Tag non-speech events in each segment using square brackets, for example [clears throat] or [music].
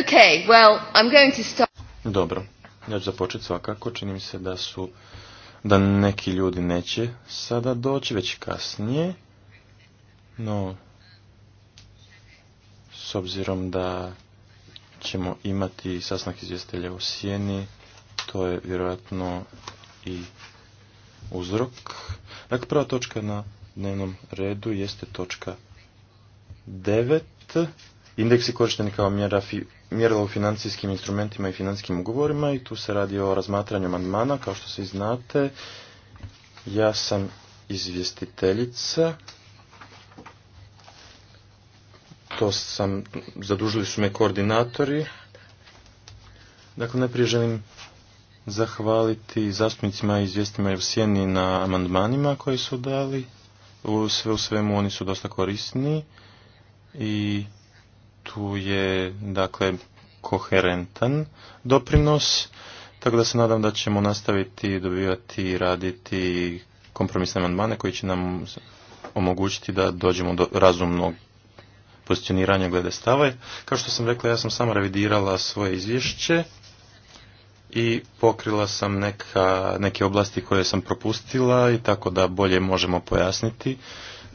Okay, well, I'm going to start... Dobro, ja ću započeti svakako. Čini mi se da su, da neki ljudi neće sada doći, već kasnije. No, s obzirom da ćemo imati sasnak izvjestelja u sjeni, to je vjerojatno i uzrok. Dakle, prva točka na dnevnom redu jeste točka 9. Indeksi korišteni kao mjera mjerilo u financijskim instrumentima i financijskim ugovorima i tu se radi o razmatranju amandmana. Kao što se znate, ja sam izvjestiteljica. To sam, zadužili su me koordinatori. Dakle, najprije želim zahvaliti zastupnicima i izvjestima sjeni na amandmanima koji su dali. U sve u svemu oni su dosta korisni i tu je dakle koherentan doprinos, tako da se nadam da ćemo nastaviti dobivati, i raditi kompromisne amandmane koji će nam omogućiti da dođemo do razumnog pozicioniranja glede stave. Kao što sam rekla, ja sam samo revidirala svoje izvješće i pokrila sam neka, neke oblasti koje sam propustila i tako da bolje možemo pojasniti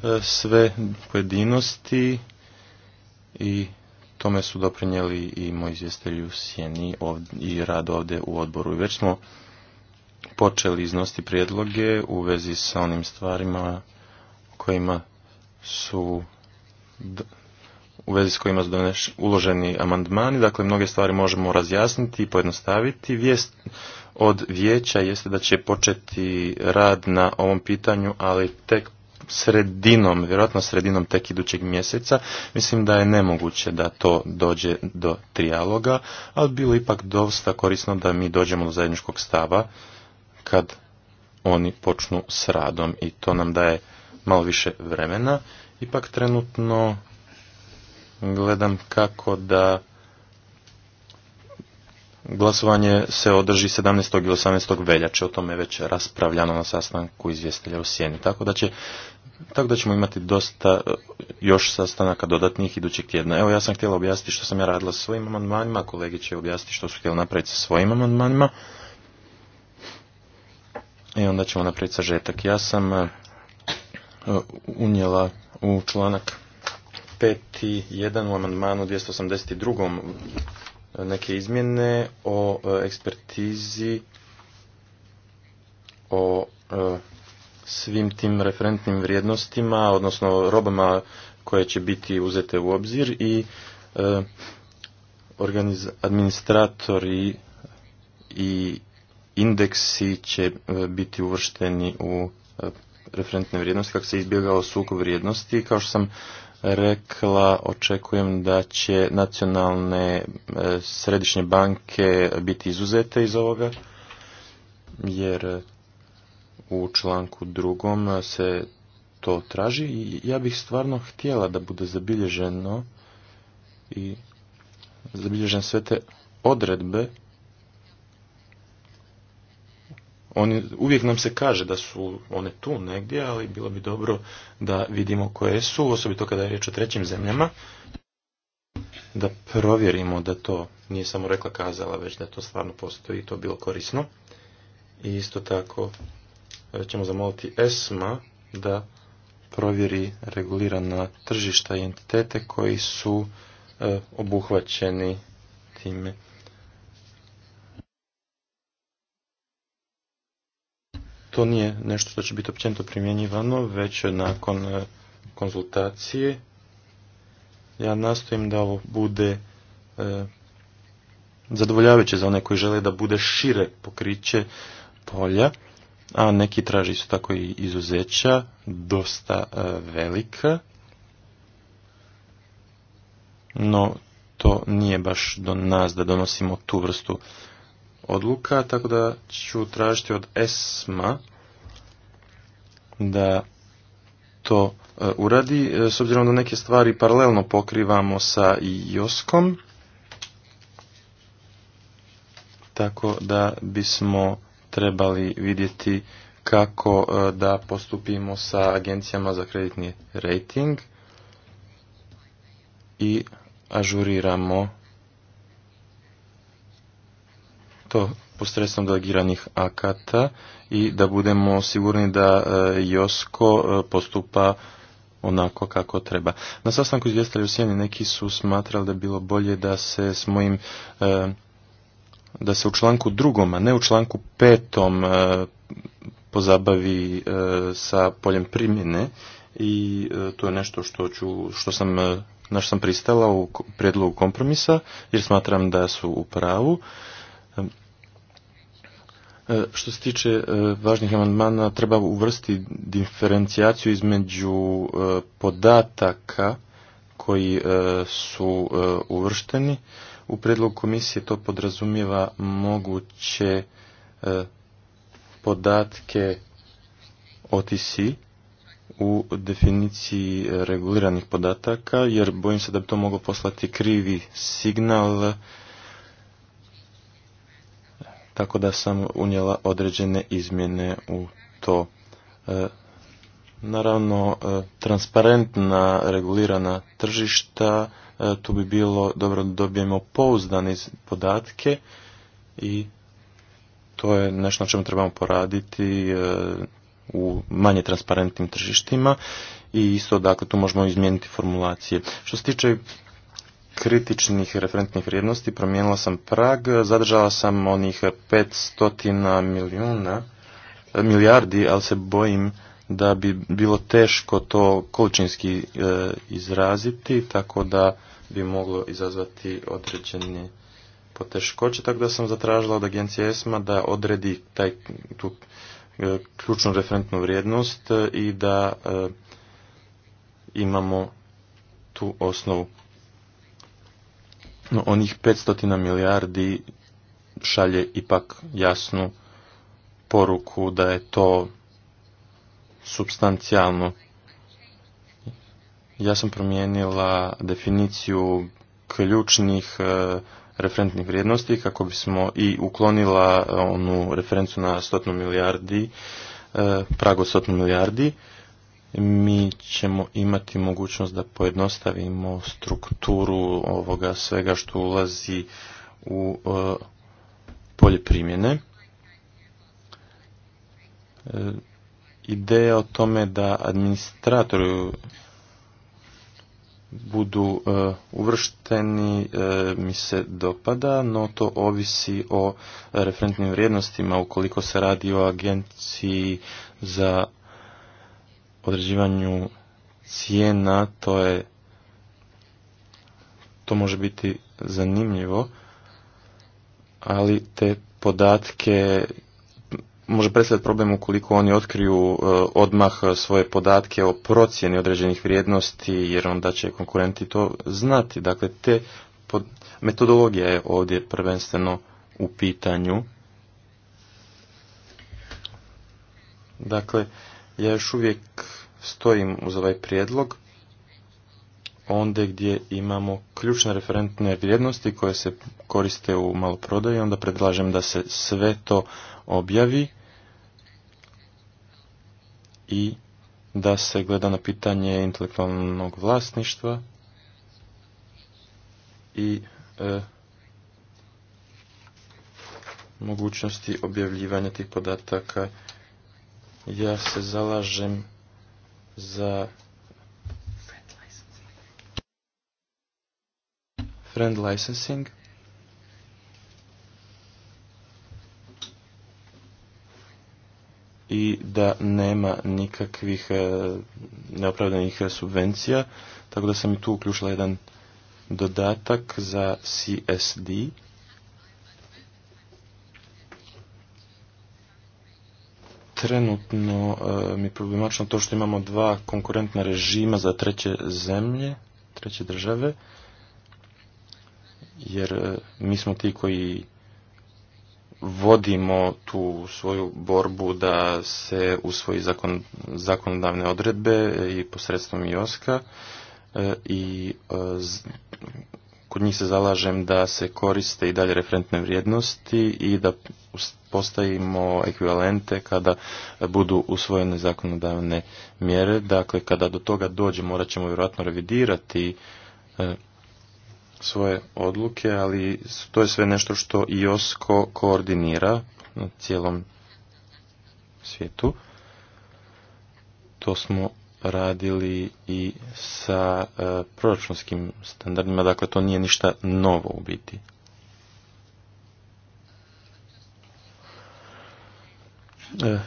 e, sve pojedinosti i tome su doprinijeli i moji izvjestelji u Sjeni i rad ovdje u odboru. I već smo počeli iznosti prijedloge u vezi sa onim stvarima kojima su u vezi s kojima su doneš, uloženi amandmani, dakle mnoge stvari možemo razjasniti i pojednostaviti. Vijest od vijeća jeste da će početi rad na ovom pitanju, ali tek sredinom, vjerojatno sredinom tek idućeg mjeseca. Mislim da je nemoguće da to dođe do trijaloga, ali bilo ipak dosta korisno da mi dođemo do zajedničkog stava kad oni počnu s radom i to nam daje malo više vremena. Ipak trenutno gledam kako da Glasovanje se održi 17. i 18. veljače, o tome je već raspravljano na sastanku izvjestelja u Sjeni, tako da, će, tako da ćemo imati dosta e, još sastanaka dodatnih idućeg tjedna. Evo ja sam htjela objasniti što sam ja radila sa svojim amandmanima, kolegi će objasniti što su htjeli napraviti sa svojim amandmanima. I onda ćemo napraviti sažetak. Ja sam e, unijela u članak 5.1 u amandmanu 282 neke izmjene o e, ekspertizi, o e, svim tim referentnim vrijednostima, odnosno robama koje će biti uzete u obzir i e, administratori i indeksi će biti uvršteni u referentne vrijednosti kako se izbjegao sukob vrijednosti. Kao što sam rekla, očekujem da će nacionalne e, središnje banke biti izuzete iz ovoga, jer u članku drugom se to traži i ja bih stvarno htjela da bude zabilježeno i zabilježen sve te odredbe Oni, uvijek nam se kaže da su one tu negdje, ali bilo bi dobro da vidimo koje su, osobito kada je riječ o trećim zemljama, da provjerimo da to nije samo rekla kazala, već da to stvarno postoji i to bilo korisno. I isto tako e, ćemo zamoliti ESMA da provjeri regulirana tržišta i entitete koji su e, obuhvaćeni time. to nije nešto što će biti općenito primjenjivano, već nakon e, konzultacije ja nastojim da ovo bude e, zadovoljavajuće za one koji žele da bude šire pokriće polja, a neki traži su tako i izuzeća, dosta e, velika, no to nije baš do nas da donosimo tu vrstu odluka, tako da ću tražiti od ESMA da to e, uradi, e, s obzirom da neke stvari paralelno pokrivamo sa Joskom, tako da bismo trebali vidjeti kako e, da postupimo sa agencijama za kreditni rating i ažuriramo to posredstvom delegiranih akata i da budemo sigurni da e, Josko e, postupa onako kako treba. Na sastanku izvjestali u Sjeni neki su smatrali da bi bilo bolje da se s mojim e, da se u članku drugom, a ne u članku petom pozabavi sa poljem primjene i to je nešto što, ću, što sam na što sam pristala u prijedlogu kompromisa jer smatram da su u pravu E, što se tiče e, važnih amandmana, treba uvrstiti diferencijaciju između e, podataka koji su uvršteni. U predlogu komisije to podrazumijeva moguće podatke OTC u definiciji reguliranih podataka, jer bojim se da bi to moglo poslati krivi signal tako da sam unijela određene izmjene u to. E, naravno, e, transparentna regulirana tržišta, e, tu bi bilo dobro da dobijemo pouzdane podatke i to je nešto na čemu trebamo poraditi u manje transparentnim tržištima i isto dakle tu možemo izmijeniti formulacije. Što se tiče kritičnih referentnih vrijednosti, promijenila sam prag, zadržala sam onih 500 milijuna, eh, milijardi, ali se bojim da bi bilo teško to količinski eh, izraziti, tako da bi moglo izazvati određene poteškoće, tako da sam zatražila od agencije ESMA da odredi taj, tu eh, ključnu referentnu vrijednost i da imamo tu osnovu no, onih 500 milijardi šalje ipak jasnu poruku da je to substancijalno. Ja sam promijenila definiciju ključnih e, referentnih vrijednosti kako bismo i uklonila e, onu referencu na stotnu milijardi, e, prago stotnu milijardi mi ćemo imati mogućnost da pojednostavimo strukturu ovoga svega što ulazi u e, polje primjene. E, ideja o tome da administratori budu e, uvršteni mi se dopada, no to ovisi o referentnim vrijednostima ukoliko se radi o agenciji za određivanju cijena, to je to može biti zanimljivo, ali te podatke može predstaviti problem ukoliko oni otkriju e, odmah svoje podatke o procjeni određenih vrijednosti, jer onda će konkurenti to znati. Dakle, te pod... metodologija je ovdje prvenstveno u pitanju. Dakle, ja još uvijek stojim uz ovaj prijedlog onda gdje imamo ključne referentne vrijednosti koje se koriste u maloprodaji, onda predlažem da se sve to objavi i da se gleda na pitanje intelektualnog vlasništva i e, mogućnosti objavljivanja tih podataka ja se zalažem za friend licensing. i da nema nikakvih e, neopravdanih subvencija, tako da sam i tu uključila jedan dodatak za CSD trenutno e, mi je problemačno to što imamo dva konkurentna režima za treće zemlje, treće države, jer e, mi smo ti koji vodimo tu svoju borbu da se usvoji zakon, zakonodavne odredbe i posredstvom IOSKA i e, kod njih se zalažem da se koriste i dalje referentne vrijednosti i da postavimo ekvivalente kada budu usvojene zakonodavne mjere. Dakle, kada do toga dođe morat ćemo vjerojatno revidirati e, svoje odluke, ali to je sve nešto što IOSCO koordinira na cijelom svijetu. To smo radili i sa e, proračunskim standardima, dakle to nije ništa novo u biti. E,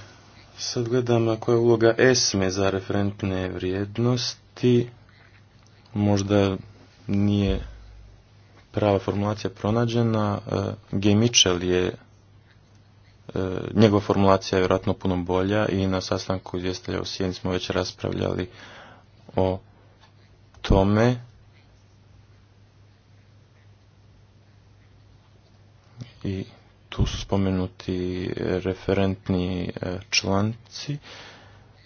sad gledam koja je uloga ESME za referentne vrijednosti. Možda nije prava formulacija pronađena. E, G. je E, njegova formulacija je vjerojatno puno bolja i na sastanku izvjestelja u Sijeni smo već raspravljali o tome i tu su spomenuti referentni e, članci.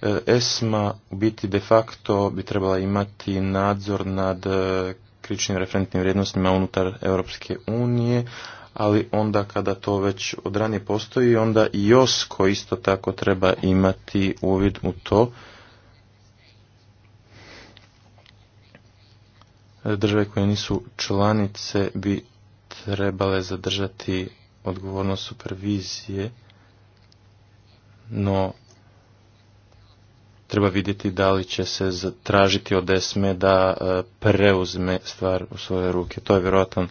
E, ESMA u biti de facto bi trebala imati nadzor nad ključnim referentnim vrijednostima unutar Europske unije, ali onda kada to već odranije postoji, onda i Josko isto tako treba imati uvid u to. Države koje nisu članice bi trebale zadržati odgovornost supervizije, no treba vidjeti da li će se tražiti od ESME da e, preuzme stvar u svoje ruke. To je vjerojatno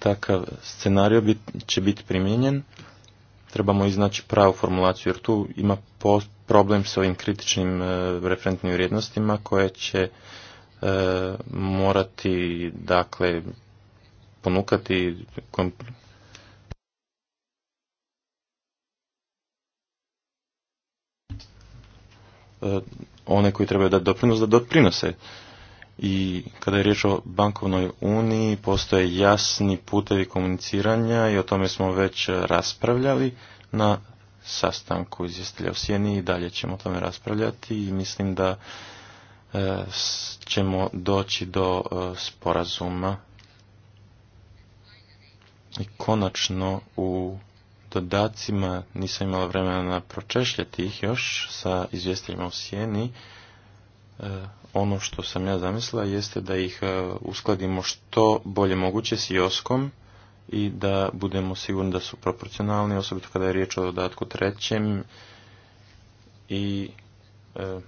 takav scenario će biti primijenjen, trebamo iznaći pravu formulaciju, jer tu ima problem s ovim kritičnim e, referentnim vrijednostima koje će e, morati, dakle, ponukati e, one koji trebaju dati doprinos da doprinose i kada je riječ o bankovnoj uniji postoje jasni putevi komuniciranja i o tome smo već raspravljali na sastanku izvjestelja u Sjeni i dalje ćemo o tome raspravljati i mislim da e, ćemo doći do e, sporazuma i konačno u dodacima nisam imala vremena na pročešljati ih još sa izvjestiteljima u Sjeni e, ono što sam ja zamislila jeste da ih e, uskladimo što bolje moguće s Joskom i da budemo sigurni da su proporcionalni, osobito kada je riječ o dodatku trećem i e,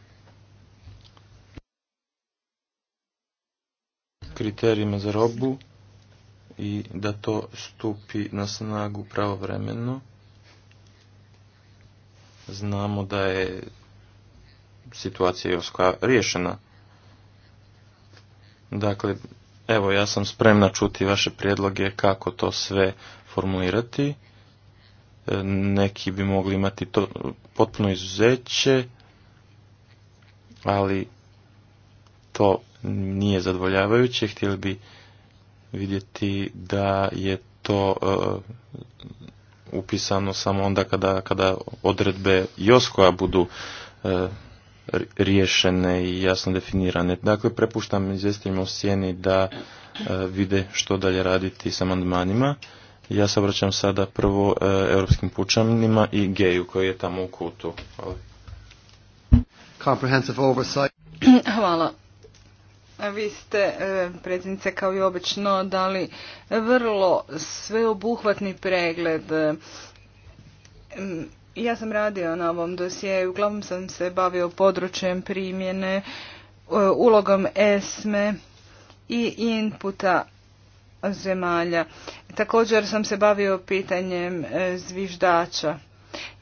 kriterijima za robu i da to stupi na snagu pravovremeno. Znamo da je situacija Joska riješena Dakle, evo ja sam spremna čuti vaše prijedloge kako to sve formulirati. E, neki bi mogli imati to potpuno izuzeće, ali to nije zadovoljavajuće. Htjeli bi vidjeti da je to e, upisano samo onda kada, kada odredbe Joskoa budu e, riješene i jasno definirane. Dakle, prepuštam izvjestiteljima u sjeni da e, vide što dalje raditi s amandmanima. Ja se obraćam sada prvo e, europskim pučanima i geju koji je tamo u kutu. Hvala. [clears throat] Hvala. Vi ste, e, predsjednice, kao i obično, dali vrlo sveobuhvatni pregled ja sam radio na ovom dosije uglavnom sam se bavio područjem primjene, e, ulogom ESME i inputa zemalja. Također sam se bavio pitanjem e, zviždača.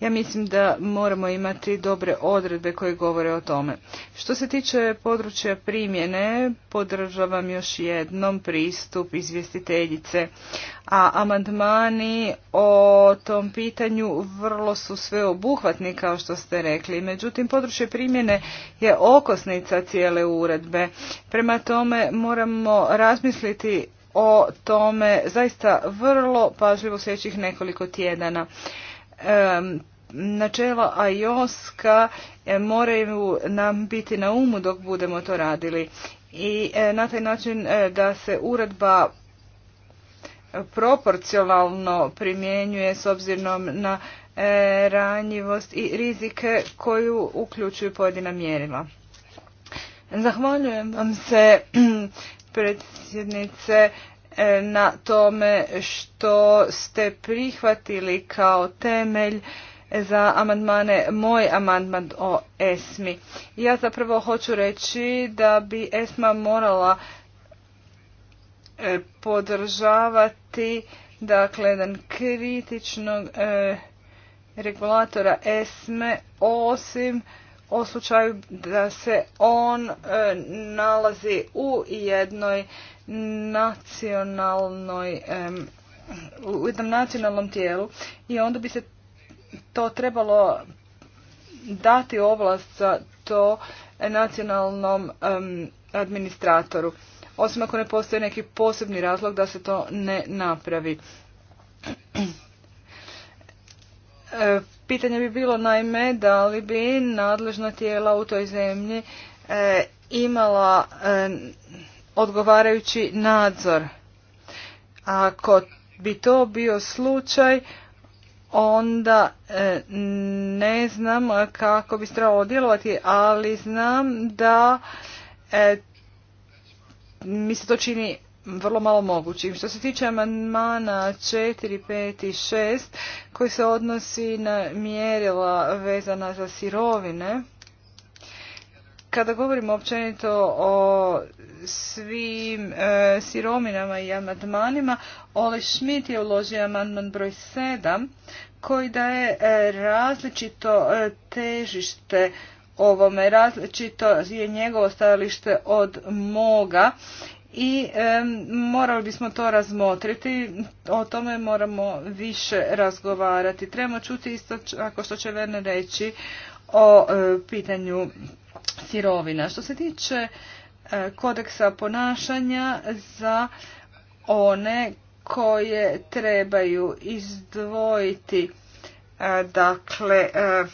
Ja mislim da moramo imati dobre odredbe koje govore o tome. Što se tiče područja primjene, podržavam još jednom pristup izvjestiteljice, a amandmani o tom pitanju vrlo su sveobuhvatni kao što ste rekli. Međutim, područje primjene je okosnica cijele uredbe. Prema tome moramo razmisliti o tome zaista vrlo pažljivo sljedećih nekoliko tjedana načela ajoska e, moraju nam biti na umu dok budemo to radili i e, na taj način e, da se uredba proporcionalno primjenjuje s obzirom na ranjivost i rizike koju uključuju pojedina mjerila. Zahvaljujem vam se [clears throat] predsjednice E, na tome što ste prihvatili kao temelj za amandmane moj amandman o ESMI. Ja zapravo hoću reći da bi ESMA morala e, podržavati dakle jedan kritičnog e, regulatora ESME osim o slučaju da se on nalazi u jednoj nacionalnoj u jednom nacionalnom tijelu i onda bi se to trebalo dati ovlast za to nacionalnom administratoru. Osim ako ne postoji neki posebni razlog da se to ne napravi. E, pitanje bi bilo naime da li bi nadležna tijela u toj zemlji e, imala odgovarajući nadzor. Ako bi to bio slučaj, onda e, ne znam kako bi se trebalo djelovati, ali znam da e, mi se to čini vrlo malo mogućim. Što se tiče amandmana 4, 5 i 6 koji se odnosi na mjerila vezana za sirovine, kada govorimo općenito o svim e, sirominama i amandmanima, Ole Schmidt je uložio amandman broj 7 koji daje e, različito e, težište ovome, različito je njegovo stajalište od moga i e, morali bismo to razmotriti, o tome moramo više razgovarati. Trebamo čuti isto ako što će Verne reći o pitanju sirovina. Što se tiče e, kodeksa ponašanja za one koje trebaju izdvojiti e, dakle e,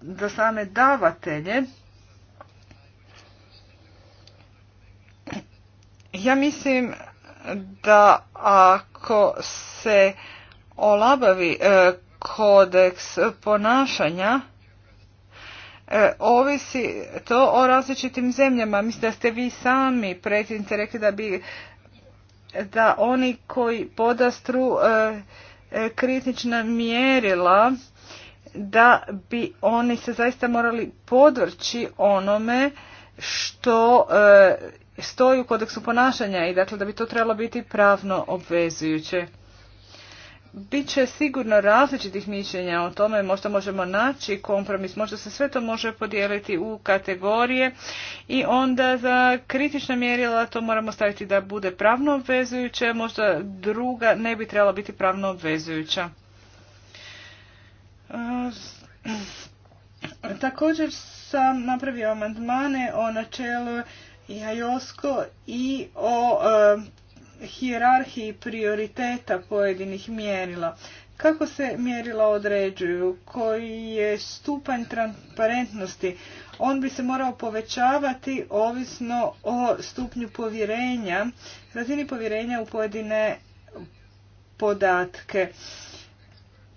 za same davatelje ja mislim da ako se olabavi kodeks ponašanja E, ovisi to o različitim zemljama. Mislim da ste vi sami predsjednice rekli da bi da oni koji podastru e, e, kritična mjerila da bi oni se zaista morali podvrći onome što stoji u kodeksu ponašanja i dakle da bi to trebalo biti pravno obvezujuće bit će sigurno različitih mišljenja o tome, možda možemo naći kompromis, možda se sve to može podijeliti u kategorije i onda za kritična mjerila to moramo staviti da bude pravno obvezujuće, možda druga ne bi trebala biti pravno obvezujuća. E, također sam napravio amandmane o načelu Jajosko i o e, hijerarhiji prioriteta pojedinih mjerila. Kako se mjerila određuju? Koji je stupanj transparentnosti? On bi se morao povećavati ovisno o stupnju povjerenja, razini povjerenja u pojedine podatke.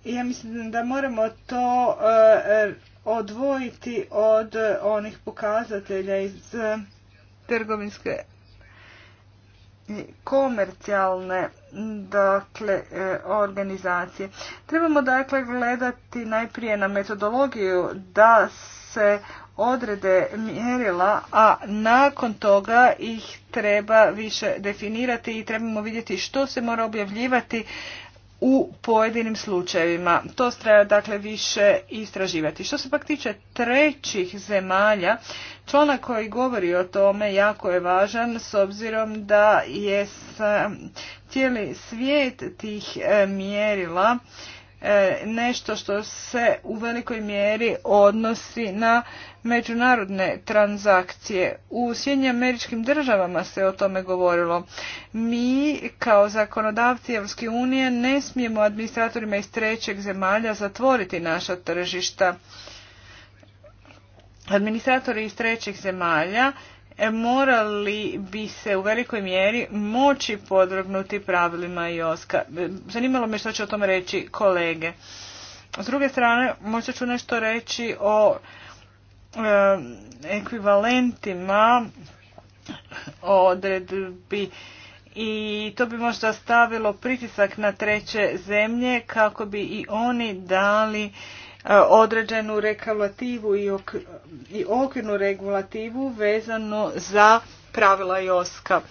Ja mislim da moramo to eh, odvojiti od onih pokazatelja iz eh, trgovinske komercijalne dakle, e, organizacije. Trebamo dakle gledati najprije na metodologiju da se odrede mjerila, a nakon toga ih treba više definirati i trebamo vidjeti što se mora objavljivati u pojedinim slučajevima. To treba dakle više istraživati. Što se pak tiče trećih zemalja, članak koji govori o tome jako je važan s obzirom da je cijeli svijet tih e, mjerila E, nešto što se u velikoj mjeri odnosi na međunarodne transakcije. U Sjedinjenim američkim državama se o tome govorilo. Mi kao zakonodavci Evropske unije ne smijemo administratorima iz trećeg zemalja zatvoriti naša tržišta. Administratori iz trećih zemalja E, morali bi se u velikoj mjeri moći podvrgnuti pravilima IOSKA. E, zanimalo me što će o tome reći kolege. S druge strane, možda ću nešto reći o e, ekvivalentima odredbi i to bi možda stavilo pritisak na treće zemlje kako bi i oni dali E, određenu regulativu i okvirnu regulativu vezano za pravila Joska.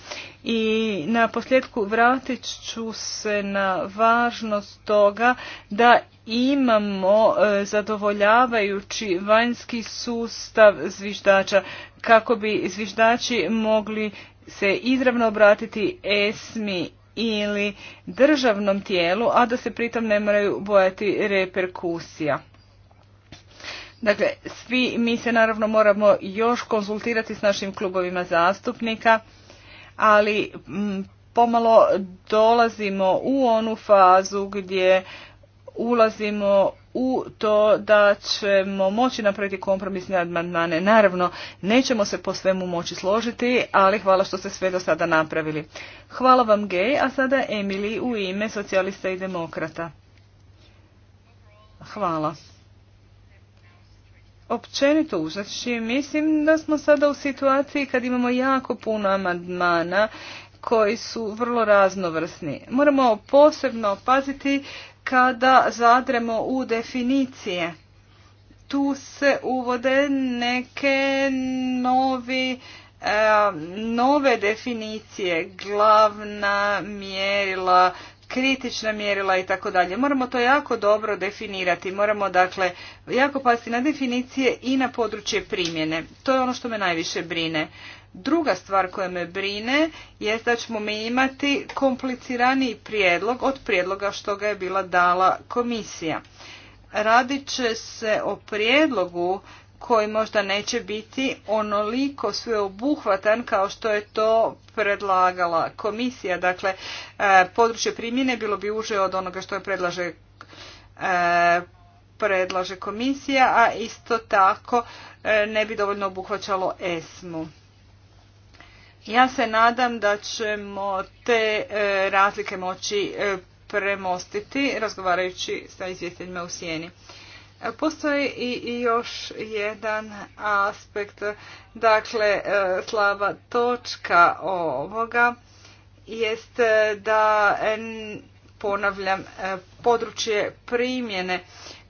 I na posljedku vratit ću se na važnost toga da imamo e, zadovoljavajući vanjski sustav zviždača kako bi zviždači mogli se izravno obratiti ESMI ili državnom tijelu, a da se pritom ne moraju bojati reperkusija. Dakle, svi mi se naravno moramo još konzultirati s našim klubovima zastupnika, ali mm, pomalo dolazimo u onu fazu gdje ulazimo u to da ćemo moći napraviti kompromisne amandmane. Naravno, nećemo se po svemu moći složiti, ali hvala što ste sve do sada napravili. Hvala vam gej, a sada Emily u ime socijalista i demokrata. Hvala općenito uzeći, mislim da smo sada u situaciji kad imamo jako puno amandmana koji su vrlo raznovrsni. Moramo posebno paziti kada zadremo u definicije. Tu se uvode neke novi eh, nove definicije, glavna mjerila, kritična mjerila i tako dalje. Moramo to jako dobro definirati. Moramo dakle jako pasti na definicije i na područje primjene. To je ono što me najviše brine. Druga stvar koja me brine je da ćemo mi imati kompliciraniji prijedlog od prijedloga što ga je bila dala komisija. Radit će se o prijedlogu koji možda neće biti onoliko sveobuhvatan kao što je to predlagala komisija. Dakle, e, područje primjene bilo bi uže od onoga što je predlaže e, predlaže komisija, a isto tako e, ne bi dovoljno obuhvaćalo ESMU. Ja se nadam da ćemo te razlike moći premostiti razgovarajući sa izvjestiteljima u sjeni. Postoji i još jedan aspekt, dakle e, slaba točka ovoga jest e, da ponavljam e, područje primjene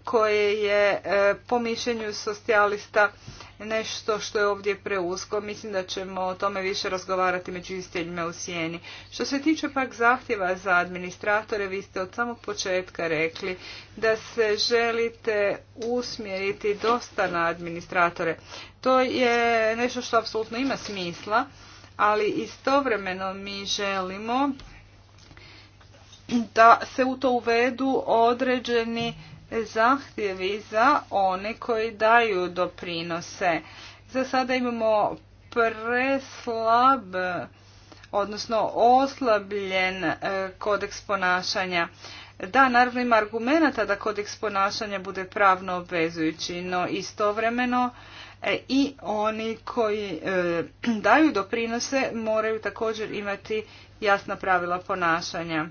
koje je po mišljenju socijalista nešto što je ovdje preusko. Mislim da ćemo o tome više razgovarati među isteljima u sjeni. Što se tiče pak zahtjeva za administratore, vi ste od samog početka rekli da se želite usmjeriti dosta na administratore. To je nešto što apsolutno ima smisla, ali istovremeno mi želimo da se u to uvedu određeni zahtjevi za one koji daju doprinose. Za sada imamo preslab, odnosno oslabljen e, kodeks ponašanja. Da, naravno ima argumenta da kodeks ponašanja bude pravno obvezujući, no istovremeno e, i oni koji e, daju doprinose moraju također imati jasna pravila ponašanja.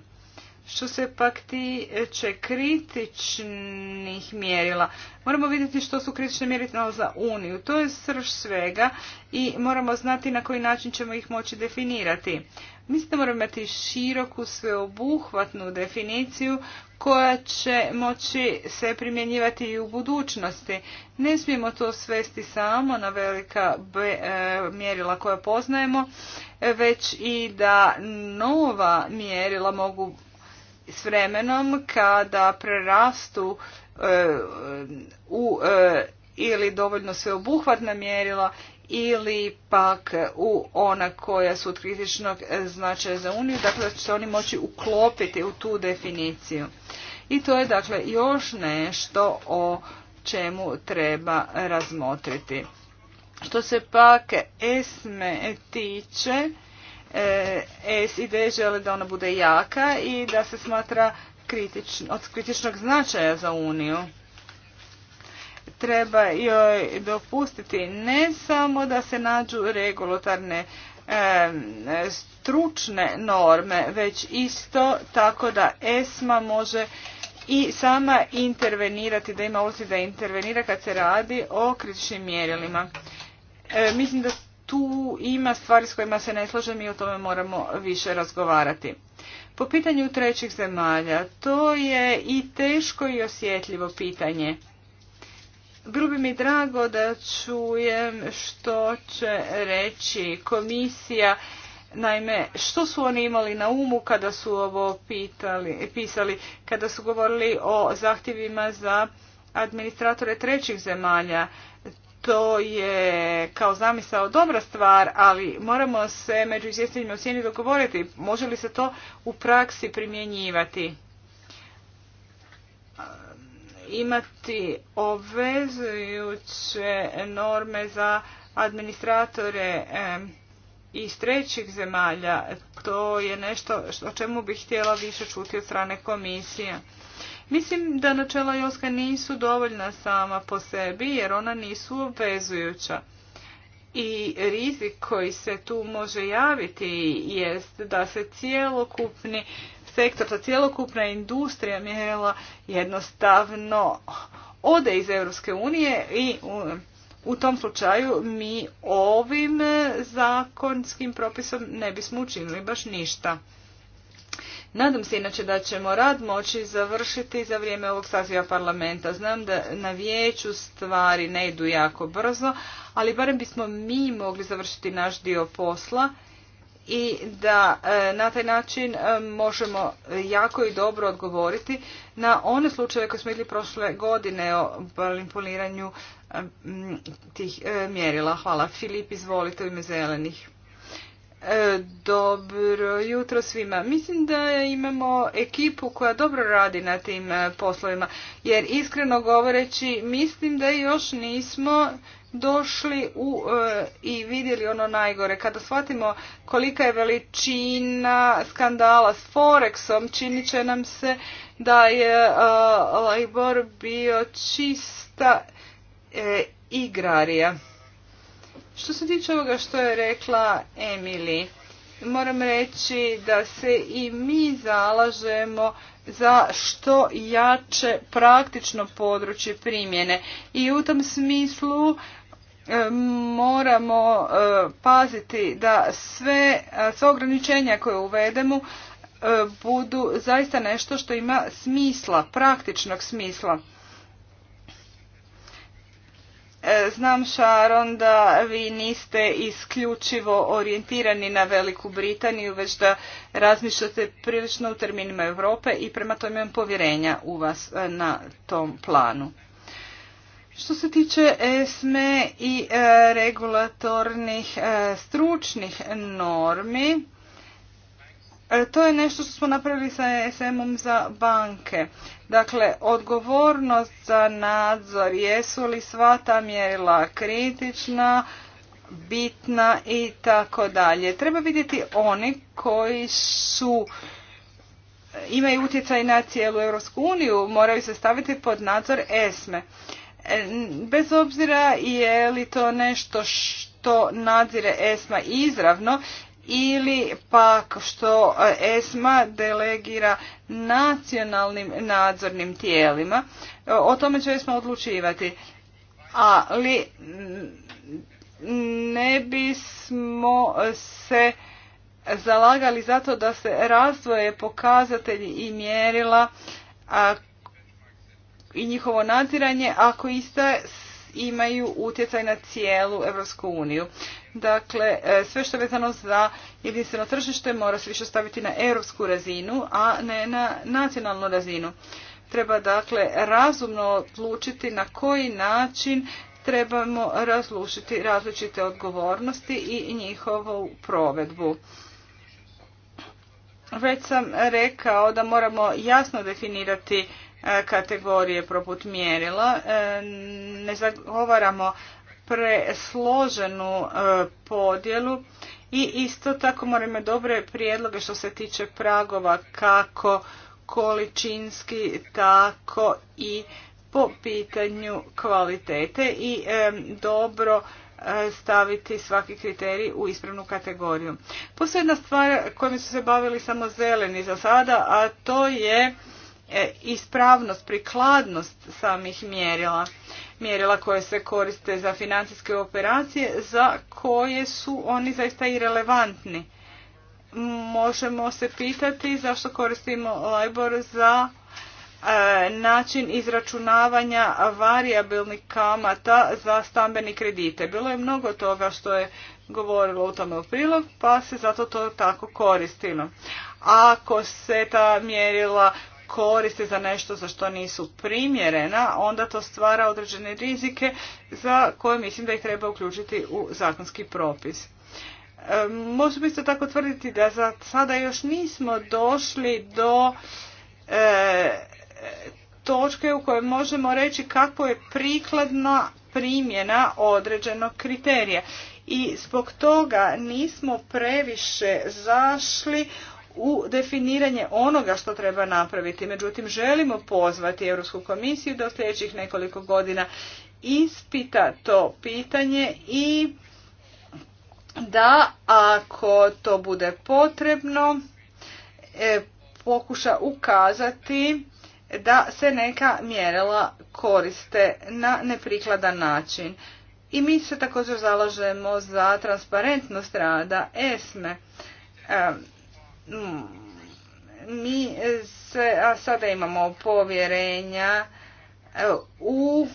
Što se pak tiče kritičnih mjerila, moramo vidjeti što su kritične mjerila za Uniju. To je srž svega i moramo znati na koji način ćemo ih moći definirati. Mislim da moramo imati široku, sveobuhvatnu definiciju koja će moći se primjenjivati i u budućnosti. Ne smijemo to svesti samo na velika e, mjerila koja poznajemo, već i da nova mjerila mogu s vremenom kada prerastu e, u e, ili dovoljno sveobuhvatna mjerila ili pak u ona koja su od kritičnog značaja za Uniju, dakle da će se oni moći uklopiti u tu definiciju. I to je dakle još nešto o čemu treba razmotriti. Što se pak ESME tiče, E, ide žele da ona bude jaka i da se smatra od kritičnog značaja za Uniju. Treba joj dopustiti ne samo da se nađu regulatorne e, stručne norme, već isto tako da ESMA može i sama intervenirati, da ima ovlasti da intervenira kad se radi o kritičnim mjerilima. E, mislim da tu ima stvari s kojima se ne slažem i o tome moramo više razgovarati. Po pitanju trećih zemalja, to je i teško i osjetljivo pitanje. Bilo bi mi drago da čujem što će reći komisija. Naime, što su oni imali na umu kada su ovo pitali, pisali, kada su govorili o zahtjevima za administratore trećih zemalja? to je kao zamisao dobra stvar, ali moramo se među izvjestiteljima u sjeni dogovoriti može li se to u praksi primjenjivati. Imati obvezujuće norme za administratore iz trećih zemalja, to je nešto o čemu bih htjela više čuti od strane komisije. Mislim da načela Joska nisu dovoljna sama po sebi jer ona nisu obvezujuća. I rizik koji se tu može javiti jest da se cijelokupni sektor, ta cijelokupna industrija mjela jednostavno ode iz Europske unije i u tom slučaju mi ovim zakonskim propisom ne bismo učinili baš ništa. Nadam se inače da ćemo rad moći završiti za vrijeme ovog saziva parlamenta. Znam da na vijeću stvari ne idu jako brzo, ali barem bismo mi mogli završiti naš dio posla i da e, na taj način e, možemo jako i dobro odgovoriti na one slučajeve koje smo vidjeli prošle godine o manipuliranju e, tih mjerila. Hvala. Filip, izvolite u ime zelenih. E, dobro jutro svima. Mislim da imamo ekipu koja dobro radi na tim e, poslovima, jer iskreno govoreći mislim da još nismo došli u, e, i vidjeli ono najgore. Kada shvatimo kolika je veličina skandala s Forexom, činit će nam se da je e, Libor bio čista igrarija. Što se tiče ovoga što je rekla Emily, moram reći da se i mi zalažemo za što jače praktično područje primjene i u tom smislu e, moramo e, paziti da sve, ograničenja koje uvedemo e, budu zaista nešto što ima smisla, praktičnog smisla. E, znam, Šaron, da vi niste isključivo orijentirani na Veliku Britaniju, već da razmišljate prilično u terminima Europe i prema tome imam povjerenja u vas e, na tom planu. Što se tiče ESME i e, regulatornih stručnih normi, to je nešto što smo napravili sa ESM-om za banke. Dakle, odgovornost za nadzor, jesu li sva ta mjerila kritična, bitna i tako dalje. Treba vidjeti oni koji su imaju utjecaj na cijelu Europsku uniju, moraju se staviti pod nadzor ESME. E, bez obzira je li to nešto što nadzire ESMA izravno ili pak što e, ESMA delegira nacionalnim nadzornim tijelima. O tome će ESMA odlučivati. Ali ne bismo se zalagali zato da se razdvoje pokazatelji i mjerila i njihovo nadziranje ako iste imaju utjecaj na cijelu Europsku uniju. Dakle, e, sve što je vezano za jedinstveno tržište mora se više staviti na europsku razinu, a ne na nacionalnu razinu. Treba dakle razumno odlučiti na koji način trebamo razlušiti različite odgovornosti i njihovu provedbu. Već sam rekao da moramo jasno definirati e, kategorije poput mjerila. E, ne zagovaramo presloženu e, podjelu i isto tako moramo dobre prijedloge što se tiče pragova kako količinski tako i po pitanju kvalitete i e, dobro e, staviti svaki kriterij u ispravnu kategoriju. Posljedna jedna stvar kojom su se bavili samo zeleni za sada, a to je ispravnost, prikladnost samih mjerila mjerila koje se koriste za financijske operacije za koje su oni zaista i relevantni. Možemo se pitati zašto koristimo LIBOR za e, način izračunavanja variabilnih kamata za stambeni kredite. Bilo je mnogo toga što je govorilo u tome u prilog, pa se zato to tako koristilo. Ako se ta mjerila koriste za nešto za što nisu primjerena, onda to stvara određene rizike za koje mislim da ih treba uključiti u zakonski propis. E, možemo isto tako tvrditi da za sada još nismo došli do e, točke u kojoj možemo reći kako je prikladna primjena određenog kriterija. I zbog toga nismo previše zašli u definiranje onoga što treba napraviti. Međutim, želimo pozvati Europsku komisiju da u sljedećih nekoliko godina ispita to pitanje i da ako to bude potrebno e, pokuša ukazati da se neka mjerela koriste na neprikladan način. I mi se također zalažemo za transparentnost rada ESME. E, Mm. mi e, se, a sada imamo povjerenja e, u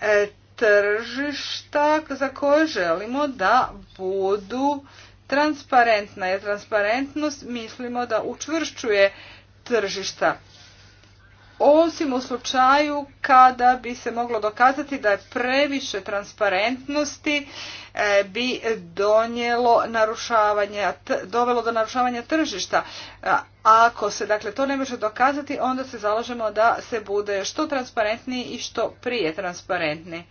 e, tržišta za koje želimo da budu transparentna. Jer transparentnost mislimo da učvršćuje tržišta osim u slučaju kada bi se moglo dokazati da je previše transparentnosti eh, bi donijelo narušavanje, dovelo do narušavanja tržišta. Eh, ako se dakle to ne može dokazati, onda se zalažemo da se bude što transparentniji i što prije transparentniji.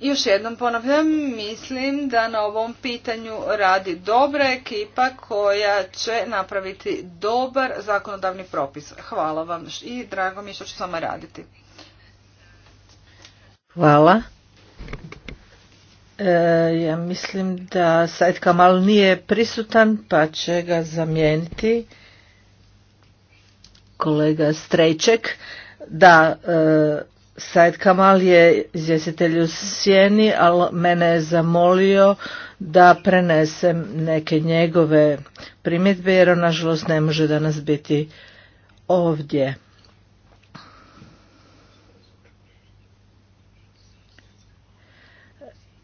Još jednom ponavljam, mislim da na ovom pitanju radi dobra ekipa koja će napraviti dobar zakonodavni propis. Hvala vam i drago mi je što ću s vama raditi. Hvala. E, ja mislim da Said Kamal nije prisutan pa će ga zamijeniti kolega Strejček. Da, e, Said Kamal je izvjestitelj u Sjeni, ali mene je zamolio da prenesem neke njegove primjedbe jer on nažalost ne može danas biti ovdje.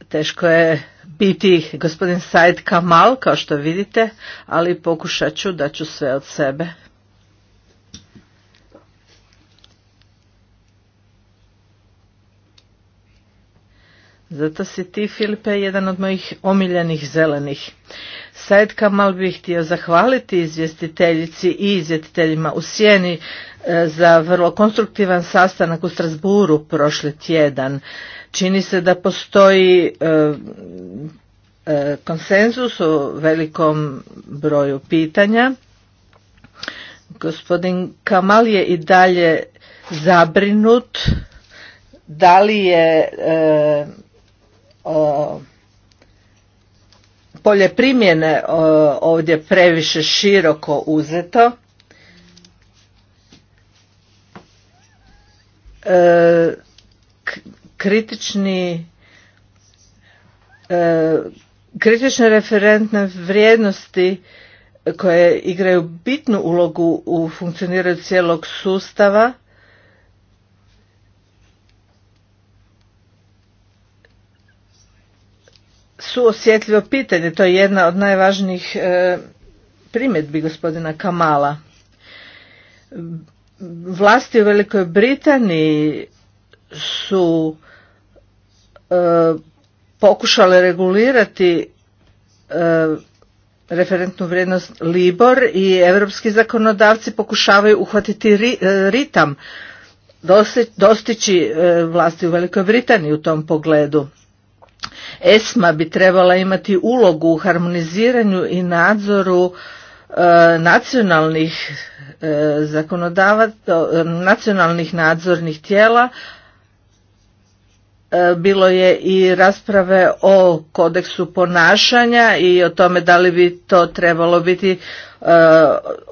Teško je biti gospodin Said Kamal, kao što vidite, ali pokušat ću da ću sve od sebe. Zato si ti, Filipe, jedan od mojih omiljenih zelenih. Sajed Kamal bih htio zahvaliti izvjestiteljici i izvjestiteljima u Sjeni e, za vrlo konstruktivan sastanak u Strasburu prošli tjedan. Čini se da postoji e, e, konsenzus o velikom broju pitanja. Gospodin Kamal je i dalje zabrinut da li je polje primjene ovdje previše široko uzeto. E, kritični e, kritične referentne vrijednosti koje igraju bitnu ulogu u funkcioniranju cijelog sustava su osjetljivo pitanje. To je jedna od najvažnijih e, primjedbi gospodina Kamala. Vlasti u Velikoj Britaniji su e, pokušale regulirati e, referentnu vrijednost Libor i europski zakonodavci pokušavaju uhvatiti ritam dostići vlasti u Velikoj Britaniji u tom pogledu. ESMA bi trebala imati ulogu u harmoniziranju i nadzoru e, nacionalnih e, e, nacionalnih nadzornih tijela bilo je i rasprave o kodeksu ponašanja i o tome da li bi to trebalo biti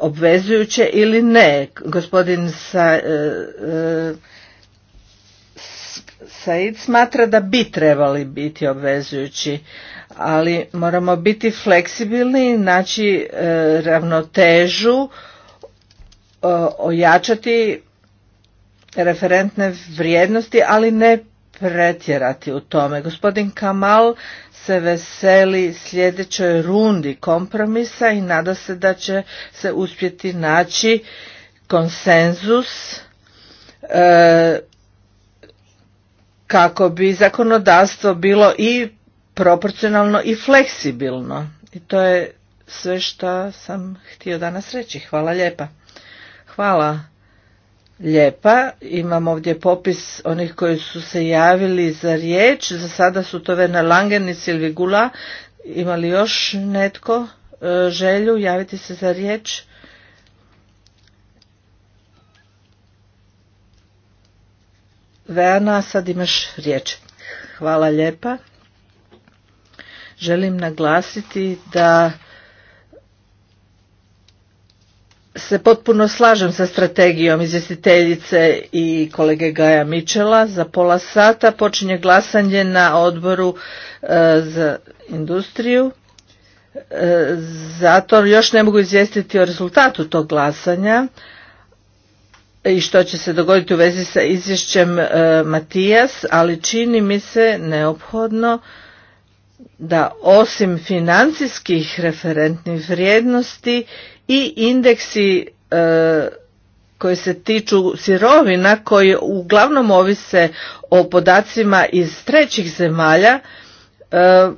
obvezujuće ili ne. Gospodin Said smatra da bi trebali biti obvezujući, ali moramo biti fleksibilni, naći e, ravnotežu, e, ojačati referentne vrijednosti, ali ne pretjerati u tome. Gospodin Kamal se veseli sljedećoj rundi kompromisa i nada se da će se uspjeti naći konsenzus e, kako bi zakonodavstvo bilo i proporcionalno i fleksibilno. I to je sve što sam htio danas reći. Hvala lijepa. Hvala lijepa. Imam ovdje popis onih koji su se javili za riječ. Za sada su to Vena Langen i Silvi Gula. Ima li još netko e, želju javiti se za riječ? Veana, sad imaš riječ. Hvala lijepa. Želim naglasiti da se potpuno slažem sa strategijom izvjestiteljice i kolege Gaja Mičela. Za pola sata počinje glasanje na odboru e, za industriju. E, zato još ne mogu izvijestiti o rezultatu tog glasanja i što će se dogoditi u vezi sa izvješćem e, Matijas, ali čini mi se neophodno da osim financijskih referentnih vrijednosti i indeksi e, koji se tiču sirovina koji uglavnom ovise o podacima iz trećih zemalja e, e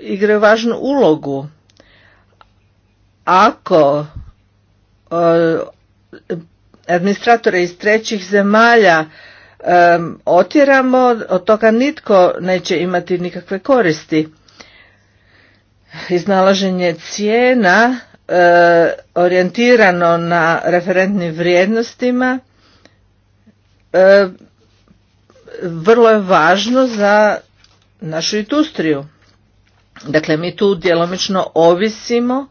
igraju važnu ulogu. Ako administratore iz trećih zemalja otjeramo, od toga nitko neće imati nikakve koristi. Iznalaženje cijena e, orijentirano na referentnim vrijednostima e, vrlo je važno za našu industriju. Dakle, mi tu djelomično ovisimo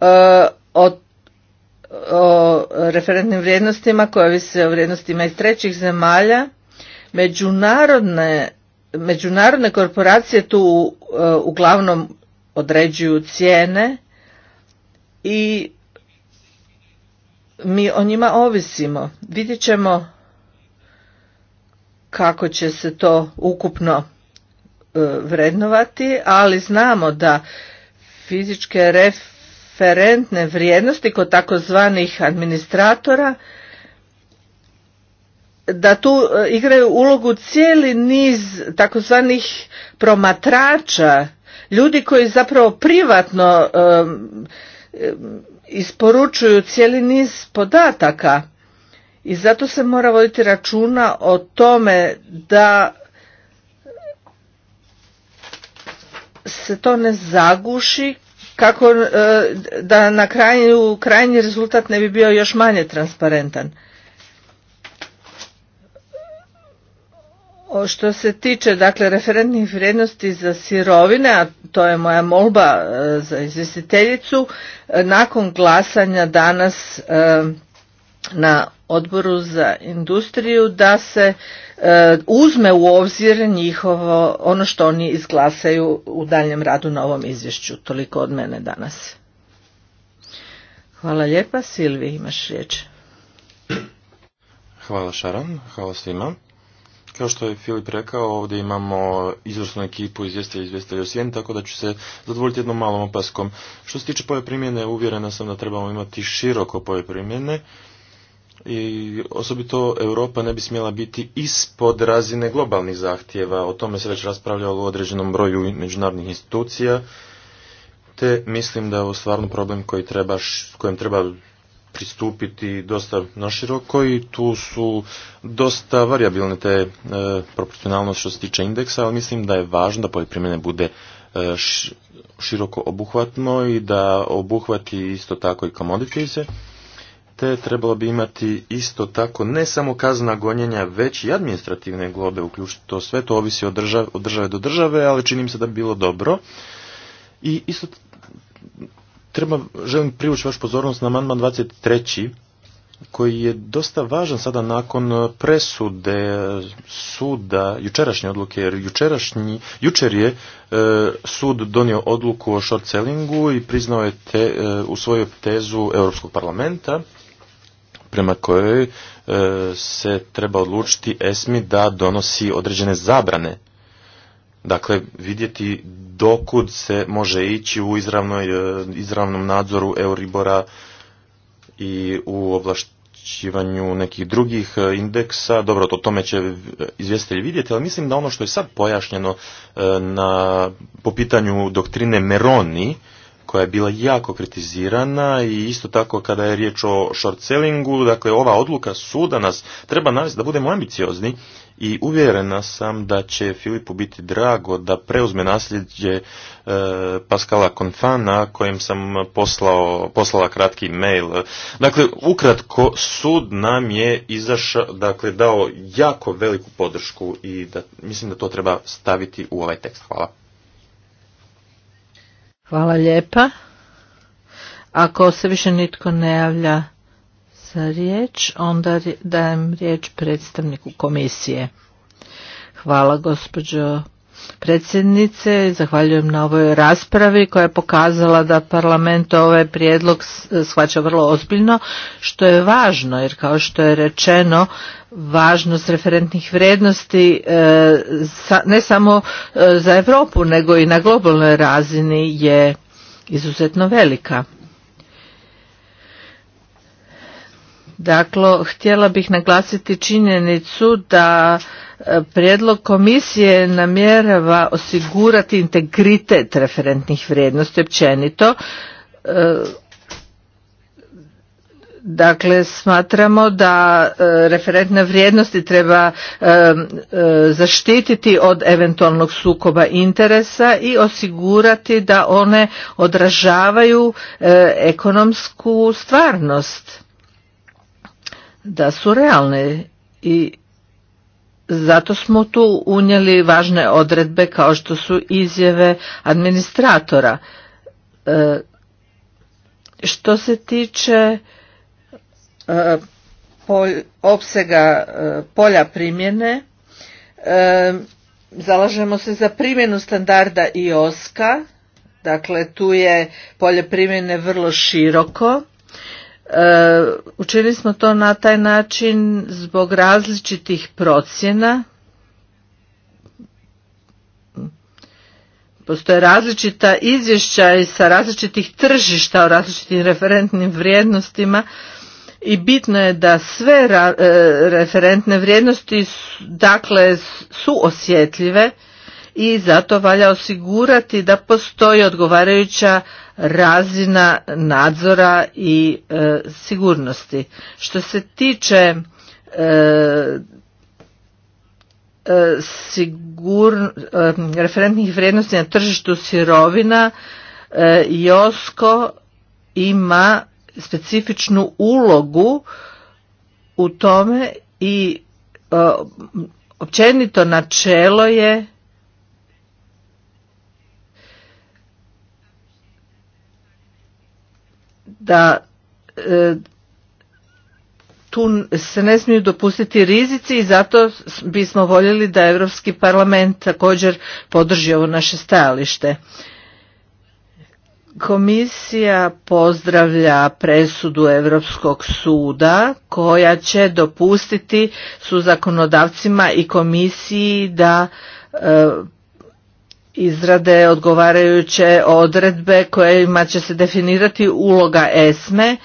e, od o referentnim vrijednostima koje ovise o vrijednostima iz trećih zemalja. Međunarodne, međunarodne korporacije tu e, uglavnom određuju cijene i mi o njima ovisimo. Vidjet ćemo kako će se to ukupno e, vrednovati, ali znamo da fizičke ref referentne vrijednosti kod takozvanih administratora da tu e, igraju ulogu cijeli niz takozvanih promatrača, ljudi koji zapravo privatno isporučuju cijeli niz podataka i zato se mora voditi računa o tome da se to ne zaguši kako e, da na kraju krajnji rezultat ne bi bio još manje transparentan. što se tiče dakle referentnih vrijednosti za sirovine, a to je moja molba e, za izvjestiteljicu, e, nakon glasanja danas na odboru za industriju da se E, uzme u obzir njihovo ono što oni izglasaju u daljem radu na ovom izvješću. Toliko od mene danas. Hvala lijepa. Silvi, imaš riječ. Hvala Šaran, hvala svima. Kao što je Filip rekao, ovdje imamo izvrsnu ekipu izvjestitelja izvjestitelja Osijen, tako da ću se zadovoljiti jednom malom opaskom. Što se tiče poje primjene, uvjerena sam da trebamo imati široko poje primjene, i osobito Europa ne bi smjela biti ispod razine globalnih zahtjeva. O tome se već raspravljalo u određenom broju međunarodnih institucija, te mislim da je ovo stvarno problem koji treba, kojem treba pristupiti dosta naširoko i tu su dosta variabilne te e, što se tiče indeksa, ali mislim da je važno da poljoprivredne bude e, široko obuhvatno i da obuhvati isto tako i se te trebalo bi imati isto tako ne samo kazna gonjenja, već i administrativne globe uključiti to sve, to ovisi od države, države do države, ali čini mi se da bi bilo dobro. I isto treba, želim privući vaš pozornost na amandman 23 koji je dosta važan sada nakon e, presude e, suda, jučerašnje odluke, jer jučerašnji, jučer je e, sud donio odluku o short sellingu i priznao je te, u svoju tezu Europskog parlamenta prema kojoj e, se treba odlučiti ESMI da donosi određene zabrane. Dakle, vidjeti dokud se može ići u izravnoj, e, izravnom nadzoru Euribora i u ovlašćivanju nekih drugih e, indeksa. Dobro, to tome će izvjestitelj vidjeti, ali mislim da ono što je sad pojašnjeno na, po pitanju doktrine Meroni, koja je bila jako kritizirana i isto tako kada je riječ o short sellingu, dakle ova odluka suda nas treba navesti da budemo ambiciozni i uvjerena sam da će Filipu biti drago da preuzme nasljeđe e, Paskala Konfana kojem sam poslao, poslala kratki mail. Dakle, ukratko, sud nam je izašao, dakle, dao jako veliku podršku i da, mislim da to treba staviti u ovaj tekst. Hvala. Hvala lijepa. Ako se više nitko ne javlja za riječ, onda dajem riječ predstavniku komisije. Hvala gospođo predsjednice. Zahvaljujem na ovoj raspravi koja je pokazala da parlament ovaj prijedlog shvaća vrlo ozbiljno, što je važno jer kao što je rečeno važnost referentnih vrijednosti e, ne samo e, za Europu nego i na globalnoj razini je izuzetno velika. Dakle, htjela bih naglasiti činjenicu da e, prijedlog komisije namjerava osigurati integritet referentnih vrijednosti općenito. E, dakle, smatramo da e, referentne vrijednosti treba zaštititi od eventualnog sukoba interesa i osigurati da one odražavaju ekonomsku stvarnost da su realne i zato smo tu unijeli važne odredbe kao što su izjave administratora. E, što se tiče e, obsega opsega e, polja primjene, zalažemo se za primjenu standarda IOSKA, dakle tu je polje primjene vrlo široko E, učinili smo to na taj način zbog različitih procjena. Postoje različita izvješća i sa različitih tržišta o različitim referentnim vrijednostima i bitno je da sve e, referentne vrijednosti dakle su osjetljive i zato valja osigurati da postoji odgovarajuća razina nadzora i e, sigurnosti. Što se tiče e, e, referentnih vrijednosti na tržištu sirovina, Josko ima specifičnu ulogu u tome i općenito načelo je da e, tu se ne smiju dopustiti rizici i zato bismo voljeli da Europski parlament također podrži ovo naše stajalište. Komisija pozdravlja presudu Europskog suda koja će dopustiti su zakonodavcima i komisiji da e, izrade odgovarajuće odredbe kojima će se definirati uloga ESME.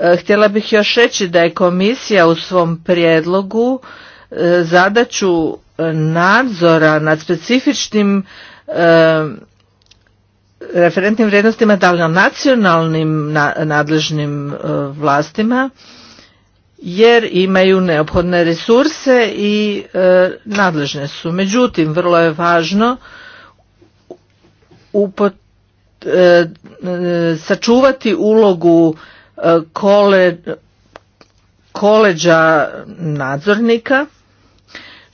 E, htjela bih još reći da je komisija u svom prijedlogu e, zadaću nadzora nad specifičnim e, referentnim vrijednostima da li nacionalnim nadležnim vlastima jer imaju neophodne resurse i nadležne su. Međutim, vrlo je važno E, e, sačuvati ulogu e, kole, koleđa nadzornika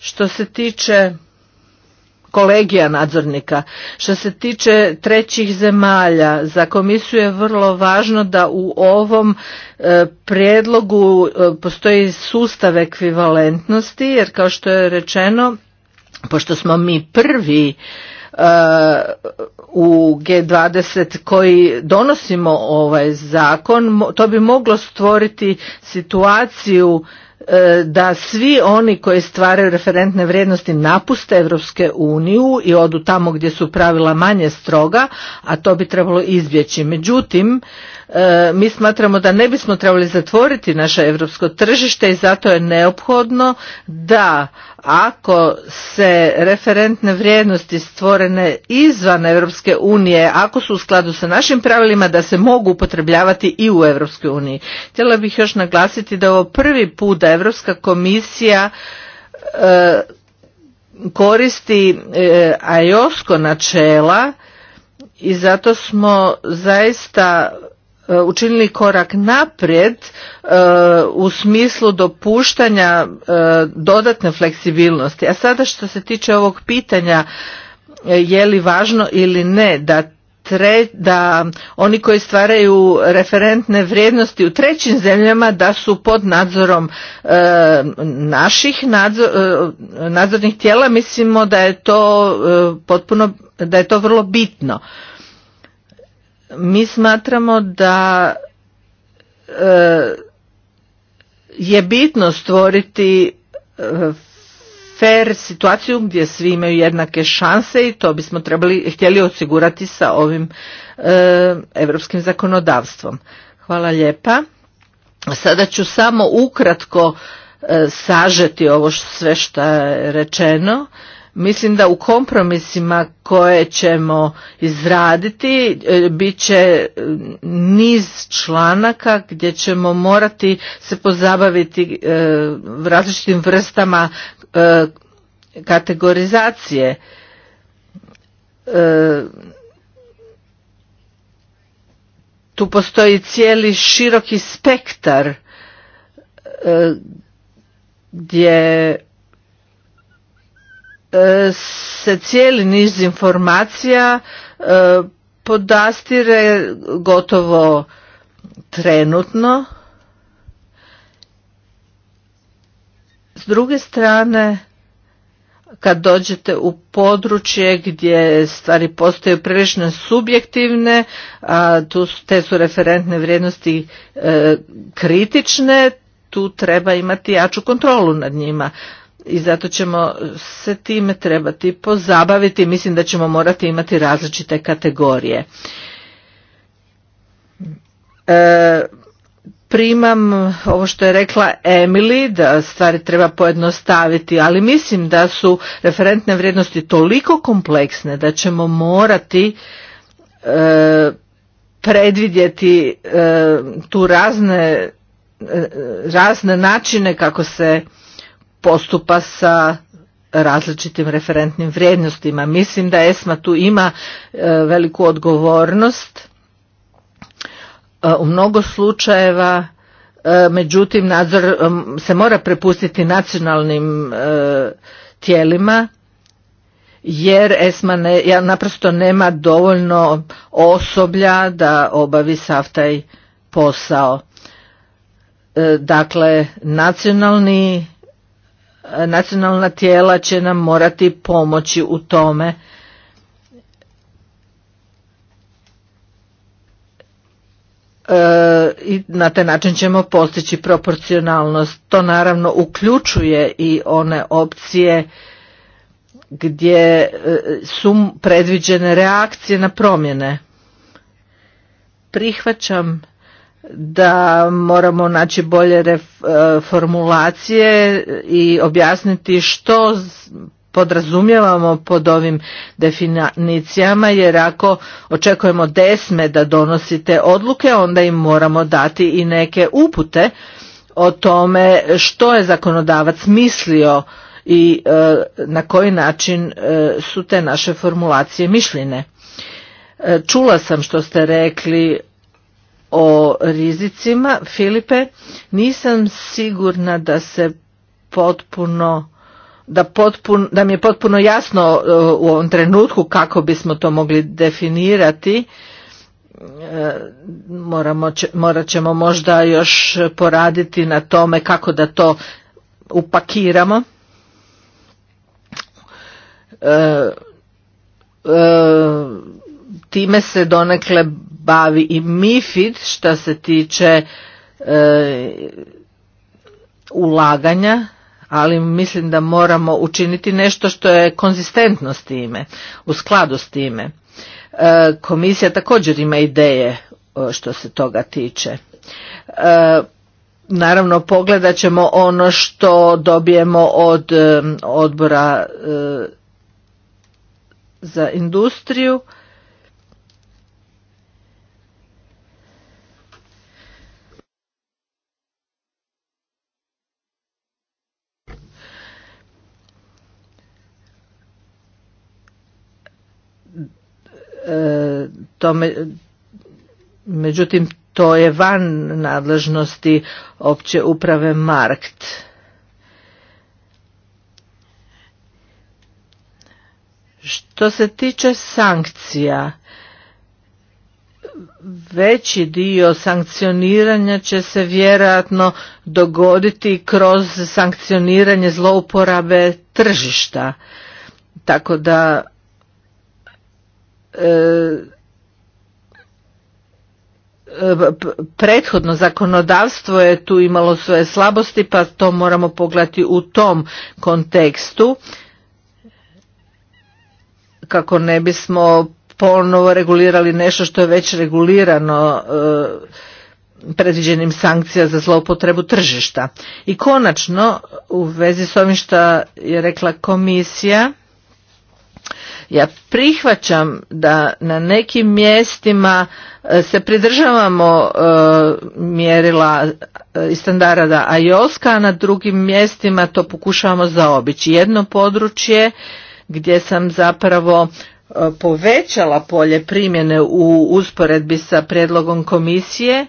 što se tiče kolegija nadzornika. Što se tiče trećih zemalja, za komisiju je vrlo važno da u ovom prijedlogu postoji sustav ekvivalentnosti, jer kao što je rečeno, pošto smo mi prvi u G20 koji donosimo ovaj zakon, to bi moglo stvoriti situaciju e, da svi oni koji stvaraju referentne vrijednosti napuste Europske uniju i odu tamo gdje su pravila manje stroga, a to bi trebalo izbjeći. Međutim, E, mi smatramo da ne bismo trebali zatvoriti naše europsko tržište i zato je neophodno da ako se referentne vrijednosti stvorene izvan Europske unije, ako su u skladu sa našim pravilima, da se mogu upotrebljavati i u Europskoj uniji. Htjela bih još naglasiti da ovo prvi put da Europska komisija e, koristi e, načela i zato smo zaista E, učinili korak naprijed e, u smislu dopuštanja e, dodatne fleksibilnosti. A sada što se tiče ovog pitanja je li važno ili ne da da oni koji stvaraju referentne vrijednosti u trećim zemljama da su pod nadzorom naših nadzornih tijela mislimo da je to potpuno da je to vrlo bitno mi smatramo da e, je bitno stvoriti e, fer situaciju gdje svi imaju jednake šanse i to bismo trebali htjeli osigurati sa ovim europskim zakonodavstvom. Hvala lijepa. Sada ću samo ukratko e, sažeti ovo sve što je rečeno Mislim da u kompromisima koje ćemo izraditi e, bit će e, niz članaka gdje ćemo morati se pozabaviti e, različitim vrstama kategorizacije. Tu postoji cijeli široki spektar gdje E, se cijeli niz informacija e, podastire gotovo trenutno. S druge strane, kad dođete u područje gdje stvari postaju prilično subjektivne, a tu te su referentne vrijednosti e, kritične, tu treba imati jaču kontrolu nad njima i zato ćemo se time trebati pozabaviti. Mislim da ćemo morati imati različite kategorije. E, primam ovo što je rekla Emily, da stvari treba pojednostaviti, ali mislim da su referentne vrijednosti toliko kompleksne da ćemo morati e, predvidjeti e, tu razne, e, razne načine kako se postupa sa različitim referentnim vrijednostima. Mislim da ESMA tu ima e, veliku odgovornost e, u mnogo slučajeva e, međutim nadzor se mora prepustiti nacionalnim tijelima jer ESMA ne, naprosto nema dovoljno osoblja da obavi sav taj posao. Dakle, nacionalni nacionalna tijela će nam morati pomoći u tome. E, i na taj način ćemo postići proporcionalnost. To naravno uključuje i one opcije gdje e, su predviđene reakcije na promjene. Prihvaćam da moramo naći bolje e, formulacije i objasniti što podrazumijevamo pod ovim definicijama jer ako očekujemo desme da donosite odluke onda im moramo dati i neke upute o tome što je zakonodavac mislio i e, na koji način e, su te naše formulacije mišljene. Čula sam što ste rekli o rizicima. Filipe, nisam sigurna da se potpuno da, da mi je potpuno jasno e, u ovom trenutku kako bismo to mogli definirati. E, moramo, morat ćemo možda još poraditi na tome kako da to upakiramo. E, time se donekle bavi i MIFID što se tiče e, ulaganja, ali mislim da moramo učiniti nešto što je konzistentno s time, u skladu s time. E, komisija također ima ideje e, što se toga tiče. E, naravno pogledat ćemo ono što dobijemo od odbora za industriju E, tome međutim to je van nadležnosti opće uprave Markt. Što se tiče sankcija, veći dio sankcioniranja će se vjerojatno dogoditi kroz sankcioniranje zlouporabe tržišta. Tako da prethodno zakonodavstvo je tu imalo svoje slabosti pa to moramo pogledati u tom kontekstu kako ne bismo ponovo regulirali nešto što je već regulirano e, predviđenim sankcija za zloupotrebu tržišta. I konačno, u vezi s ovim što je rekla komisija, ja prihvaćam da na nekim mjestima e, se pridržavamo e, mjerila e, i standarda ajoska, a na drugim mjestima to pokušavamo zaobići. Jedno područje gdje sam zapravo povećala polje primjene u usporedbi sa predlogom komisije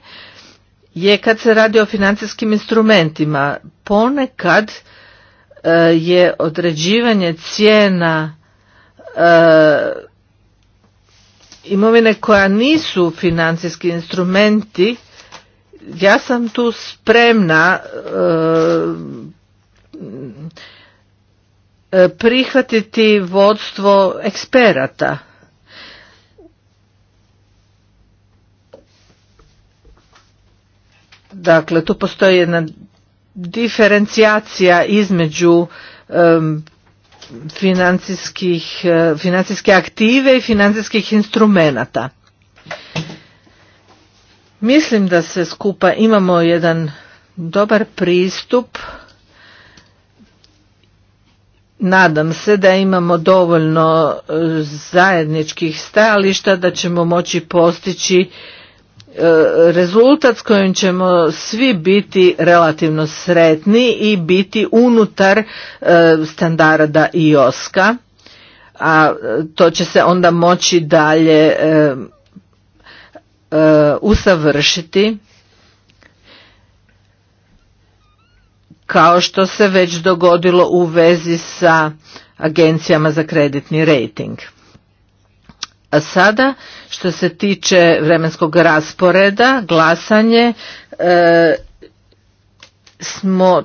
je kad se radi o financijskim instrumentima. Ponekad je određivanje cijena E, imovine koja nisu financijski instrumenti ja sam tu spremna e, e, prihvatiti vodstvo eksperata dakle tu postoji jedna diferencijacija između financijskih, e, financijske aktive i financijskih instrumenata. Mislim da se skupa imamo jedan dobar pristup. Nadam se da imamo dovoljno e, zajedničkih stajališta da ćemo moći postići E, rezultat s kojim ćemo svi biti relativno sretni i biti unutar e, standarda IOSKA, a e, to će se onda moći dalje usavršiti kao što se već dogodilo u vezi sa agencijama za kreditni rating. A sada, što se tiče vremenskog rasporeda, glasanje, e, smo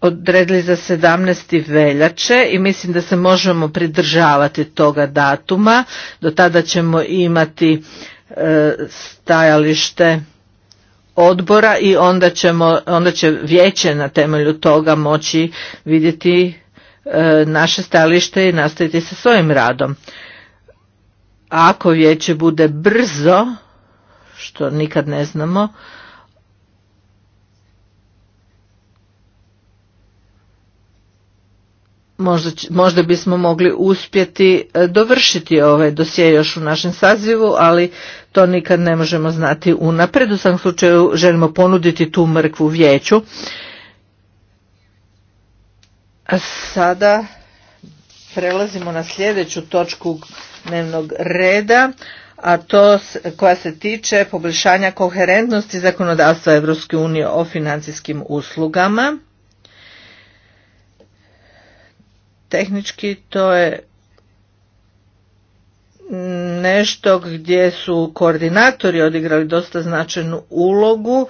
odredili za 17. veljače i mislim da se možemo pridržavati toga datuma. Do tada ćemo imati e, stajalište odbora i onda, ćemo, onda će vijeće na temelju toga moći vidjeti e, naše stajalište i nastaviti sa svojim radom ako vijeće bude brzo, što nikad ne znamo, Možda, možda bismo mogli uspjeti e, dovršiti ovaj dosje još u našem sazivu, ali to nikad ne možemo znati unaprijed. U svakom slučaju želimo ponuditi tu mrkvu vijeću. A sada prelazimo na sljedeću točku dnevnog reda a to koja se tiče poboljšanja koherentnosti zakonodavstva Europske unije o financijskim uslugama. Tehnički to je nešto gdje su koordinatori odigrali dosta značajnu ulogu.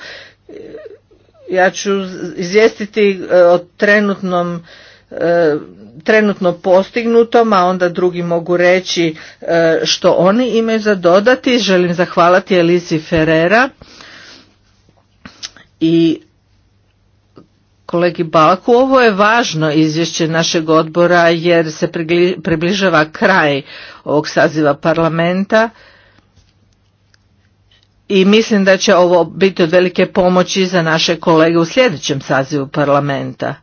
Ja ću izvijestiti e, o trenutnom E, trenutno postignutom, a onda drugi mogu reći e, što oni imaju za dodati. Želim zahvaliti Elisi Ferrera i kolegi Balku. Ovo je važno izvješće našeg odbora jer se približava kraj ovog saziva parlamenta i mislim da će ovo biti od velike pomoći za naše kolege u sljedećem sazivu parlamenta.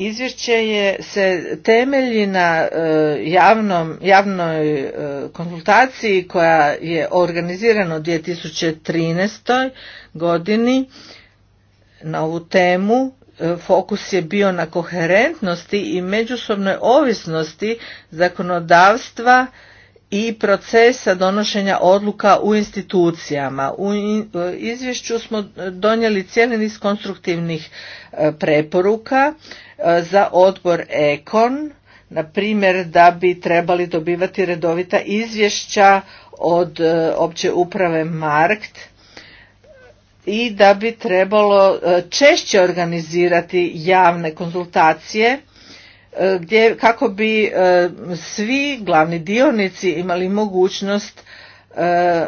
Izvješće je, se temelji na e, javnom, javnoj e, konsultaciji koja je organizirana u 2013. godini na ovu temu. E, fokus je bio na koherentnosti i međusobnoj ovisnosti zakonodavstva i procesa donošenja odluka u institucijama. U e, izvješću smo donijeli cijeli niz konstruktivnih e, preporuka e, za odbor Ekon, na primjer da bi trebali dobivati redovita izvješća od opće uprave Markt i da bi trebalo češće organizirati javne konzultacije E, gdje kako bi e, svi glavni dionici imali mogućnost e,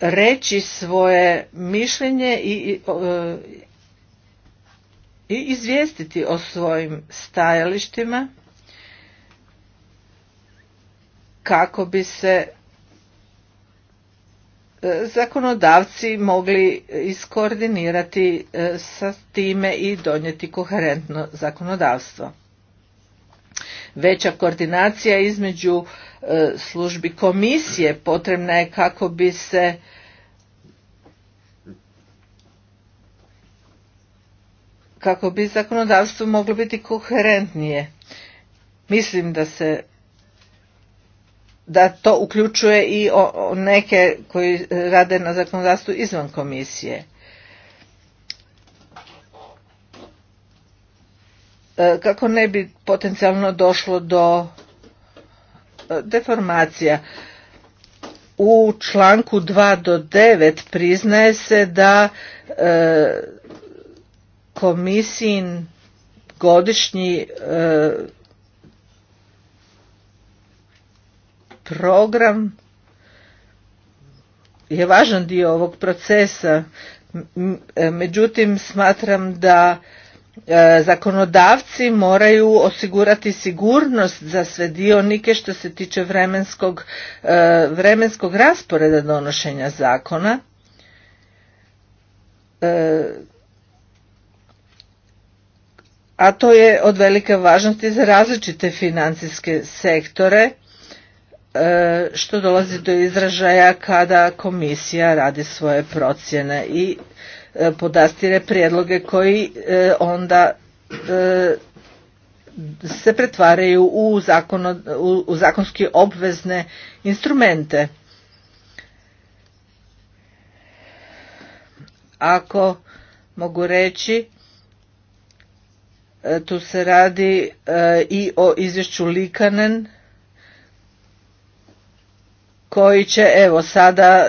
reći svoje mišljenje i i izvijestiti o svojim stajalištima kako bi se zakonodavci mogli iskoordinirati sa time i donijeti koherentno zakonodavstvo veća koordinacija između e, službi komisije potrebna je kako bi se kako bi zakonodavstvo moglo biti koherentnije. Mislim da se da to uključuje i neke koji rade na zakonodavstvu izvan komisije. E, kako ne bi potencijalno došlo do e, deformacija. U članku 2 do 9 priznaje se da e, komisijin godišnji program je važan dio ovog procesa međutim smatram da E, zakonodavci moraju osigurati sigurnost za sve dionike što se tiče vremenskog, e, vremenskog rasporeda donošenja zakona. E, a to je od velike važnosti za različite financijske sektore što dolazi do izražaja kada komisija radi svoje procjene i E, podastire prijedloge koji e, onda e, se pretvaraju u, zakon, u zakonski obvezne instrumente. Ako mogu reći, tu se radi i o izvješću Likanen koji će evo sada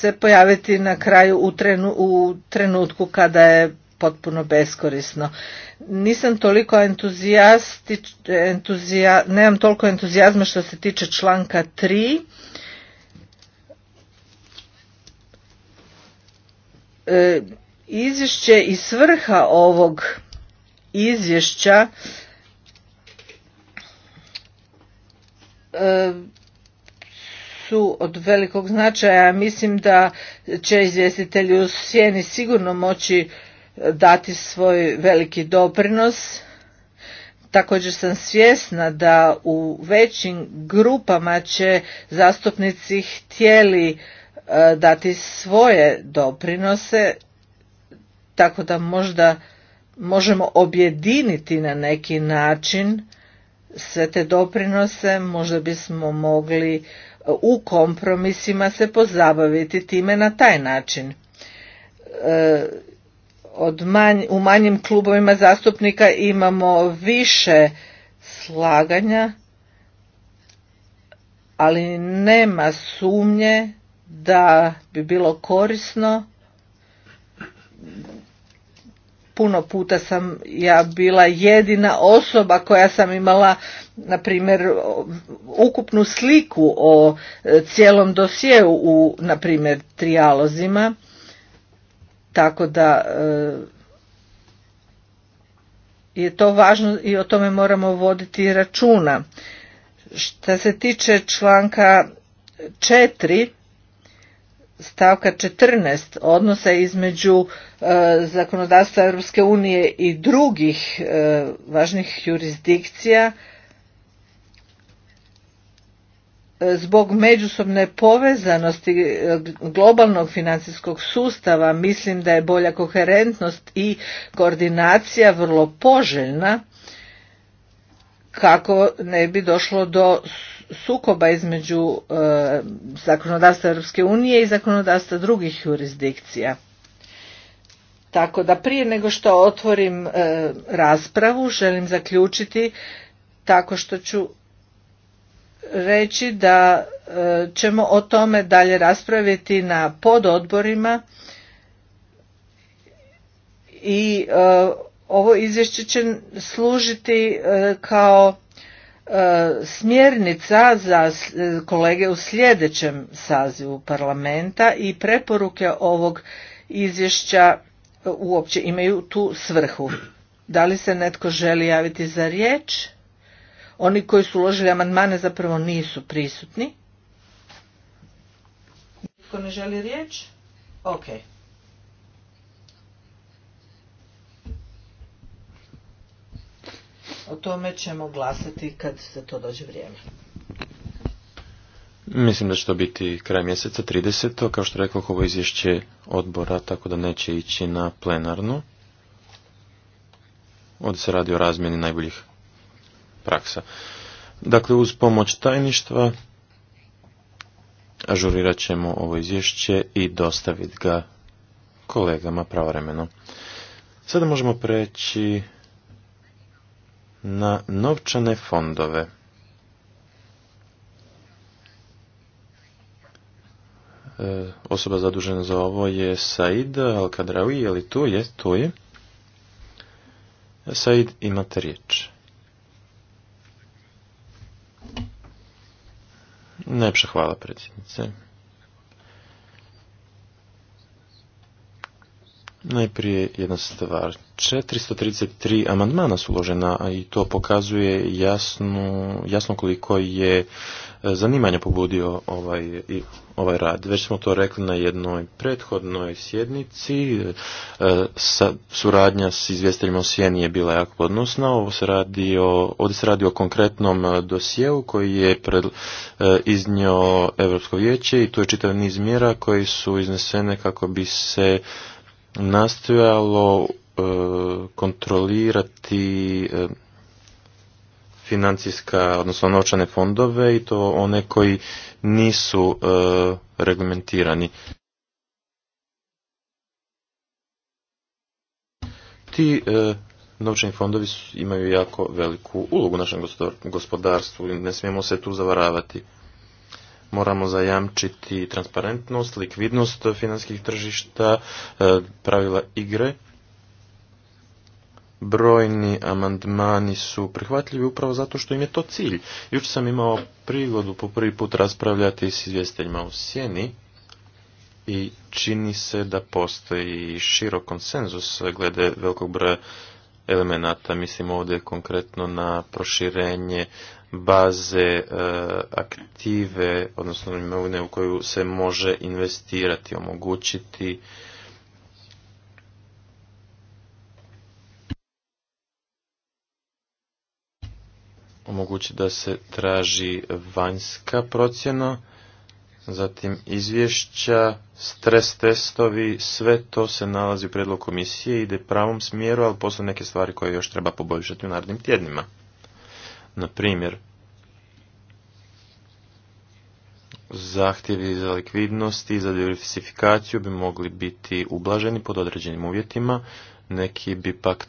se pojaviti na kraju u, u trenutku kada je potpuno beskorisno. Nisam toliko entuzijastič, entuzija, nemam toliko entuzijazma što se tiče članka 3. E, izvješće i svrha ovog izvješća e, su od velikog značaja. Mislim da će izvjestitelji u sjeni sigurno moći e, dati svoj veliki doprinos. Također sam svjesna da u većim grupama će zastupnici htjeli e, dati svoje doprinose, tako da možda možemo objediniti na neki način sve te doprinose, možda bismo mogli u kompromisima se pozabaviti time na taj način. E, od u manjim klubovima zastupnika imamo više slaganja, ali nema sumnje da bi bilo korisno puno puta sam ja bila jedina osoba koja sam imala na primjer ukupnu sliku o e, cijelom dosjeu u na primjer trijalozima tako da e, je to važno i o tome moramo voditi računa. Što se tiče članka četiri, stavka 14 odnosa između e, zakonodavstva Europske unije i drugih e, važnih jurisdikcija e, zbog međusobne povezanosti globalnog financijskog sustava mislim da je bolja koherentnost i koordinacija vrlo poželjna kako ne bi došlo do sukoba između e, zakonodavstva Europske unije i zakonodavstva drugih jurisdikcija. Tako da prije nego što otvorim e, raspravu želim zaključiti tako što ću reći da e, ćemo o tome dalje raspraviti na pododborima i ovo izvješće će služiti kao smjernica za kolege u sljedećem sazivu parlamenta i preporuke ovog izvješća e, uopće imaju tu svrhu. Da li se netko želi javiti za riječ? Oni koji su uložili amandmane zapravo nisu prisutni. Nitko ne želi riječ? Ok. O tome ćemo glasati kad se to dođe vrijeme. Mislim da će to biti kraj mjeseca 30. Kao što rekao, ovo izvješće odbora, tako da neće ići na plenarnu. Ovdje se radi o razmjeni najboljih praksa. Dakle, uz pomoć tajništva ažurirat ćemo ovo izvješće i dostaviti ga kolegama pravovremeno. Sada možemo preći na novčane fondove. E, osoba zadužena za ovo je Said Al-Kadrawi, je li tu? Je, tu je. Said, imate riječ. Najpša hvala, predsjednice. Najprije jedna stvar. 433 amandmana su uložena i to pokazuje jasno, jasno koliko je e, zanimanje pobudio ovaj, ovaj rad. Već smo to rekli na jednoj prethodnoj sjednici. E, sa, suradnja s izvjestiteljima o Sjeni je bila jako odnosna. Ovo se radi o, ovdje se radi o konkretnom e, dosjeu koji je pred, iznio Europsko vijeće i tu je čitav niz mjera koji su iznesene kako bi se nastojalo e, kontrolirati e, financijska, odnosno novčane fondove i to one koji nisu e, reglementirani. Ti novčani fondovi imaju jako veliku ulogu u našem gospodarstvu, i ne smijemo se tu zavaravati moramo zajamčiti transparentnost, likvidnost finanskih tržišta, e, pravila igre. Brojni amandmani su prihvatljivi upravo zato što im je to cilj. Jučer sam imao prigodu po prvi put raspravljati s izvjestiteljima u Sjeni i čini se da postoji širok konsenzus glede velikog broja elemenata, mislim ovdje konkretno na proširenje baze e, aktive, odnosno imovine u koju se može investirati, omogućiti omogući da se traži vanjska procjena, zatim izvješća, stres testovi, sve to se nalazi u predlogu komisije, ide pravom smjeru, ali postoje neke stvari koje još treba poboljšati u narednim tjednima. Na primjer, zahtjevi za likvidnost i za diversifikaciju bi mogli biti ublaženi pod određenim uvjetima. Neki bi pak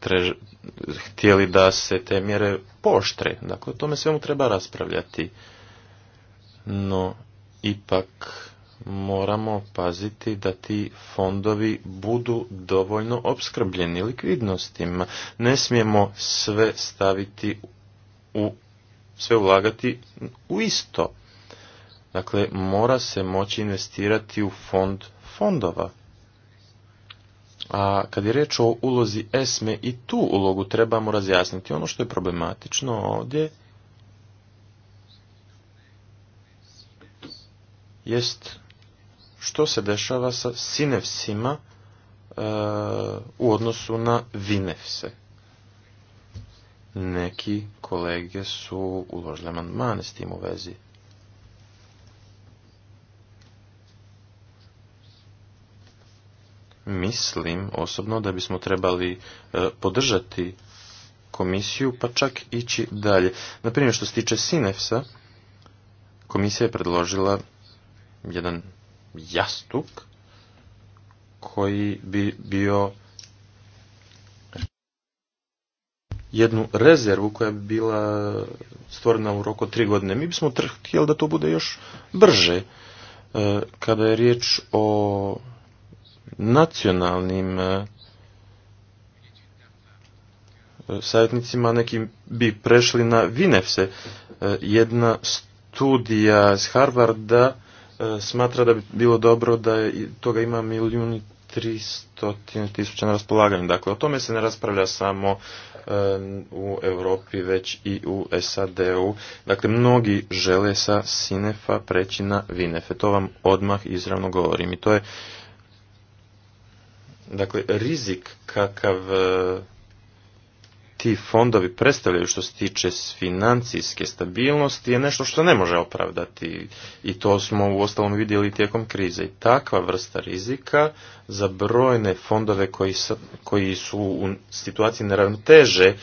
htjeli da se te mjere poštre. Dakle, o tome svemu treba raspravljati. No, ipak moramo paziti da ti fondovi budu dovoljno opskrbljeni likvidnostima. Ne smijemo sve staviti u sve ulagati u isto. Dakle, mora se moći investirati u fond fondova. A kad je reč o ulozi ESME i tu ulogu trebamo razjasniti. Ono što je problematično ovdje jest što se dešava sa sinefsima e, u odnosu na vinefse neki kolege su uložili amandmane s tim u vezi. Mislim osobno da bismo trebali e, podržati komisiju pa čak ići dalje. Naprimjer što se tiče Sinefsa, komisija je predložila jedan jastuk koji bi bio jednu rezervu koja bi bila stvorena u roku tri godine. Mi bismo htjeli da to bude još brže. E, kada je riječ o nacionalnim e, savjetnicima, neki bi prešli na Vinefse. E, jedna studija iz Harvarda smatra da bi bilo dobro da toga ima milijun 300 tisuća na raspolaganju. Dakle, o tome se ne raspravlja samo u Europi, već i u SAD-u. Dakle, mnogi žele sa Sinefa preći na Vinefe. To vam odmah izravno govorim. I to je dakle, rizik kakav ti fondovi predstavljaju što se tiče financijske stabilnosti je nešto što ne može opravdati i to smo u ostalom vidjeli tijekom krize. I takva vrsta rizika za brojne fondove koji, koji su u situaciji neravnoteže e,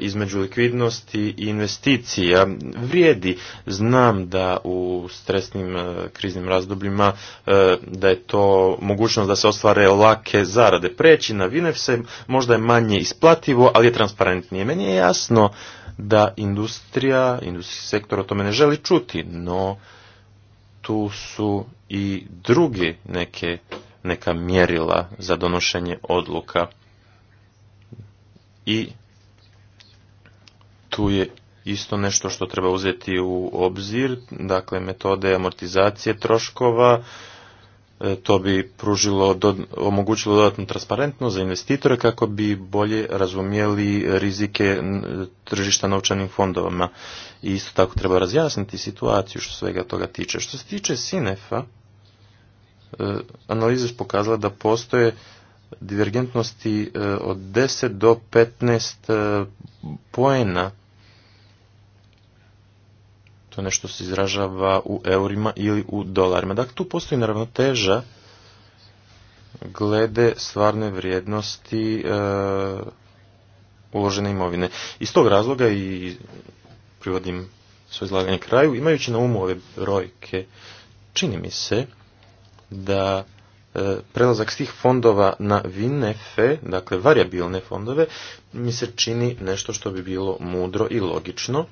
između likvidnosti i investicija vrijedi. Znam da u stresnim e, kriznim razdobljima e, da je to mogućnost da se ostvare lake zarade. Preći na Vinefse, možda je manje isplativo, ali je transparentno nije Meni je jasno da industrija, industrijski sektor o tome ne želi čuti, no tu su i drugi neke, neka mjerila za donošenje odluka. I tu je isto nešto što treba uzeti u obzir, dakle metode amortizacije troškova, E, to bi pružilo, omogućilo dodatnu transparentnost za investitore kako bi bolje razumijeli rizike tržišta novčanim fondovima. I isto tako treba razjasniti situaciju što svega toga tiče. Što se tiče Sinefa, e, analiza je pokazala da postoje divergentnosti e, od 10 do 15 poena to nešto se izražava u eurima ili u dolarima. Dakle, tu postoji naravno teža glede stvarne vrijednosti e, uložene imovine. Iz tog razloga i privodim svoje izlaganje kraju, imajući na umu ove brojke, čini mi se da e, prelazak svih fondova na VINEFE, dakle variabilne fondove, mi se čini nešto što bi bilo mudro i logično,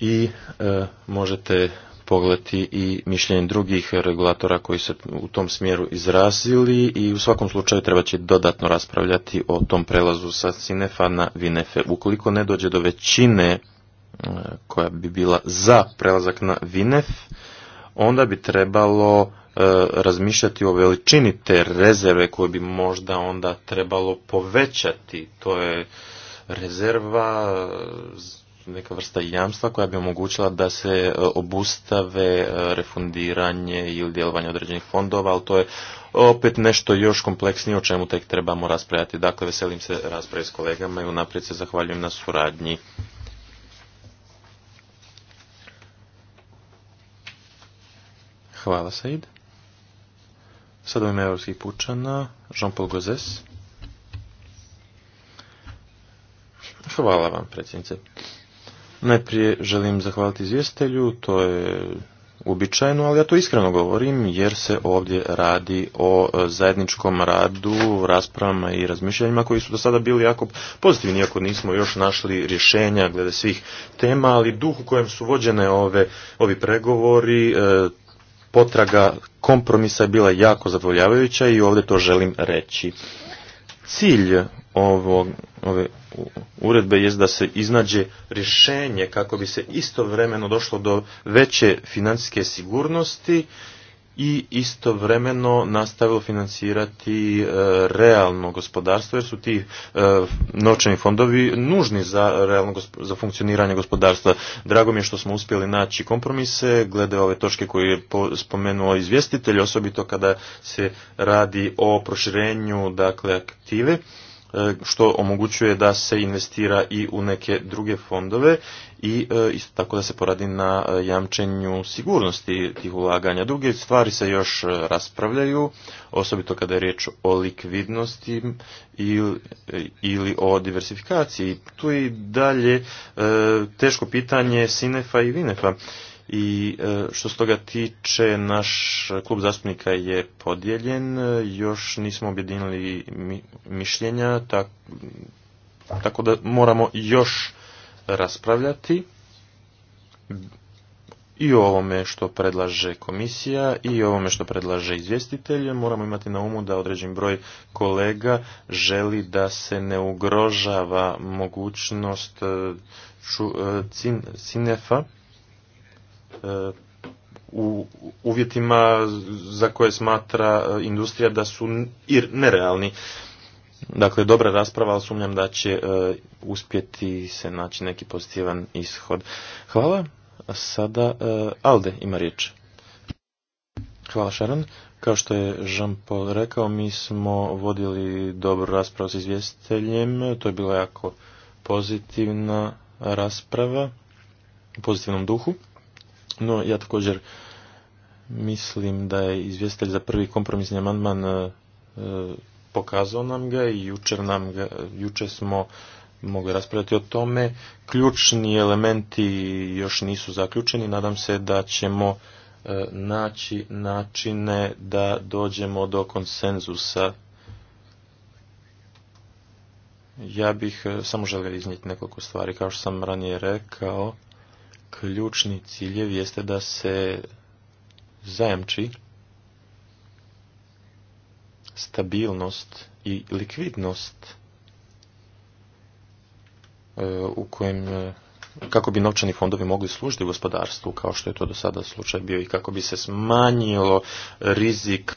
i e, možete pogledati i mišljenje drugih regulatora koji se u tom smjeru izrazili i u svakom slučaju treba će dodatno raspravljati o tom prelazu sa Cinefa na Vinefe. Ukoliko ne dođe do većine e, koja bi bila za prelazak na Vinef, onda bi trebalo e, razmišljati o veličini te rezerve koje bi možda onda trebalo povećati. To je rezerva neka vrsta jamstva koja bi omogućila da se e, obustave e, refundiranje ili djelovanje određenih fondova, ali to je opet nešto još kompleksnije o čemu tek trebamo raspravljati. Dakle, veselim se raspravi s kolegama i unaprijed se zahvaljujem na suradnji. Hvala, Said. Sad u Evropskih pučana, Jean-Paul Gozes. Hvala vam, predsjednice. Najprije želim zahvaliti izvjestitelju, to je uobičajeno, ali ja to iskreno govorim jer se ovdje radi o e, zajedničkom radu, raspravama i razmišljanjima koji su do sada bili jako pozitivni, iako nismo još našli rješenja glede svih tema, ali duh u kojem su vođene ove, ovi pregovori, e, potraga kompromisa je bila jako zadovoljavajuća i ovdje to želim reći. Cilj ovog, ove uredbe je da se iznađe rješenje kako bi se istovremeno došlo do veće financijske sigurnosti i istovremeno nastavilo financirati e, realno gospodarstvo jer su ti e, novčani fondovi nužni za realno za funkcioniranje gospodarstva. Drago mi je što smo uspjeli naći kompromise glede ove točke koje je spomenuo izvjestitelj, osobito kada se radi o proširenju dakle aktive E, što omogućuje da se investira i u neke druge fondove i e, isto tako da se poradi na e, jamčenju sigurnosti tih ulaganja. Druge stvari se još raspravljaju, osobito kada je riječ o likvidnosti ili, ili o diversifikaciji. Tu je i dalje teško pitanje Sinefa i Vinefa i e, što se toga tiče, naš klub zastupnika je podijeljen, još nismo objedinili mišljenja, tako da moramo još raspravljati i o ovome što predlaže komisija i o ovome što predlaže izvjestitelj. Moramo imati na umu da određen broj kolega želi da se ne ugrožava mogućnost e, e, cinefa u uvjetima za koje smatra e, industrija da su nerealni. Dakle, dobra rasprava, ali sumnjam da će e, uspjeti se naći neki pozitivan ishod. Hvala. Sada e, Alde ima riječ. Hvala Šaran. Kao što je Jean-Paul rekao, mi smo vodili dobru raspravu s izvjestiteljem. To je bila jako pozitivna rasprava u pozitivnom duhu. No, ja također mislim da je izvjestitelj za prvi kompromisni amandman e, e, pokazao nam ga i jučer, nam ga, jučer smo mogli raspravljati o tome. Ključni elementi još nisu zaključeni. Nadam se da ćemo e, naći načine da dođemo do konsenzusa. Ja bih samo želio iznijeti nekoliko stvari. Kao što sam ranije rekao, ključni ciljev jeste da se zajamči stabilnost i likvidnost e, u kojem e, kako bi novčani fondovi mogli služiti gospodarstvu kao što je to do sada slučaj bio i kako bi se smanjilo rizik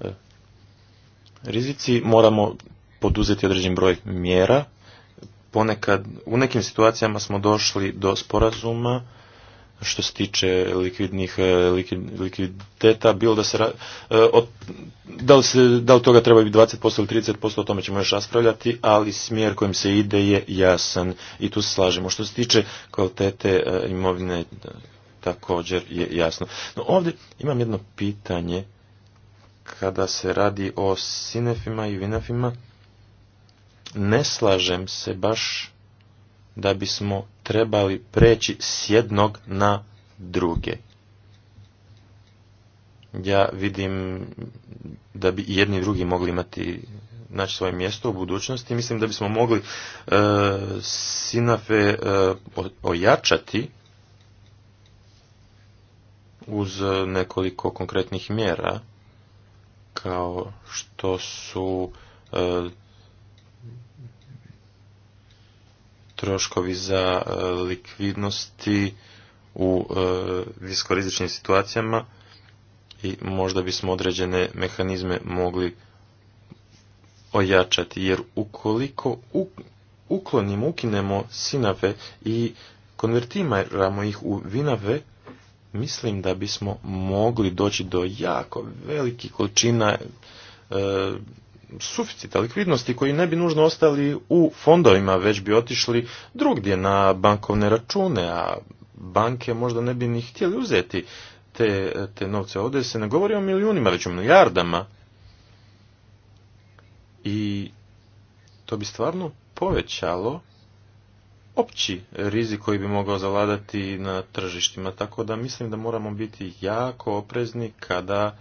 e, rizici moramo poduzeti određen broj mjera. Ponekad, u nekim situacijama smo došli do sporazuma što se tiče likvidnih e, likviditeta, bilo da se e, od, da, li se, da toga treba biti 20% ili 30%, o tome ćemo još raspravljati, ali smjer kojim se ide je jasan i tu se slažemo. Što se tiče kvalitete e, imovine također je jasno. No ovdje imam jedno pitanje kada se radi o sinefima i vinafima ne slažem se baš da bismo trebali preći s jednog na druge. Ja vidim da bi jedni i drugi mogli imati naći svoje mjesto u budućnosti. Mislim da bismo mogli e, Sinafe e, ojačati uz nekoliko konkretnih mjera kao što su e, troškovi za e, likvidnosti u e, viskorizičnim situacijama i možda bismo određene mehanizme mogli ojačati, jer ukoliko uklonimo, ukinemo sinave i konvertiramo ih u vinave, mislim da bismo mogli doći do jako velikih količina e, suficita, likvidnosti koji ne bi nužno ostali u fondovima, već bi otišli drugdje na bankovne račune, a banke možda ne bi ni htjeli uzeti te, te novce. Ovdje se ne govori o milijunima, već o milijardama. I to bi stvarno povećalo opći rizik koji bi mogao zavladati na tržištima. Tako da mislim da moramo biti jako oprezni kada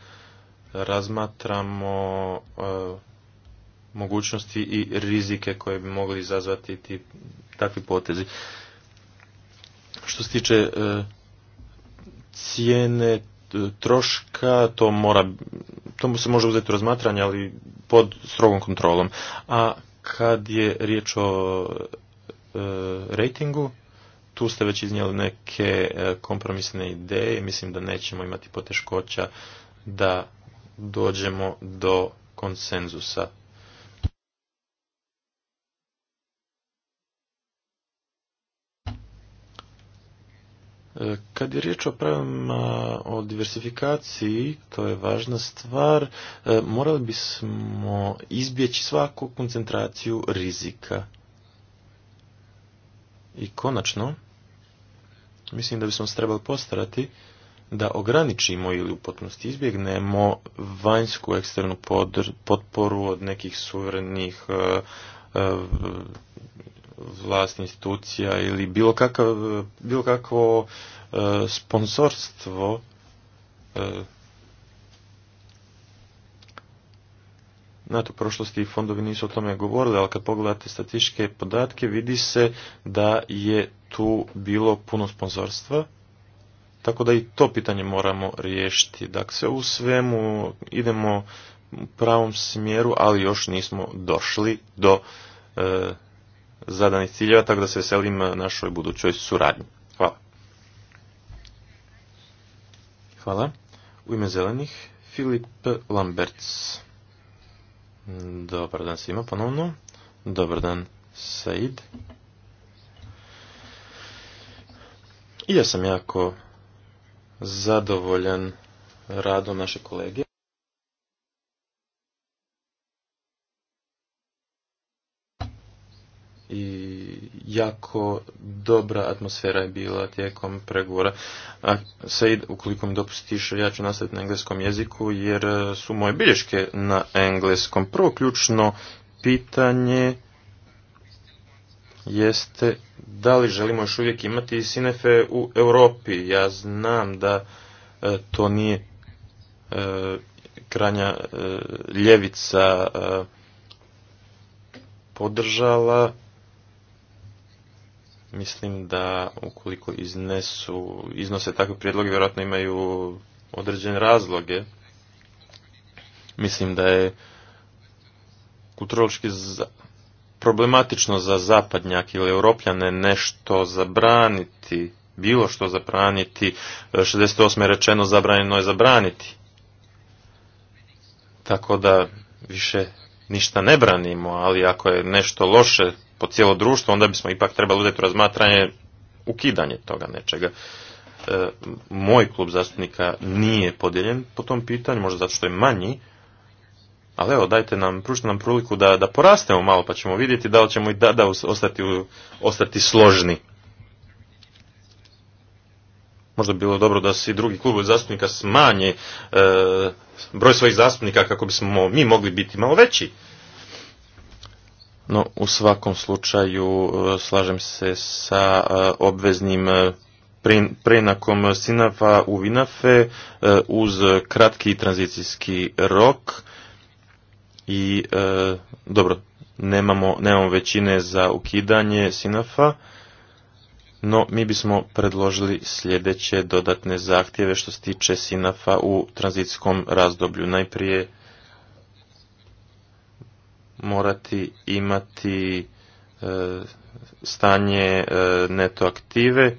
razmatramo e, mogućnosti i rizike koje bi mogli izazvati ti, takvi potezi. Što se tiče e, cijene e, troška, to mora, se može uzeti u razmatranje, ali pod strogom kontrolom. A kad je riječ o e, ratingu, tu ste već iznijeli neke e, kompromisne ideje, mislim da nećemo imati poteškoća da dođemo do konsenzusa E, kad je riječ o pravima o diversifikaciji, to je važna stvar, e, morali bismo izbjeći svaku koncentraciju rizika. I konačno, mislim da bismo se trebali postarati da ograničimo ili u potpunosti izbjegnemo vanjsku eksternu potporu od nekih suverenih e, vlast institucija ili bilo, kakav, bilo kakvo e, sponsorstvo e, Znate, u prošlosti fondovi nisu o tome govorili, ali kad pogledate statističke podatke vidi se da je tu bilo puno sponzorstva, tako da i to pitanje moramo riješiti. Dakle, sve u svemu idemo u pravom smjeru, ali još nismo došli do e, zadanih ciljeva, tako da se veselim eh, našoj budućoj suradnji. Hvala. Hvala. U ime zelenih, Filip Lamberts. Dobar dan svima ponovno. Dobar dan, Said. I ja sam jako zadovoljan radom naše kolege. i jako dobra atmosfera je bila tijekom pregovora. A Said, ukoliko mi dopustiš, ja ću nastaviti na engleskom jeziku jer su moje bilješke na engleskom. Prvo ključno pitanje jeste da li želimo još uvijek imati sinefe u Europi. Ja znam da e, to nije e, kranja e, ljevica podržala Mislim da ukoliko iznesu, iznose takve prijedloge, vjerojatno imaju određene razloge. Mislim da je kulturološki problematično za zapadnjak ili europljane nešto zabraniti, bilo što zabraniti, 68. je rečeno zabranjeno je zabraniti. Tako da više ništa ne branimo, ali ako je nešto loše po cijelo društvo, onda bismo ipak trebali uzeti u razmatranje ukidanje toga nečega. E, moj klub zastupnika nije podijeljen po tom pitanju, možda zato što je manji, ali evo, dajte nam, pružite nam priliku da, da porastemo malo, pa ćemo vidjeti da li ćemo i da, da ostati, ostati složni. Možda bi bilo dobro da se i drugi klubovi zastupnika smanje e, broj svojih zastupnika kako bismo mi mogli biti malo veći. No, u svakom slučaju e, slažem se sa e, obveznim e, prenakom Sinafa u Vinafe uz kratki tranzicijski rok i dobro, nemamo, nemamo većine za ukidanje Sinafa, no mi bismo predložili sljedeće dodatne zahtjeve što se tiče Sinafa u tranzicijskom razdoblju. Najprije morati imati e, stanje e, neto aktive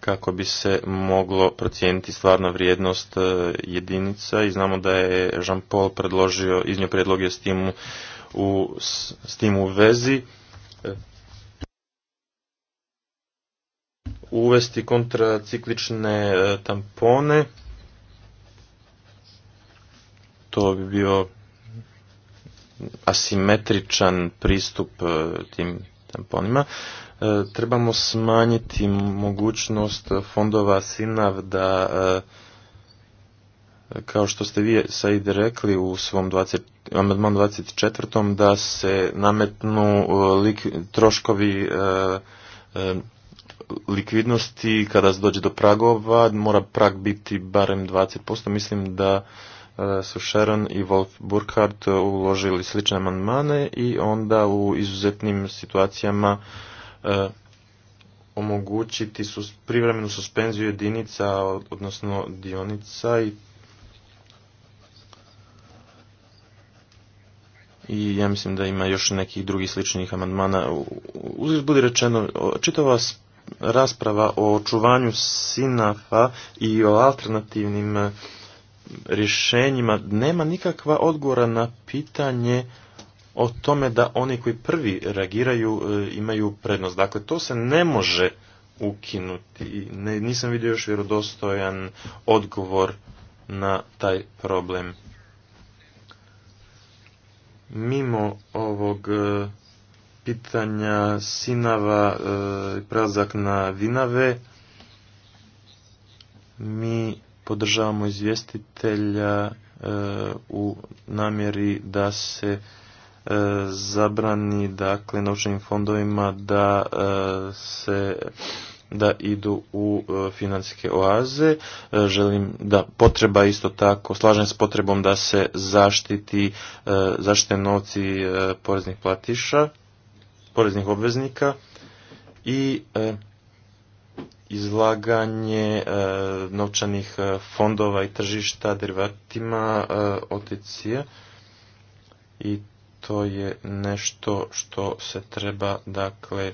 kako bi se moglo procijeniti stvarna vrijednost e, jedinica i znamo da je Jean Paul predložio, iznio predloge s u, s tim u vezi uvesti kontraciklične tampone to bi bio asimetričan pristup e, tim tamponima. E, trebamo smanjiti mogućnost fondova SINAV da e, kao što ste vi Said rekli u svom 20, amandman 24. da se nametnu troškovi likvidnosti kada se dođe do pragova, mora prag biti barem 20%, mislim da E, su Sharon i Wolf Burkhardt uložili slične amandmane i onda u izuzetnim situacijama e, omogućiti privremenu suspenziju jedinica, odnosno dionica i i ja mislim da ima još nekih drugih sličnih amandmana. Uzir budi rečeno, čitava rasprava o očuvanju sinafa i o alternativnim rješenjima nema nikakva odgovora na pitanje o tome da oni koji prvi reagiraju e, imaju prednost. Dakle, to se ne može ukinuti. Ne, nisam vidio još vjerodostojan odgovor na taj problem. Mimo ovog e, pitanja sinava i e, prazak na vinave, mi podržavamo izvjestitelja e, u namjeri da se e, zabrani dakle novčanim fondovima da e, se da idu u financijske oaze. Želim da potreba isto tako, slažem s potrebom da se zaštiti zaštite novci poreznih platiša, poreznih obveznika i izlaganje e, novčanih e, fondova i tržišta derivatima e, otc i to je nešto što se treba, dakle,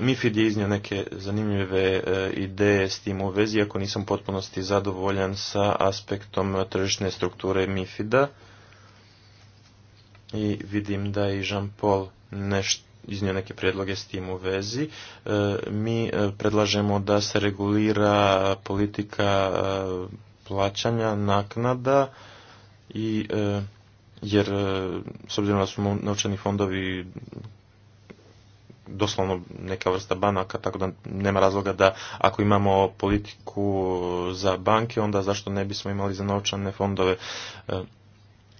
Mifid je iznio neke zanimljive ideje s tim u vezi, ako nisam potpunosti zadovoljan sa aspektom tržišne strukture Mifida. I vidim da je i Jean-Paul nešto iznio neke prijedloge s tim u vezi. E, mi e, predlažemo da se regulira politika e, plaćanja naknada i jer s obzirom da su novčani fondovi doslovno neka vrsta banaka, tako da nema razloga da ako imamo politiku za banke, onda zašto ne bismo imali za novčane fondove.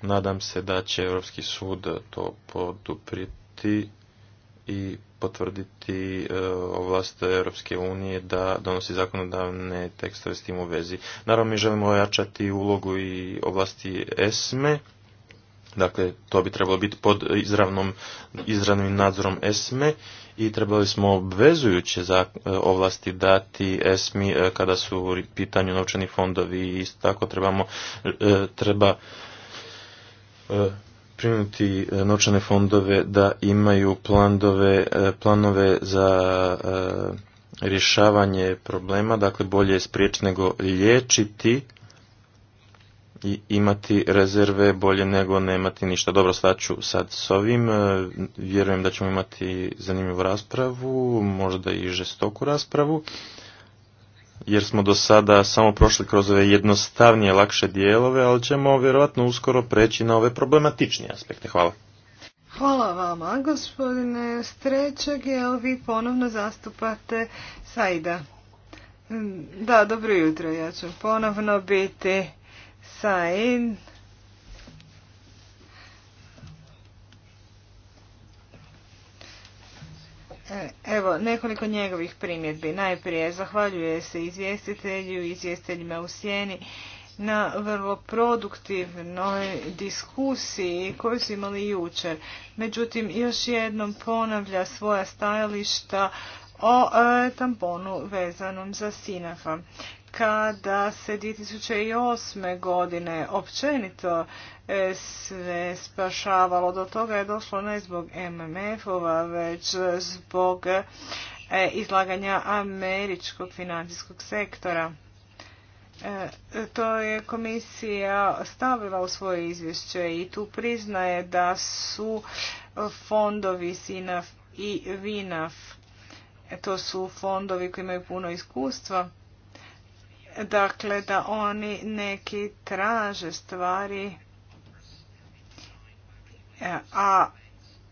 Nadam se da će Europski sud to poduprijeti i potvrditi e, ovlast Europske unije da donosi zakonodavne tekstove s tim u vezi. Naravno, mi želimo ojačati ulogu i ovlasti ESME, dakle, to bi trebalo biti pod izravnom, izravnim nadzorom ESME i trebali smo obvezujuće e, ovlasti dati ESMI e, kada su u pitanju novčani fondovi i isto tako trebamo, treba primiti e, novčane fondove da imaju e, planove za e, rješavanje problema, dakle bolje je spriječ nego liječiti i imati rezerve bolje nego ne ništa. Dobro, staću sad s ovim. Vjerujem da ćemo imati zanimljivu raspravu, možda i žestoku raspravu jer smo do sada samo prošli kroz ove jednostavnije, lakše dijelove, ali ćemo vjerojatno uskoro preći na ove problematičnije aspekte. Hvala. Hvala vama, gospodine Strečeg, jel vi ponovno zastupate saida mm, Da, dobro jutro, ja ću ponovno biti Said. E, evo, nekoliko njegovih primjedbi. Najprije zahvaljuje se izvjestitelju i izvjestiteljima u sjeni na vrlo produktivnoj diskusiji koju su imali jučer. Međutim, još jednom ponavlja svoja stajališta o e, tamponu vezanom za Sinafa kada se 2008. godine općenito e, sve spašavalo. Do toga je došlo ne zbog MMF-ova, već zbog e, izlaganja američkog financijskog sektora. E, to je komisija stavila u svoje izvješće i tu priznaje da su fondovi SINAF i VINAF, to su fondovi koji imaju puno iskustva, dakle da oni neki traže stvari e, a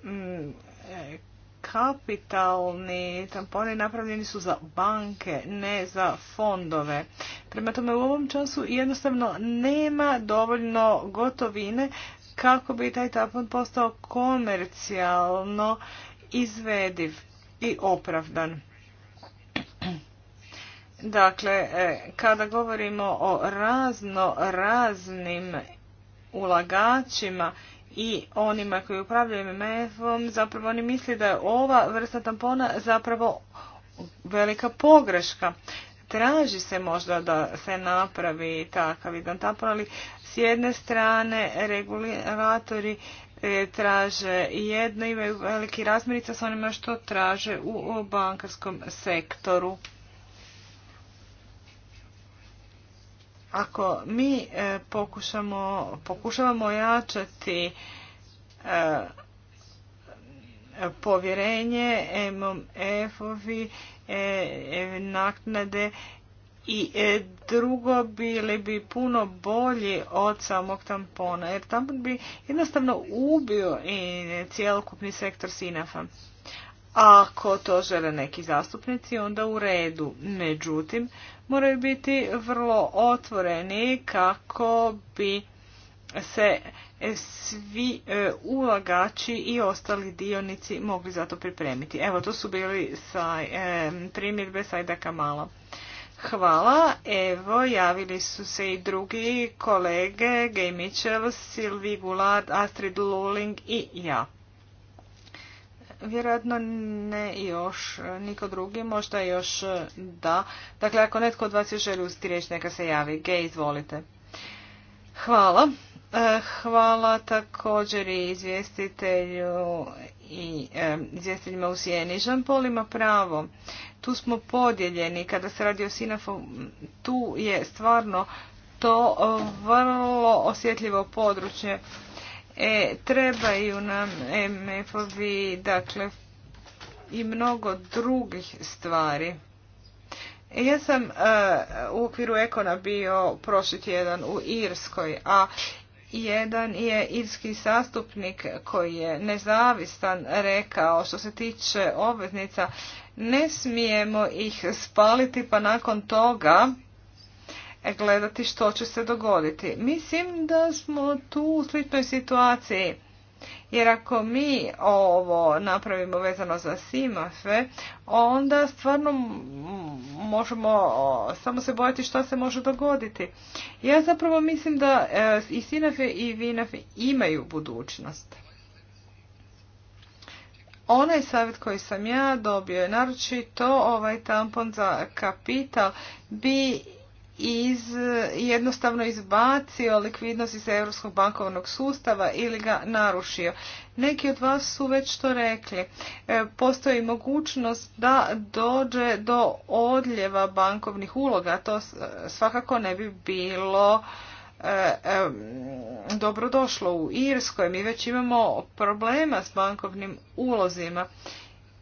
mm, e, kapitalni tamponi napravljeni su za banke, ne za fondove. Prema tome u ovom času jednostavno nema dovoljno gotovine kako bi taj tampon postao komercijalno izvediv i opravdan. Dakle, e, kada govorimo o razno raznim ulagačima i onima koji upravljaju MMF-om, zapravo oni misli da je ova vrsta tampona zapravo velika pogreška. Traži se možda da se napravi takav jedan tampon, ali s jedne strane regulatori e, traže jedno, imaju veliki razmirica s onima što traže u bankarskom sektoru. Ako mi e, pokušamo, pokušavamo ojačati e, povjerenje, MMF-ovi, e, naknade i drugo bili bi puno bolji od samog tampona, jer tampon bi jednostavno ubio i cijelokupni sektor SINAFA. Ako to žele neki zastupnici, onda u redu. Međutim, moraju biti vrlo otvoreni kako bi se svi e, ulagači i ostali dionici mogli za to pripremiti. Evo, to su bili saj, e, primjedbe Sajda malo. Hvala. Evo, javili su se i drugi kolege, Gay Mitchell, Sylvie Gulard, Astrid Luling i ja. Vjerojatno ne još, niko drugi, možda još da. Dakle, ako netko od vas još želi uzeti riječ, neka se javi. Ge, izvolite. Hvala. E, hvala također i izvjestitelju i e, izvjestiteljima u Sijeni. Žan ima pravo. Tu smo podijeljeni. Kada se radi o Sinafo. tu je stvarno to e, vrlo osjetljivo područje E, trebaju nam MF-ovi, dakle, i mnogo drugih stvari. Ja sam e, u okviru Ekona bio prošli tjedan u Irskoj, a jedan je irski sastupnik koji je nezavistan rekao što se tiče obveznica ne smijemo ih spaliti pa nakon toga gledati što će se dogoditi. Mislim da smo tu u sličnoj situaciji. Jer ako mi ovo napravimo vezano za simafe, onda stvarno možemo samo se bojati što se može dogoditi. Ja zapravo mislim da e, i sinafe i vinafe imaju budućnost. Onaj savjet koji sam ja dobio je naročito ovaj tampon za kapital bi iz, jednostavno izbacio likvidnost iz europskog bankovnog sustava ili ga narušio. Neki od vas su već to rekli. E, postoji mogućnost da dođe do odljeva bankovnih uloga. To svakako ne bi bilo e, e, dobro došlo u Irskoj. Mi već imamo problema s bankovnim ulozima.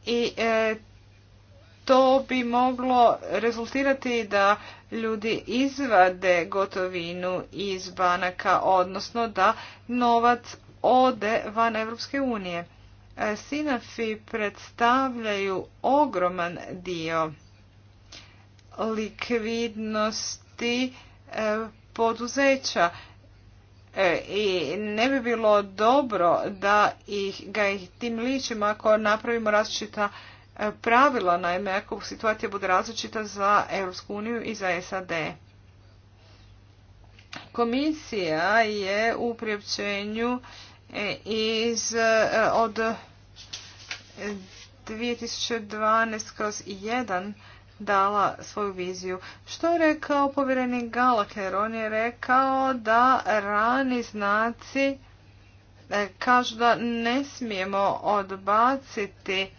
I to bi moglo rezultirati da ljudi izvade gotovinu iz banaka, odnosno da novac ode van Europske unije. E, Sinafi predstavljaju ogroman dio likvidnosti e, poduzeća e, i ne bi bilo dobro da ih, ga ih tim ličimo ako napravimo različita E, pravila, naime, ako situacija bude različita za Europsku uniju i za SAD. Komisija je u priopćenju e, iz, e, od 2012 kroz 1 dala svoju viziju. Što je rekao povjereni Galaker? On je rekao da rani znaci kažu da ne smijemo odbaciti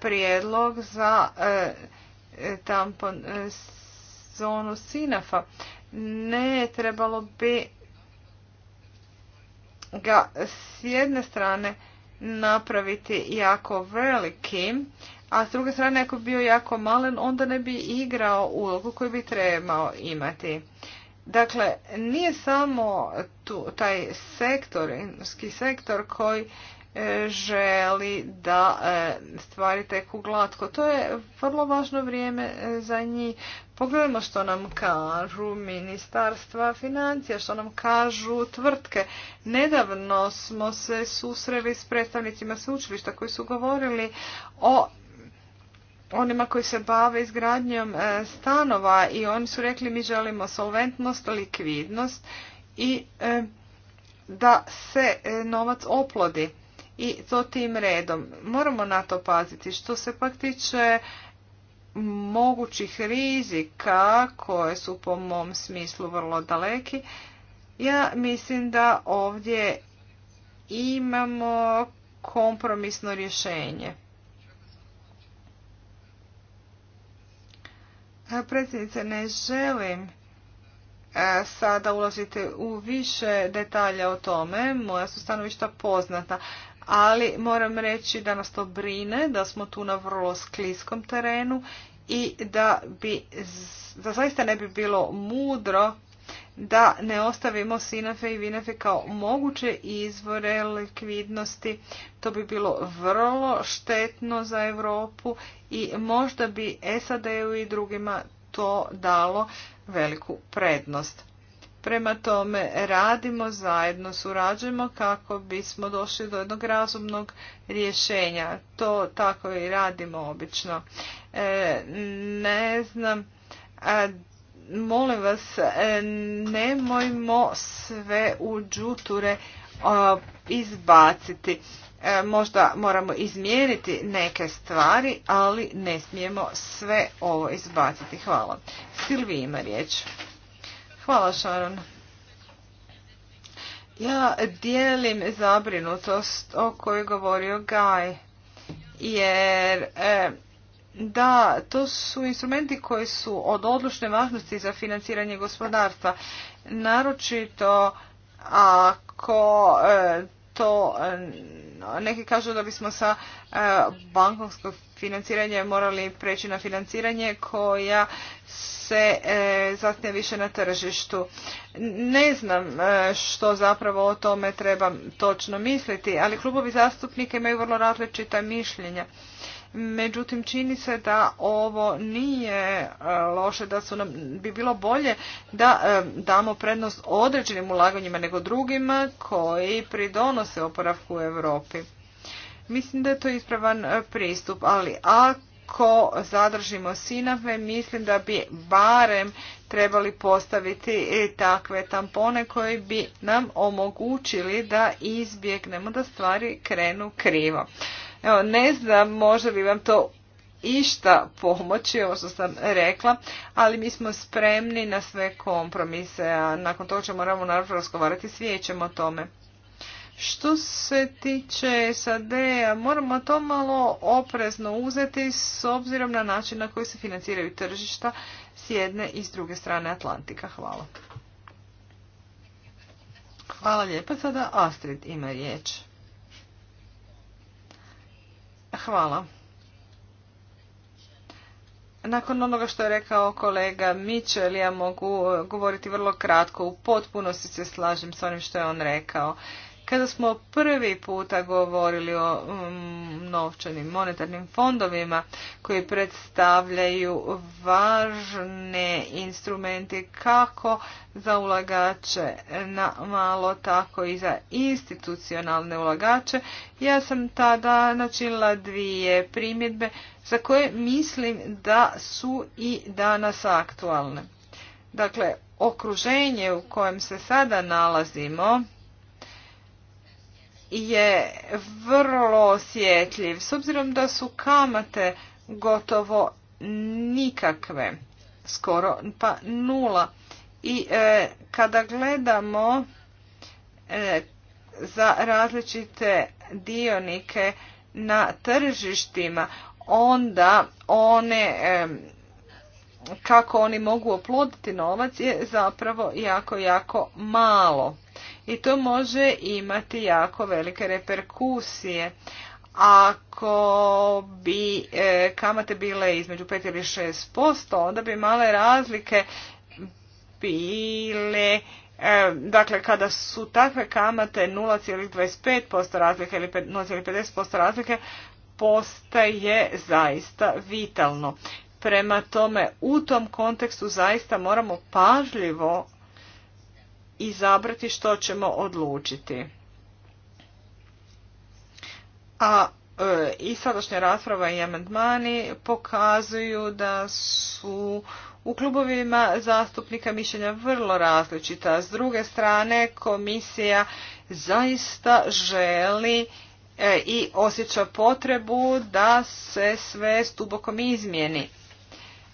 prijedlog za e, e, tampon e, zonu Sinafa. Ne, trebalo bi ga s jedne strane napraviti jako velikim, a s druge strane ako bi bio jako malen, onda ne bi igrao ulogu koju bi trebao imati. Dakle, nije samo taj sektorski sektor koji E, želi da e, stvari teku glatko. To je vrlo važno vrijeme e, za njih. Pogledajmo što nam kažu ministarstva financija, što nam kažu tvrtke. Nedavno smo se susreli s predstavnicima sveučilišta koji su govorili o onima koji se bave izgradnjom stanova i oni su rekli mi želimo solventnost, likvidnost i da se novac oplodi i to tim redom. Moramo na to paziti. Što se pak tiče mogućih rizika koje su po mom smislu vrlo daleki, ja mislim da ovdje imamo kompromisno rješenje. Predsjednice, ne želim e, sada ulaziti u više detalja o tome. Moja su stanovišta poznata ali moram reći da nas to brine, da smo tu na vrlo skliskom terenu i da bi da zaista ne bi bilo mudro da ne ostavimo Sinafe i Vinafe kao moguće izvore likvidnosti. To bi bilo vrlo štetno za Europu i možda bi SAD-u i drugima to dalo veliku prednost. Prema tome, radimo zajedno, surađujemo kako bismo došli do jednog razumnog rješenja. To tako i radimo obično. E, ne znam, molim vas, e, nemojmo sve u džuture izbaciti. E, možda moramo izmijeniti neke stvari, ali ne smijemo sve ovo izbaciti. Hvala. Silvi ima riječ. Hvala Sharon. Ja dijelim zabrinutost o kojoj govorio Gaj, jer e, da, to su instrumenti koji su od odlučne važnosti za financiranje gospodarstva, naročito ako e, to eh, neki kažu da bismo sa eh, bankovskog financiranja morali preći na financiranje koja se eh, zasnije više na tržištu. Ne znam što zapravo o tome treba točno misliti, ali klubovi zastupnika imaju vrlo različita mišljenja. Međutim, čini se da ovo nije e, loše, da su nam, bi bilo bolje da e, damo prednost određenim ulaganjima nego drugima koji pridonose oporavku u Europi. Mislim da je to ispravan e, pristup, ali ako zadržimo sinave, mislim da bi barem trebali postaviti takve tampone koji bi nam omogućili da izbjegnemo da stvari krenu krivo. Evo, ne znam može li vam to išta pomoći, ovo što sam rekla, ali mi smo spremni na sve kompromise, a nakon toga ćemo moramo naravno razgovarati s vijećem o tome. Što se tiče sad moramo to malo oprezno uzeti s obzirom na način na koji se financiraju tržišta s jedne i s druge strane Atlantika. Hvala. Hvala lijepa. Sada Astrid ima riječ. Hvala. Nakon onoga što je rekao kolega Mitchell, ja mogu govoriti vrlo kratko. U potpunosti se slažem s onim što je on rekao. Kada smo prvi puta govorili o mm, novčanim monetarnim fondovima koji predstavljaju važne instrumente kako za ulagače na malo, tako i za institucionalne ulagače, ja sam tada načinila dvije primjedbe za koje mislim da su i danas aktualne. Dakle, okruženje u kojem se sada nalazimo, je vrlo osjetljiv s obzirom da su kamate gotovo nikakve, skoro pa nula. I e, kada gledamo e, za različite dionike na tržištima, onda one e, kako oni mogu oploditi novac je zapravo jako, jako malo i to može imati jako velike reperkusije. Ako bi e, kamate bile između 5 ili 6%, onda bi male razlike bile e, dakle kada su takve kamate 0,25% razlike ili 0,50% razlike postaje zaista vitalno. Prema tome u tom kontekstu zaista moramo pažljivo izabrati što ćemo odlučiti. A e, i sadašnja rasprava i amandmani pokazuju da su u klubovima zastupnika mišljenja vrlo različita. S druge strane, komisija zaista želi e, i osjeća potrebu da se sve stubokom izmijeni.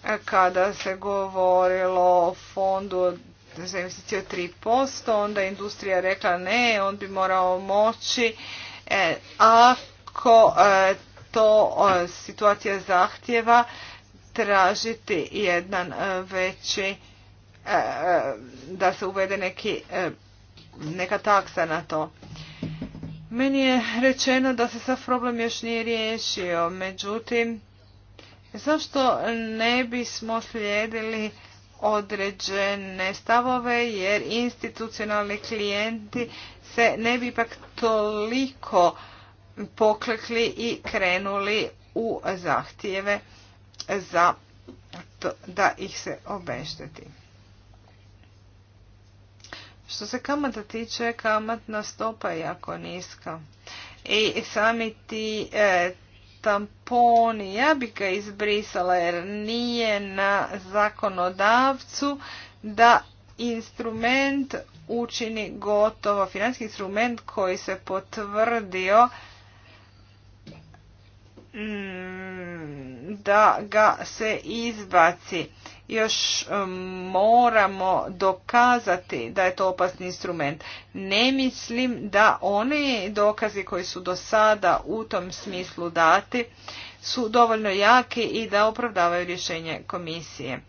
E, kada se govorilo o fondu za tri 3%, onda je industrija rekla ne, on bi morao moći e, ako e, to e, situacija zahtjeva tražiti jedan e, veći da se uvede neki, neka taksa na to. Meni je rečeno da se sad problem još nije riješio, međutim, zašto ne bismo slijedili određene stavove jer institucionalni klijenti se ne bi ipak toliko poklekli i krenuli u zahtjeve za to, da ih se obešteti. Što se kamata tiče, kamatna stopa je jako niska. I sami ti e, tamponi, ja bih ga izbrisala jer nije na zakonodavcu da instrument učini gotovo, financijski instrument koji se potvrdio mm, da ga se izbaci još moramo dokazati da je to opasni instrument. Ne mislim da oni dokazi koji su do sada u tom smislu dati su dovoljno jaki i da opravdavaju rješenje komisije.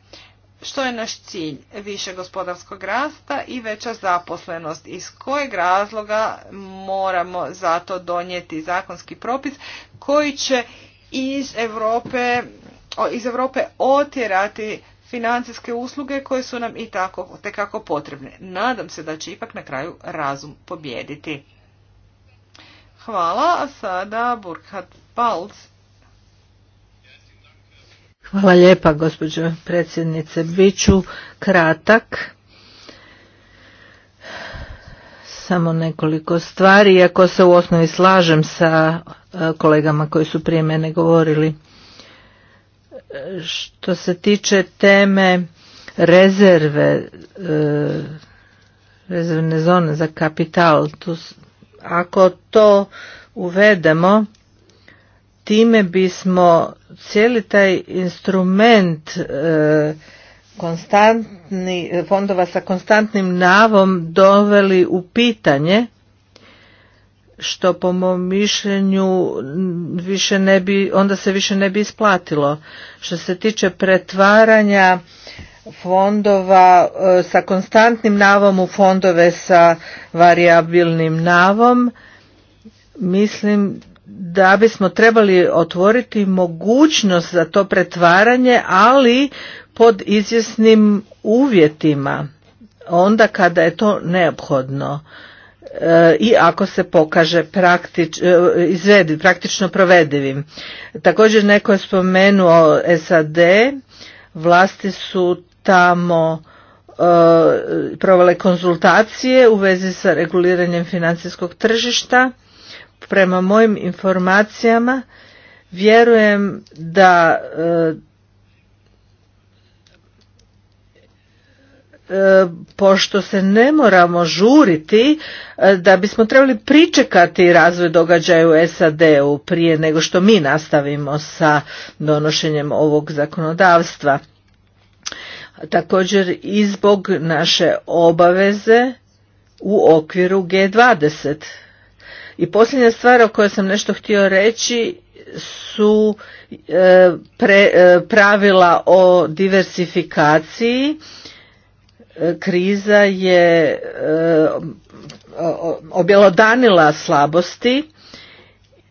Što je naš cilj? Više gospodarskog rasta i veća zaposlenost. Iz kojeg razloga moramo zato donijeti zakonski propis koji će iz Europe iz Europe otjerati financijske usluge koje su nam i tako tekako potrebne. Nadam se da će ipak na kraju razum pobjediti. Hvala, a sada Burkhard Hvala lijepa, gospođo predsjednice. Biću kratak. Samo nekoliko stvari, iako se u osnovi slažem sa e, kolegama koji su prije mene govorili. Što se tiče teme rezerve, e, rezervne zone za kapital, ako to uvedemo, time bismo cijeli taj instrument e, konstantni, fondova sa konstantnim navom doveli u pitanje što po mom mišljenju više ne bi, onda se više ne bi isplatilo. Što se tiče pretvaranja fondova e, sa konstantnim navom u fondove sa variabilnim navom, mislim da bismo trebali otvoriti mogućnost za to pretvaranje, ali pod izvjesnim uvjetima, onda kada je to neophodno. E, i ako se pokaže praktič, e, izvedi, praktično provedivim. Također neko je spomenuo SAD, vlasti su tamo e, provele konzultacije u vezi sa reguliranjem financijskog tržišta. Prema mojim informacijama vjerujem da E, pošto se ne moramo žuriti e, da bismo trebali pričekati razvoj događaja u SAD-u prije nego što mi nastavimo sa donošenjem ovog zakonodavstva. Također i zbog naše obaveze u okviru G20. I posljednja stvar o kojoj sam nešto htio reći su e, pravila o diversifikaciji kriza je e, objelodanila slabosti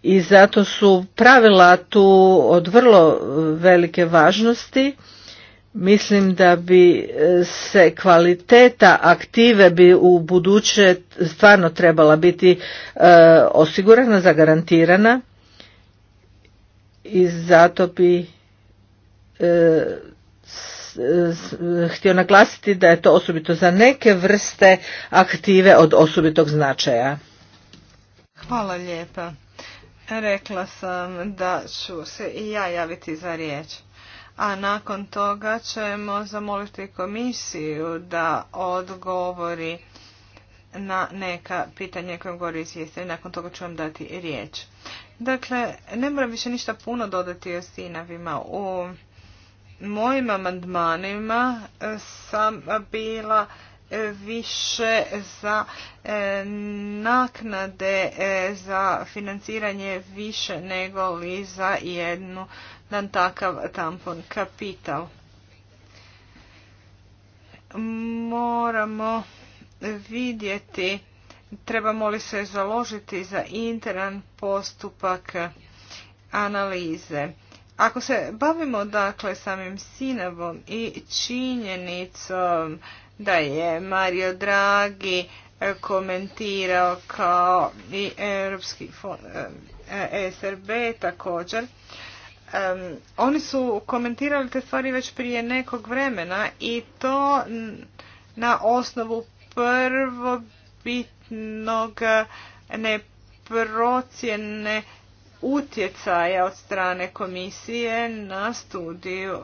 i zato su pravila tu od vrlo velike važnosti mislim da bi e, se kvaliteta aktive bi u buduće stvarno trebala biti e, osigurana zagarantirana i zato bi htio naglasiti da je to osobito za neke vrste aktive od osobitog značaja. Hvala lijepa. Rekla sam da ću se i ja javiti za riječ. A nakon toga ćemo zamoliti komisiju da odgovori na neka pitanja koje govori i Nakon toga ću vam dati riječ. Dakle, ne moram više ništa puno dodati o sinavima. U mojim amandmanima e, sam bila više za e, naknade e, za financiranje više nego li za jednu dan takav tampon kapital. Moramo vidjeti trebamo li se založiti za intern postupak analize ako se bavimo dakle samim Sinavom i činjenicom da je Mario Draghi e, komentirao kao i Europski fond, ESRB e, također, oni su komentirali te stvari već prije nekog vremena i to na osnovu prvobitnog neprocijene utjecaja od strane komisije na studiju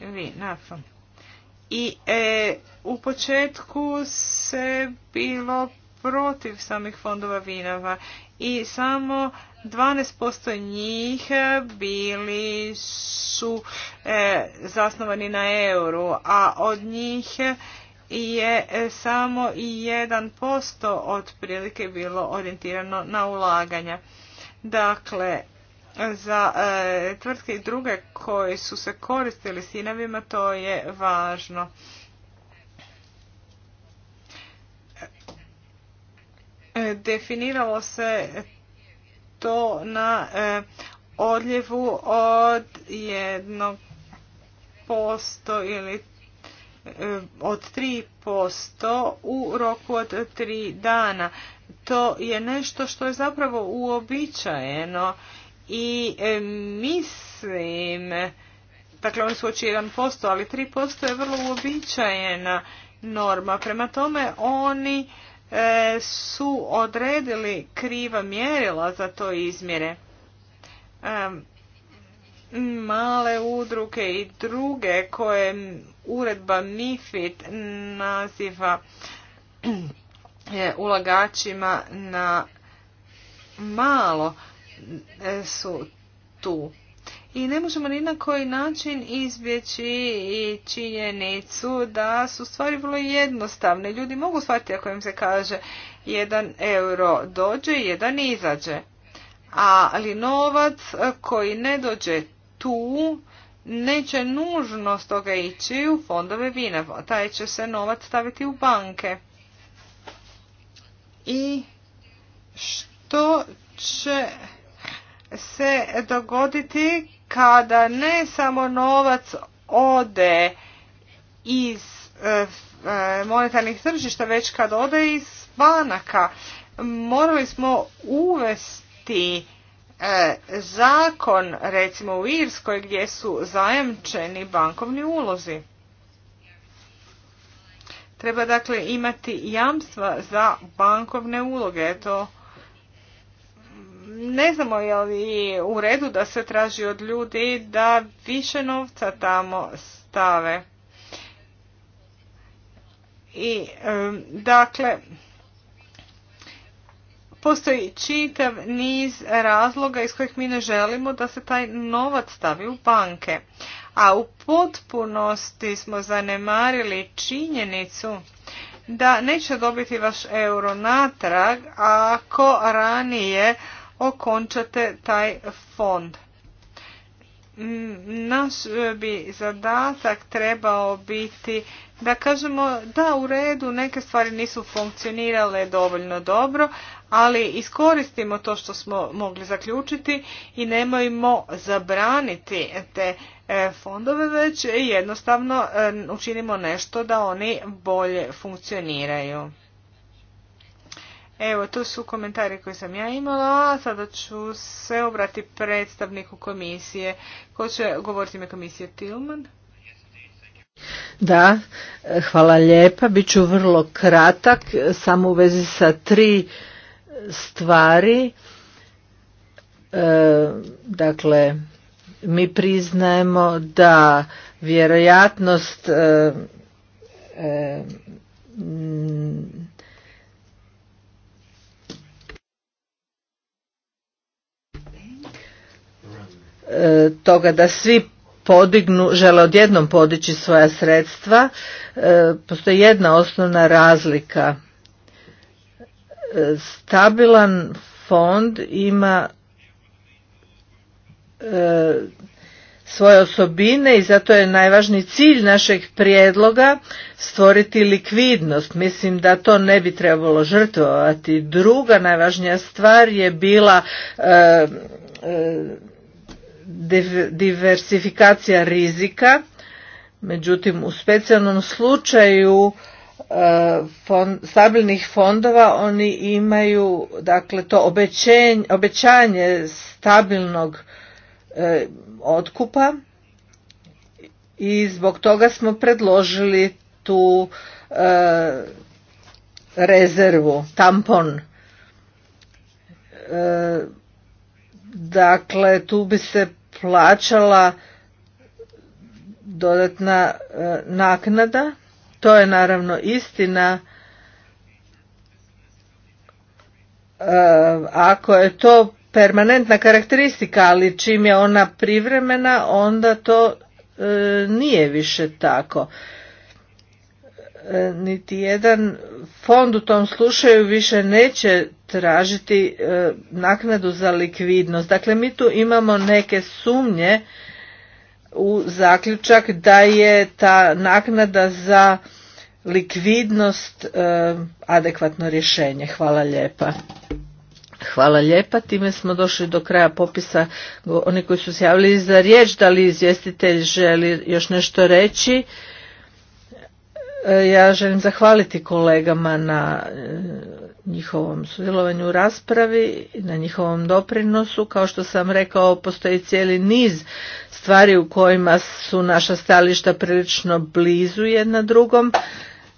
vina. I e, u početku se bilo protiv samih fondova Vinava i samo 12% njih bili su e, zasnovani na euru, a od njih je samo 1% otprilike bilo orijentirano na ulaganja. Dakle, za e, tvrtke i druge koji su se koristili sinovima to je važno. E, definiralo se to na e, odljevu od jednog posto ili od 3% u roku od 3 dana to je nešto što je zapravo uobičajeno i e, mislim, dakle oni su oči 1%, ali 3% je vrlo uobičajena norma. Prema tome oni e, su odredili kriva mjerila za to izmjere. E, male udruge i druge koje uredba MIFID naziva ulagačima na malo e, su tu. I ne možemo ni na koji način izbjeći i činjenicu da su stvari vrlo jednostavne. Ljudi mogu shvatiti ako im se kaže jedan euro dođe i jedan izađe. Ali novac koji ne dođe tu neće nužno stoga ići u fondove vina. Taj će se novac staviti u banke i što će se dogoditi kada ne samo novac ode iz e, e, monetarnih tržišta, već kad ode iz banaka. Morali smo uvesti e, zakon, recimo u Irskoj, gdje su zajamčeni bankovni ulozi. Treba dakle imati jamstva za bankovne uloge. To ne znamo je li u redu da se traži od ljudi da više novca tamo stave. I dakle, postoji čitav niz razloga iz kojih mi ne želimo da se taj novac stavi u banke a u potpunosti smo zanemarili činjenicu da neće dobiti vaš euro natrag ako ranije okončate taj fond. Mm, naš e, bi zadatak trebao biti da kažemo da u redu neke stvari nisu funkcionirale dovoljno dobro, ali iskoristimo to što smo mogli zaključiti i nemojmo zabraniti te E, fondove, već jednostavno e, učinimo nešto da oni bolje funkcioniraju. Evo, to su komentari koje sam ja imala, a sada ću se obrati predstavniku komisije. Ko će govoriti me komisije Tilman? Da, e, hvala lijepa. Biću vrlo kratak, samo u vezi sa tri stvari. dakle, mi priznajemo da vjerojatnost e, e, e, toga da svi podignu, žele odjednom podići svoja sredstva, postoji jedna osnovna razlika. Stabilan fond ima E, svoje osobine i zato je najvažniji cilj našeg prijedloga stvoriti likvidnost. Mislim da to ne bi trebalo žrtvovati. Druga najvažnija stvar je bila e, e, diversifikacija rizika. Međutim, u specijalnom slučaju Fond, stabilnih fondova oni imaju dakle to obećanje stabilnog E, otkupa i zbog toga smo predložili tu e, rezervu, tampon. E, dakle, tu bi se plaćala dodatna naknada. To je naravno istina. Ako je to permanentna karakteristika, ali čim je ona privremena, onda to e, nije više tako. E, niti jedan fond u tom slušaju više neće tražiti e, naknadu za likvidnost. Dakle, mi tu imamo neke sumnje u zaključak da je ta naknada za likvidnost adekvatno rješenje. Hvala lijepa. Hvala lijepa, time smo došli do kraja popisa oni koji su se javili za riječ, da li izvjestitelj želi još nešto reći. E, ja želim zahvaliti kolegama na e, njihovom sudjelovanju u raspravi, na njihovom doprinosu. Kao što sam rekao, postoji cijeli niz stvari u kojima su naša stališta prilično blizu jedna drugom.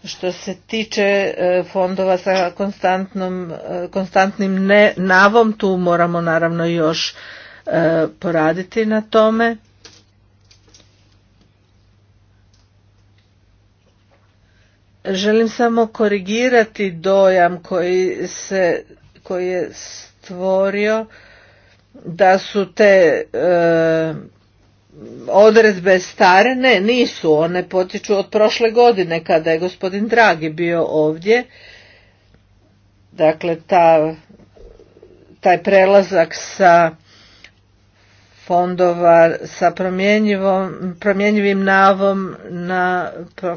Što se tiče e, fondova sa konstantnom, e, konstantnim navom, tu moramo naravno još e, poraditi na tome. Želim samo korigirati dojam koji se koji je stvorio da su te odredbe stare, ne, nisu, one potiču od prošle godine kada je gospodin Dragi bio ovdje. Dakle, ta, taj prelazak sa fondova sa promjenjivim navom na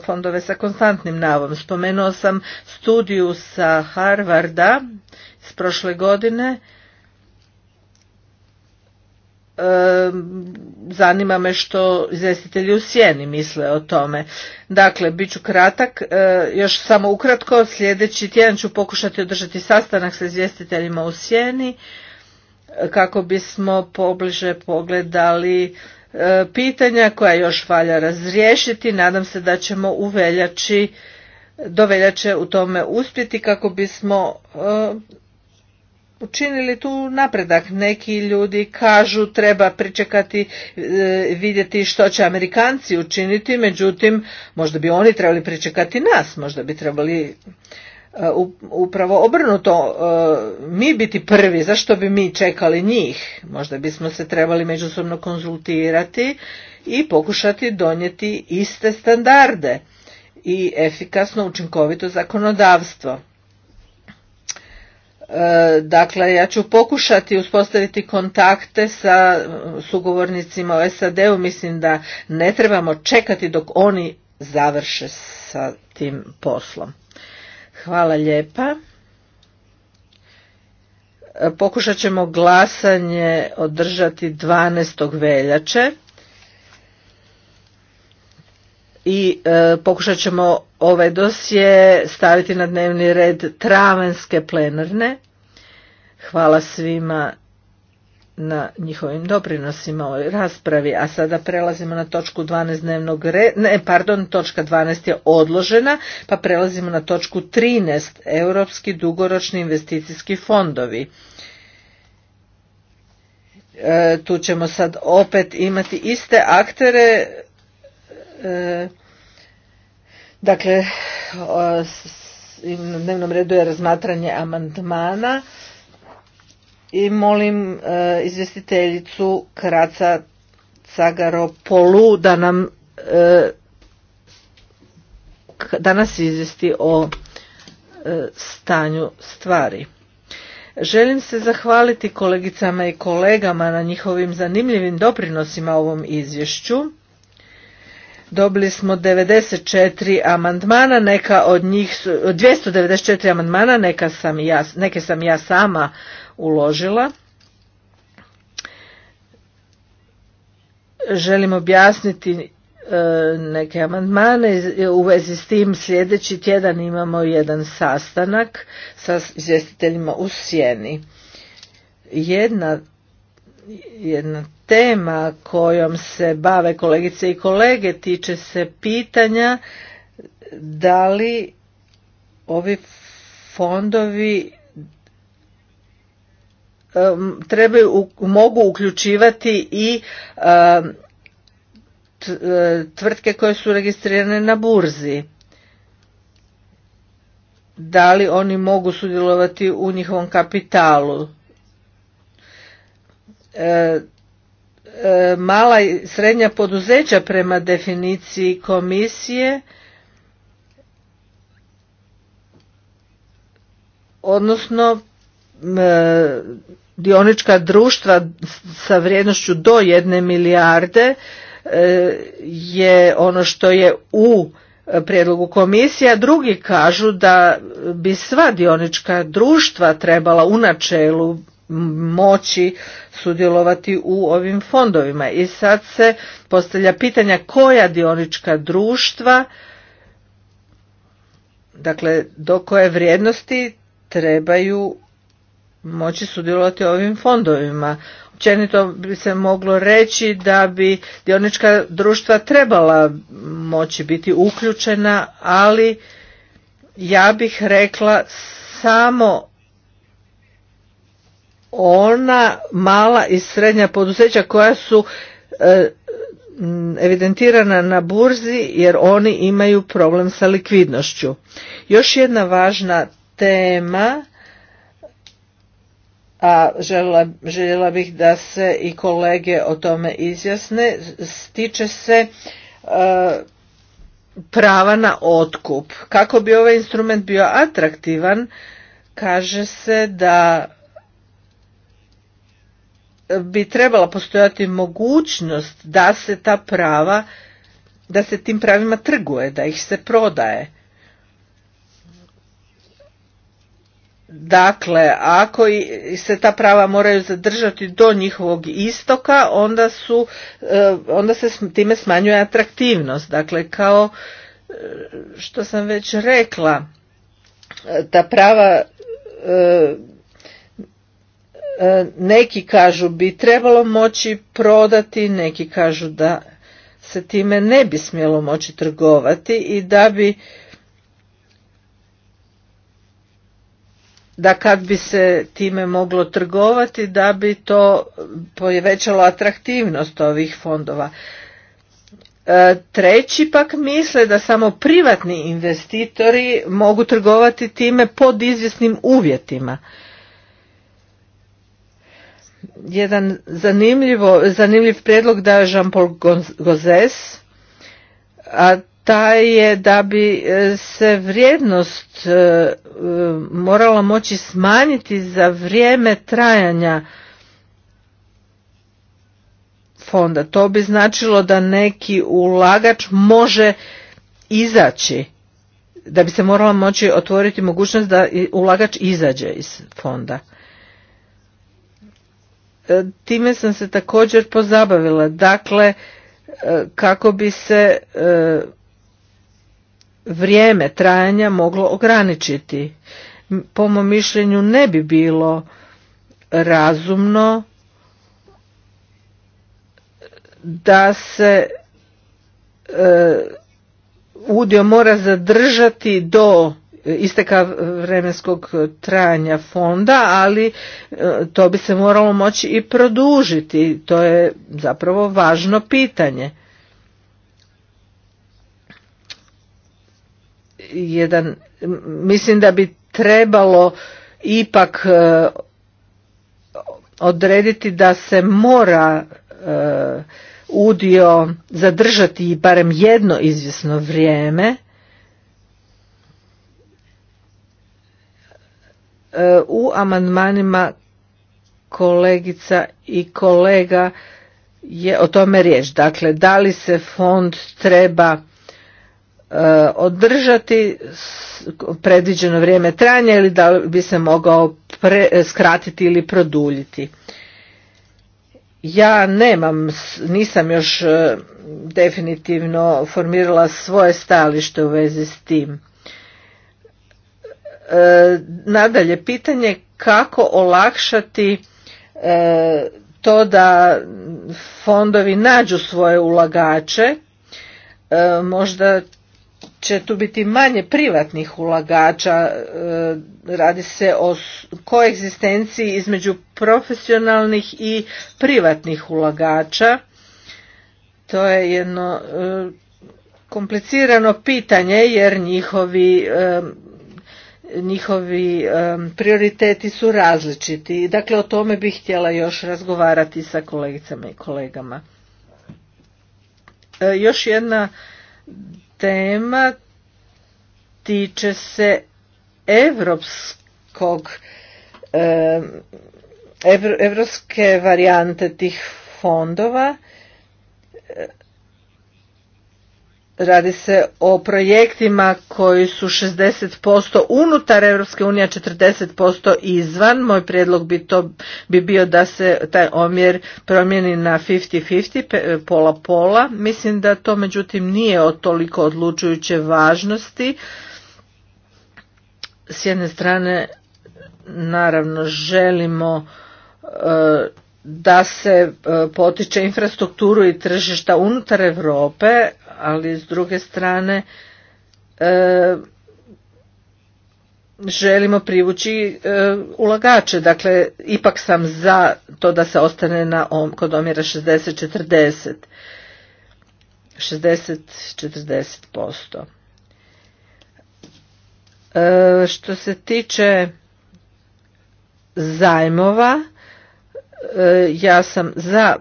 fondove sa konstantnim navom. Spomenuo sam studiju sa Harvarda s prošle godine zanima me što izvjestitelji u sjeni misle o tome. Dakle, bit ću kratak, još samo ukratko, sljedeći tjedan ću pokušati održati sastanak sa izvjestiteljima u sjeni kako bismo pobliže pogledali pitanja koja još valja razriješiti. Nadam se da ćemo u veljači do veljače u tome uspjeti kako bismo učinili tu napredak. Neki ljudi kažu treba pričekati, e, vidjeti što će Amerikanci učiniti, međutim možda bi oni trebali pričekati nas, možda bi trebali e, upravo obrnuto e, mi biti prvi, zašto bi mi čekali njih? Možda bismo se trebali međusobno konzultirati i pokušati donijeti iste standarde i efikasno učinkovito zakonodavstvo. E, dakle, ja ću pokušati uspostaviti kontakte sa e, sugovornicima u SAD-u. Mislim da ne trebamo čekati dok oni završe sa tim poslom. Hvala lijepa. E, pokušat ćemo glasanje održati 12. veljače i e, pokušat ćemo ovaj dosje staviti na dnevni red travenske plenarne. Hvala svima na njihovim doprinosima ovoj raspravi, a sada prelazimo na točku 12 dnevnog reda, ne, pardon, točka 12 je odložena, pa prelazimo na točku 13, Europski dugoročni investicijski fondovi. E, tu ćemo sad opet imati iste aktere, E, dakle, na dnevnom redu je razmatranje amandmana i molim e, izvjestiteljicu Kraca Cagaropolu da nam e, danas izvijesti o stanju stvari. Želim se zahvaliti kolegicama i kolegama na njihovim zanimljivim doprinosima ovom izvješću. Dobili smo 94 amandmana, neka od njih su, 294 amandmana, neka sam ja, neke sam ja sama uložila. Želim objasniti e, neke amandmane. U vezi s tim sljedeći tjedan imamo jedan sastanak sa izvjestiteljima u Sjeni. Jedna jedna tema kojom se bave kolegice i kolege tiče se pitanja da li ovi fondovi trebaju mogu uključivati i eh, tvrtke koje su registrirane na burzi da li oni mogu sudjelovati u njihovom kapitalu E, e, mala i srednja poduzeća prema definiciji komisije odnosno e, dionička društva sa vrijednošću do jedne milijarde je ono što je u prijedlogu komisija. Drugi kažu da bi sva dionička društva trebala u načelu moći sudjelovati u ovim fondovima. I sad se postavlja pitanja koja dionička društva, dakle do koje vrijednosti trebaju moći sudjelovati u ovim fondovima. Općenito bi se moglo reći da bi dionička društva trebala moći biti uključena, ali ja bih rekla samo ona mala i srednja poduzeća koja su e, evidentirana na burzi jer oni imaju problem sa likvidnošću. Još jedna važna tema a željela, željela bih da se i kolege o tome izjasne, stiče se e, prava na otkup. Kako bi ovaj instrument bio atraktivan, kaže se da bi trebala postojati mogućnost da se ta prava, da se tim pravima trguje, da ih se prodaje. Dakle, ako se ta prava moraju zadržati do njihovog istoka, onda, su, e, onda se time smanjuje atraktivnost. Dakle, kao e, što sam već rekla, e, ta prava E, neki kažu bi trebalo moći prodati, neki kažu da se time ne bi smjelo moći trgovati i da bi da kad bi se time moglo trgovati da bi to povećalo atraktivnost ovih fondova. E, treći pak misle da samo privatni investitori mogu trgovati time pod izvjesnim uvjetima jedan zanimljiv prijedlog da Jean-Paul Gozes, a taj je da bi e, se vrijednost e, morala moći smanjiti za vrijeme trajanja fonda. To bi značilo da neki ulagač može izaći, da bi se morala moći otvoriti mogućnost da ulagač izađe iz fonda. E, time sam se također pozabavila. Dakle, e, kako bi se e, vrijeme trajanja moglo ograničiti. Po mom mišljenju ne bi bilo razumno da se udio mora zadržati do isteka vremenskog trajanja fonda, ali e, to bi se moralo moći i produžiti. To je zapravo važno pitanje. Jedan, mislim da bi trebalo ipak e, odrediti da se mora e, udio zadržati barem jedno izvjesno vrijeme E, u amandmanima kolegica i kolega je o tome riječ. Dakle, da li se fond treba e, održati predviđeno vrijeme trajanja ili da bi se mogao skratiti ili produljiti. Ja nemam, nisam još e, definitivno formirala svoje stajalište u vezi s tim. E, nadalje, pitanje kako olakšati e, to da fondovi nađu svoje ulagače, e, možda će tu biti manje privatnih ulagača, radi se o koegzistenciji između profesionalnih i privatnih ulagača. To je jedno komplicirano pitanje jer njihovi njihovi prioriteti su različiti. Dakle, o tome bih htjela još razgovarati sa kolegicama i kolegama. E, još jedna tema tiče se evropskog evropske varijante tih fondova Radi se o projektima koji su 60% unutar Europske unije, 40% izvan. Moj prijedlog bi, to, bi bio da se taj omjer promijeni na 50-50, pola-pola. Mislim da to međutim nije o toliko odlučujuće važnosti. S jedne strane, naravno, želimo e, da se e, potiče infrastrukturu i tržišta unutar Europe, ali s druge strane e, želimo privući e, ulagače. Dakle, ipak sam za to da se ostane na om, kod omjera 60-40. 60-40%. E, što se tiče zajmova, e, ja sam za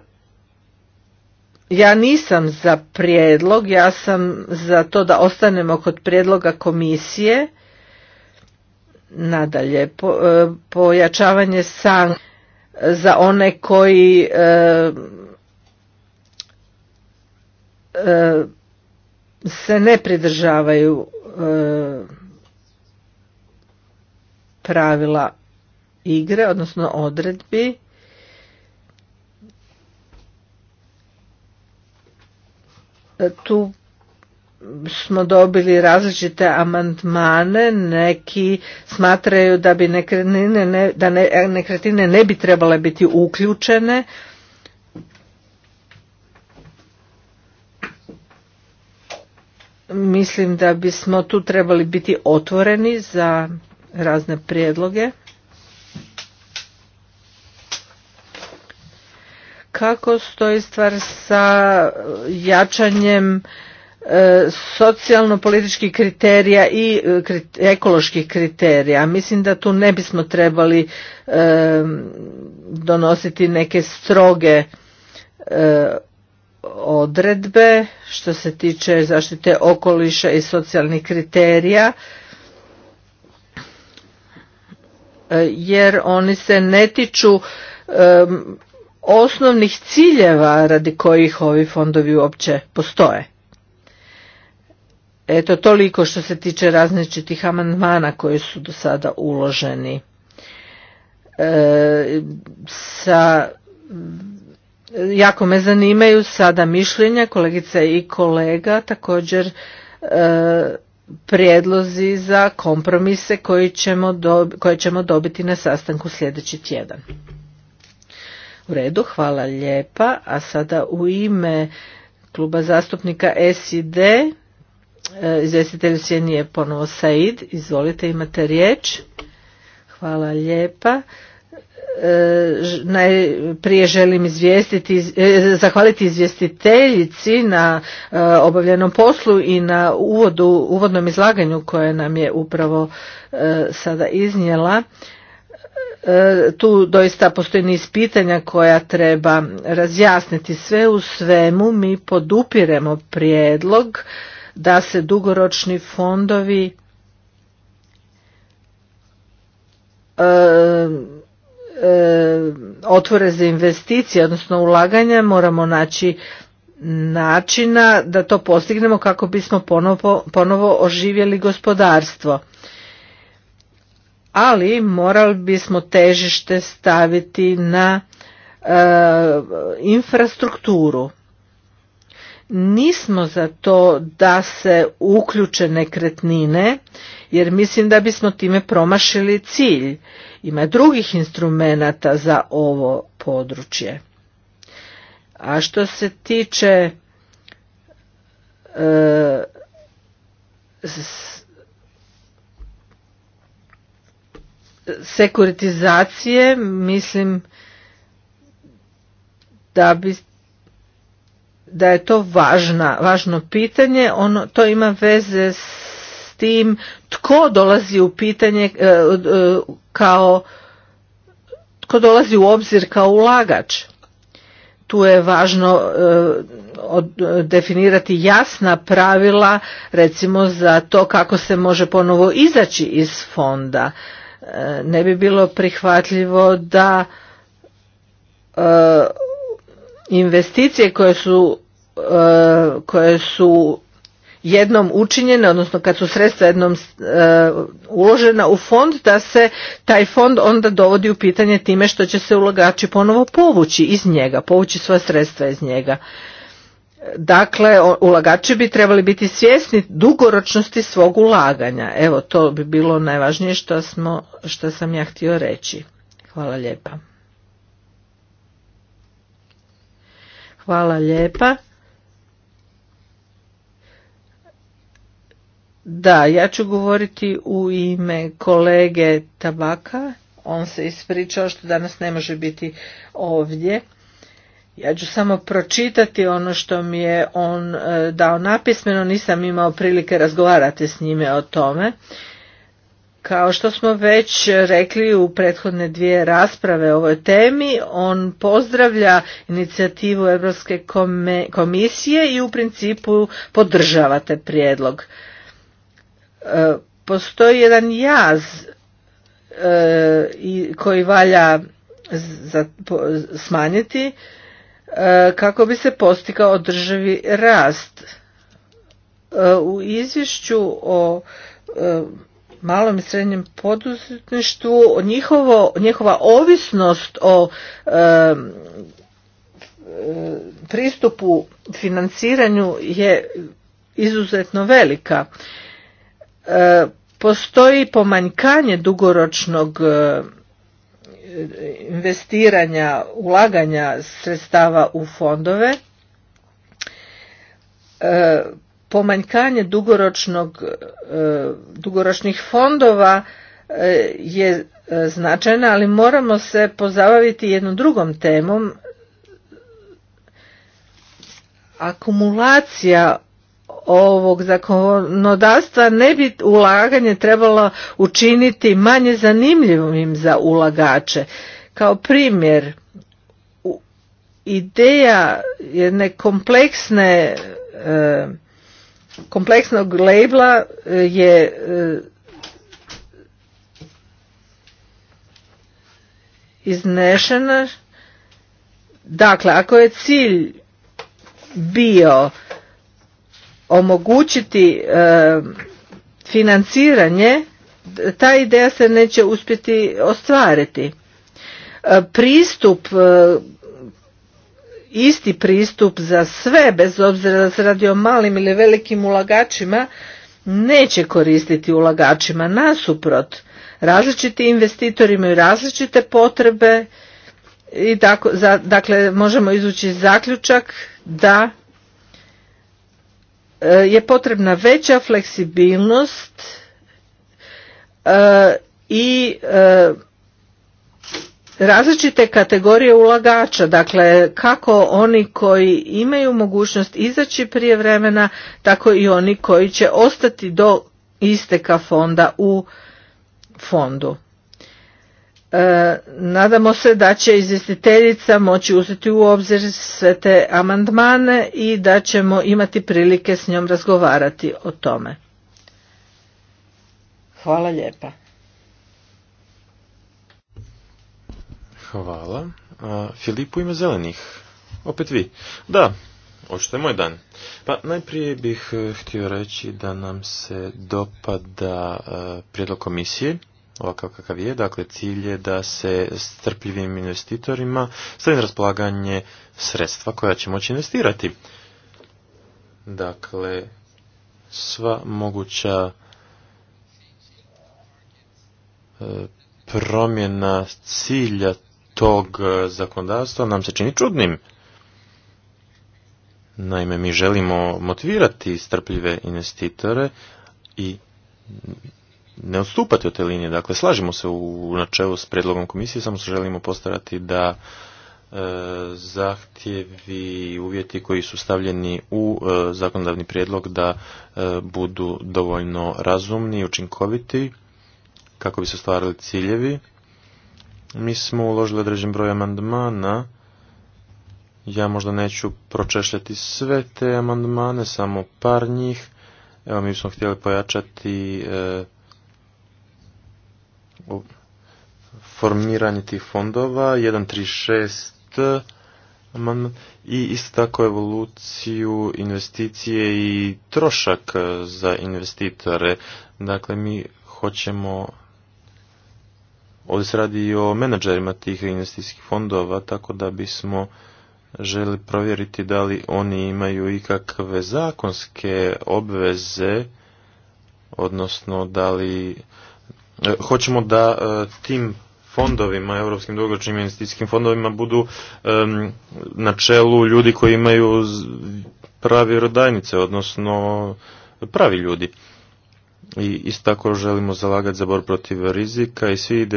ja nisam za prijedlog, ja sam za to da ostanemo kod prijedloga komisije. Nadalje, e, pojačavanje sankcija za one koji e, e, se ne pridržavaju pravila igre, odnosno odredbi. tu smo dobili različite amandmane, neki smatraju da bi nekretnine ne, da nekretnine ne bi trebale biti uključene. Mislim da bismo tu trebali biti otvoreni za razne prijedloge. kako stoji stvar sa e, jačanjem e, socijalno-političkih kriterija i e, ekoloških kriterija. Mislim da tu ne bismo trebali donositi neke stroge odredbe što se tiče zaštite okoliša i socijalnih kriterija jer oni se ne tiču osnovnih ciljeva radi kojih ovi fondovi uopće postoje. Eto toliko što se tiče različitih amandmana koji su do sada uloženi. E, sa, jako me zanimaju sada mišljenja kolegica i kolega također e, prijedlozi za kompromise ćemo koje ćemo dobiti na sastanku sljedeći tjedan. U redu, hvala lijepa. A sada u ime kluba zastupnika SID, e, izvjestitelj Sjenije ponovo Said, izvolite imate riječ. Hvala lijepa. E, najprije želim izvijestiti, e, zahvaliti izvjestiteljici na obavljenom poslu i na uvodu, uvodnom izlaganju koje nam je upravo sada iznijela. E, tu doista postoji niz pitanja koja treba razjasniti. Sve u svemu mi podupiremo prijedlog da se dugoročni fondovi e, e, otvore za investicije, odnosno ulaganja, moramo naći načina da to postignemo kako bismo ponovo oživjeli gospodarstvo ali morali bismo težište staviti na e, infrastrukturu nismo za to da se uključe nekretnine jer mislim da bismo time promašili cilj ima drugih instrumenata za ovo područje a što se tiče e, sekuritizacije mislim da bi da je to važna, važno pitanje, ono to ima veze s tim tko dolazi u pitanje e, e, kao tko dolazi u obzir kao ulagač. Tu je važno e, definirati jasna pravila recimo za to kako se može ponovo izaći iz fonda. E, ne bi bilo prihvatljivo da e, investicije koje su e, koje su jednom učinjene, odnosno kad su sredstva jednom uložena u fond, da se taj fond onda dovodi u pitanje time što će se ulagači ponovo povući iz njega, povući sva sredstva iz njega. Dakle, ulagači bi trebali biti svjesni dugoročnosti svog ulaganja. Evo, to bi bilo najvažnije što, smo, što sam ja htio reći. Hvala lijepa. Hvala lijepa. Da, ja ću govoriti u ime kolege Tabaka. On se ispričao što danas ne može biti ovdje. Ja ću samo pročitati ono što mi je on e, dao napismeno, nisam imao prilike razgovarati s njime o tome. Kao što smo već rekli u prethodne dvije rasprave o ovoj temi, on pozdravlja inicijativu Europske komisije i u principu podržava te prijedlog. E, postoji jedan jaz e, koji valja smanjiti E, kako bi se postigao održivi rast. E, u izvješću o e, malom i srednjem poduzetništvu njihova ovisnost o pristupu financiranju je izuzetno velika. postoji pomanjkanje dugoročnog investiranja, ulaganja sredstava u fondove, e, pomanjkanje dugoročnog, e, dugoročnih fondova e, je značajna, ali moramo se pozabaviti jednom drugom temom, akumulacija ovog zakonodavstva ne bi ulaganje trebalo učiniti manje zanimljivim za ulagače. Kao primjer, ideja jedne kompleksne e, kompleksnog labela e, je e, iznešena dakle ako je cilj bio omogućiti e, financiranje ta ideja se neće uspjeti ostvariti e, pristup e, isti pristup za sve bez obzira da se radi o malim ili velikim ulagačima neće koristiti ulagačima nasuprot različiti investitori imaju različite potrebe i tako, dakle možemo izvući zaključak da E, je potrebna veća fleksibilnost e, i e, različite kategorije ulagača, dakle kako oni koji imaju mogućnost izaći prije vremena, tako i oni koji će ostati do isteka fonda u fondu. E, nadamo se da će izvjestiteljica moći uzeti u obzir sve te amandmane i da ćemo imati prilike s njom razgovarati o tome. Hvala lijepa. Hvala. A, Filipu ima zelenih. Opet vi. Da, očito je moj dan. Pa najprije bih e, htio reći da nam se dopada e, prijedlog komisije ovakav kakav je. Dakle, cilj je da se strpljivim investitorima stavi raspolaganje sredstva koja će moći investirati. Dakle, sva moguća e, promjena cilja tog e, zakonodavstva nam se čini čudnim. Naime, mi želimo motivirati strpljive investitore i ne odstupati od te linije. Dakle, slažemo se u načelu s predlogom komisije, samo se želimo postarati da e, zahtjevi i uvjeti koji su stavljeni u e, zakonodavni prijedlog da e, budu dovoljno razumni i učinkoviti kako bi se ostvarili ciljevi. Mi smo uložili određen broj amandmana. Ja možda neću pročešljati sve te amandmane, samo par njih. Evo, mi smo htjeli pojačati formiranje tih fondova, 1.3.6 i isto tako evoluciju investicije i trošak za investitore. Dakle, mi hoćemo Ovdje se radi i o menadžerima tih investicijskih fondova, tako da bismo želi provjeriti da li oni imaju ikakve zakonske obveze, odnosno da li E, hoćemo da e, tim fondovima, europskim dugoročnim investicijskim fondovima budu na čelu ljudi koji imaju pravi rodajnice, odnosno pravi ljudi. I isto tako želimo zalagati za bor protiv rizika i svi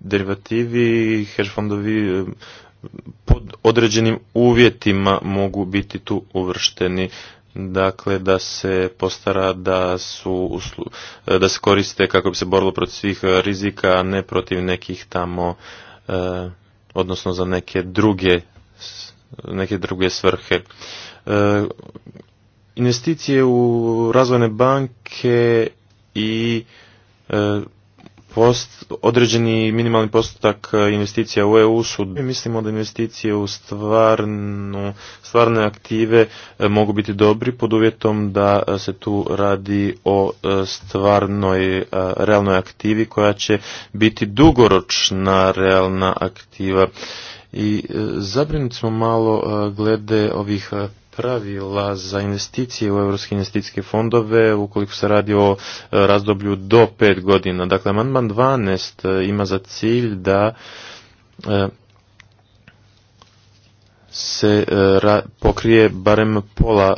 derivativi i hedge fondovi e, pod određenim uvjetima mogu biti tu uvršteni dakle da se postara da su da se koriste kako bi se borilo protiv svih rizika, a ne protiv nekih tamo eh, odnosno za neke druge neke druge svrhe. Eh, investicije u razvojne banke i eh, post, određeni minimalni postotak e, investicija u EU su, mislimo da investicije u stvarnu, stvarne aktive e, mogu biti dobri pod uvjetom da e, se tu radi o stvarnoj realnoj aktivi koja će biti dugoročna realna aktiva. I zabrinuti smo malo glede ovih pravila za investicije u europske investicijske fondove ukoliko se radi o e, razdoblju do pet godina. Dakle, amandman 12 e, ima za cilj da e, se pokrije barem pola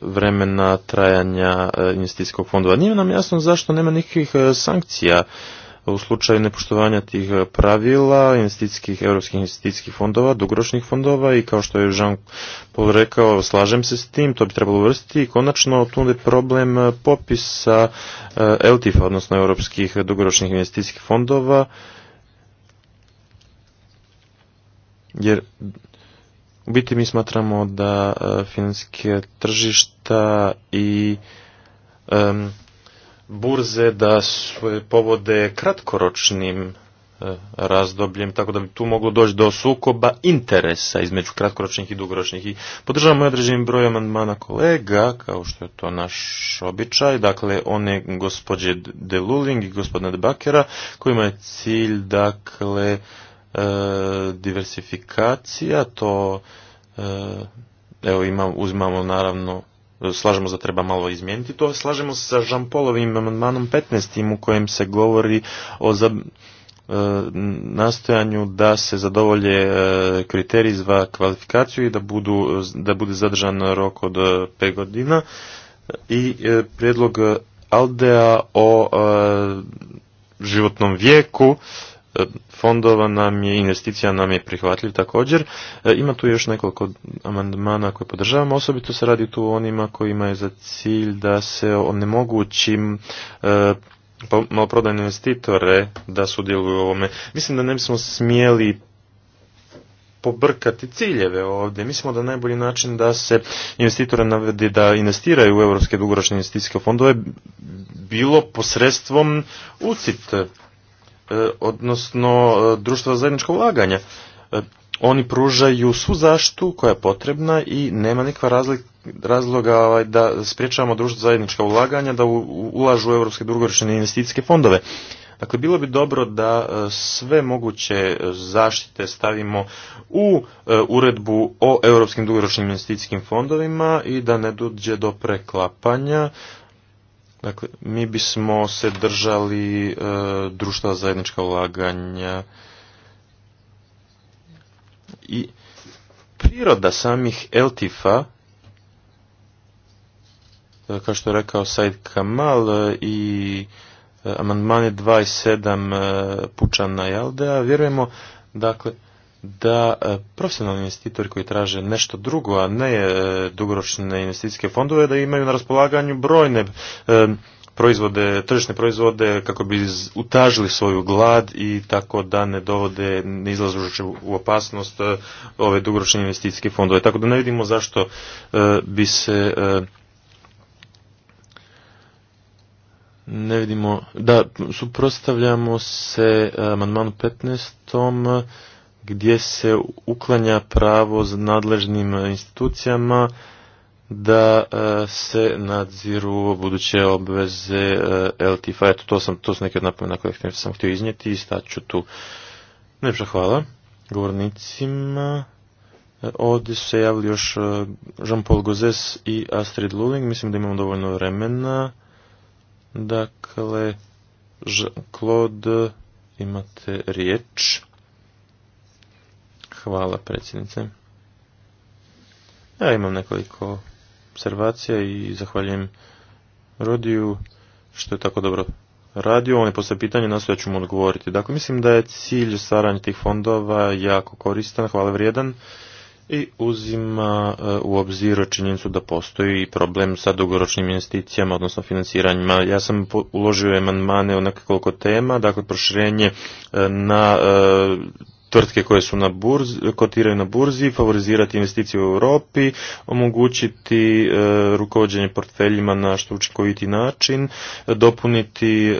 vremena trajanja investicijskog fondova. Nije nam jasno zašto nema nikakvih sankcija u slučaju nepoštovanja tih e, pravila investicijskih, europskih investicijskih fondova, dugoročnih fondova i kao što je Jean Paul rekao, slažem se s tim, to bi trebalo uvrstiti i konačno tu je problem e, popisa e, ltif odnosno europskih dugoročnih investicijskih fondova, jer u biti mi smatramo da finanske tržišta i burze da su povode kratkoročnim e, razdobljem, tako da bi tu moglo doći do sukoba interesa između kratkoročnih i dugoročnih. I podržavamo određeni broj amandmana kolega, kao što je to naš običaj, dakle one gospođe De Luling i gospodina De Bakera, kojima je cilj, dakle, e, diversifikacija, to e, evo imam, uzmamo naravno slažemo da treba malo izmijeniti to. Slažemo se sa Žampolovim amandmanom 15. u kojem se govori o e, nastojanju da se zadovolje e, kriteriji za kvalifikaciju i da, budu, da bude zadržan rok od 5 e, godina i prijedlog Aldea o životnom vijeku E, fondova nam je, investicija nam je prihvatljiv također. E, ima tu još nekoliko amandmana koje podržavamo, osobito se radi tu o onima kojima je za cilj da se onemogući e, maloprodajne investitore da sudjeluju u ovome. Mislim da ne bismo smjeli pobrkati ciljeve ovdje. Mislimo da najbolji način da se investitore navedi da investiraju u europske dugoročne investicijske fondove bilo posredstvom UCIT E, odnosno e, društva zajedničkog ulaganja. E, oni pružaju svu zaštitu koja je potrebna i nema nikakva razloga ovaj, da spriječavamo društvo zajednička ulaganja, da ulažu u europske dugoročne investicijske fondove. Dakle, bilo bi dobro da sve moguće zaštite stavimo u uredbu o europskim dugoročnim investicijskim fondovima i da ne dođe do preklapanja Dakle, mi bismo se držali e, društva zajednička ulaganja i priroda samih Eltifa, e, kao što je rekao Said Kamal e, i e, amandmane 27 i Pučana i Aldea, vjerujemo dakle, da e, profesionalni investitori koji traže nešto drugo, a ne e, dugoročne investicijske fondove, da imaju na raspolaganju brojne e, proizvode, tržišne proizvode kako bi utažili svoju glad i tako da ne dovode, ne izlazući u opasnost ove dugoročne investicijske fondove. Tako da ne vidimo zašto bi se ne vidimo, da suprotstavljamo se amandmanu 15 gdje se uklanja pravo s nadležnim institucijama da e, se nadziru buduće obveze e, LTIFA. Eto, to, sam, to su neke od napomena koje sam htio iznijeti i ću tu. Najpša hvala govornicima. E, ovdje su se javili još Jean-Paul Gozes i Astrid Luling. Mislim da imamo dovoljno vremena. Dakle, Claude, imate riječ. Hvala predsjednice. Ja imam nekoliko observacija i zahvaljujem Rodiju što je tako dobro radio. On je pitanja pitanje, nastojat ću mu odgovoriti. Dakle, mislim da je cilj stvaranja tih fondova jako koristan, hvala vrijedan i uzima e, u obzir činjenicu da postoji problem sa dugoročnim investicijama, odnosno financiranjima. Ja sam uložio amandmane u nekoliko tema, dakle proširenje e, na e, tvrtke koje su na burzi, kotiraju na burzi, favorizirati investicije u Europi, omogućiti e, rukovođenje portfeljima na što učinkoviti način, dopuniti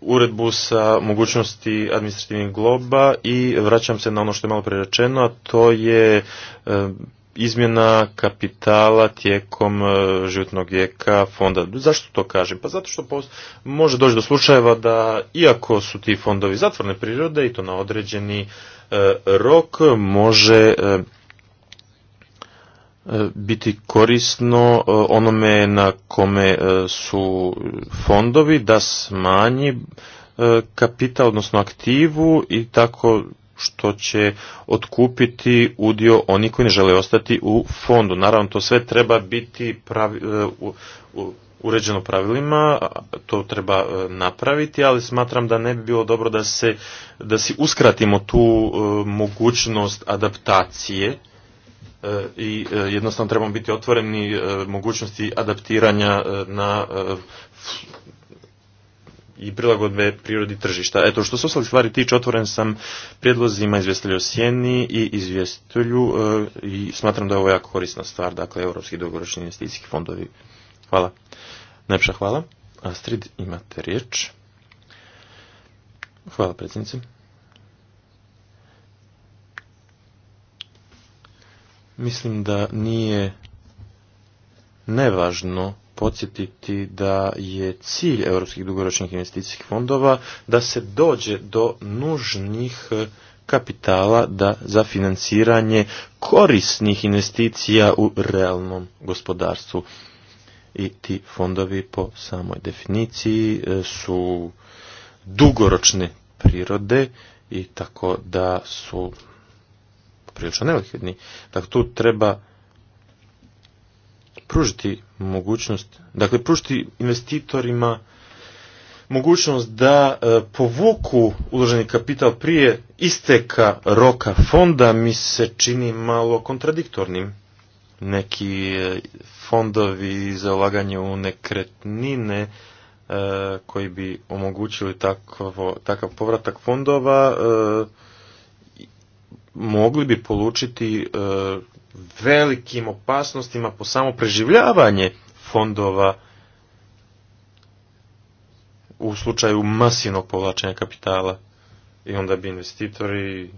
uredbu sa mogućnosti administrativnih globa i vraćam se na ono što je malo prerečeno, a to je izmjena kapitala tijekom e, životnog vijeka fonda. Zašto to kažem? Pa zato što može doći do slučajeva da iako su ti fondovi zatvorne prirode i to na određeni e, rok može e, biti korisno onome na kome su fondovi da smanji kapital, odnosno aktivu i tako što će otkupiti udio oni koji ne žele ostati u fondu. Naravno, to sve treba biti pravi, e, uređeno pravilima, to treba e, napraviti, ali smatram da ne bi bilo dobro da, se, da si uskratimo tu e, mogućnost adaptacije i jednostavno trebamo biti otvoreni mogućnosti adaptiranja na i prilagodbe prirodi tržišta. Eto, što se ostalih stvari tiče, otvoren sam prijedlozima izvjestelju o sjeni i izvjestitelju e, i smatram da je ovo jako korisna stvar, dakle, Europski dugoročni investicijski fondovi. Hvala. Najpša hvala. Astrid, imate riječ. Hvala, predsjednice. Mislim da nije nevažno podsjetiti da je cilj europskih dugoročnih investicijskih fondova da se dođe do nužnih e, kapitala da za financiranje korisnih investicija u realnom gospodarstvu. I ti fondovi po samoj definiciji e, su dugoročne prirode i tako da su prilično nelikvidni. Dakle, tu treba pružiti mogućnost, dakle pružiti investitorima mogućnost da e, povuku uloženi kapital prije isteka roka fonda mi se čini malo kontradiktornim. Neki e, fondovi za ulaganje u nekretnine e, koji bi omogućili takvo, takav povratak fondova mogli bi polučiti velikim opasnostima po samo preživljavanje fondova u slučaju masivnog povlačenja kapitala i onda bi investitori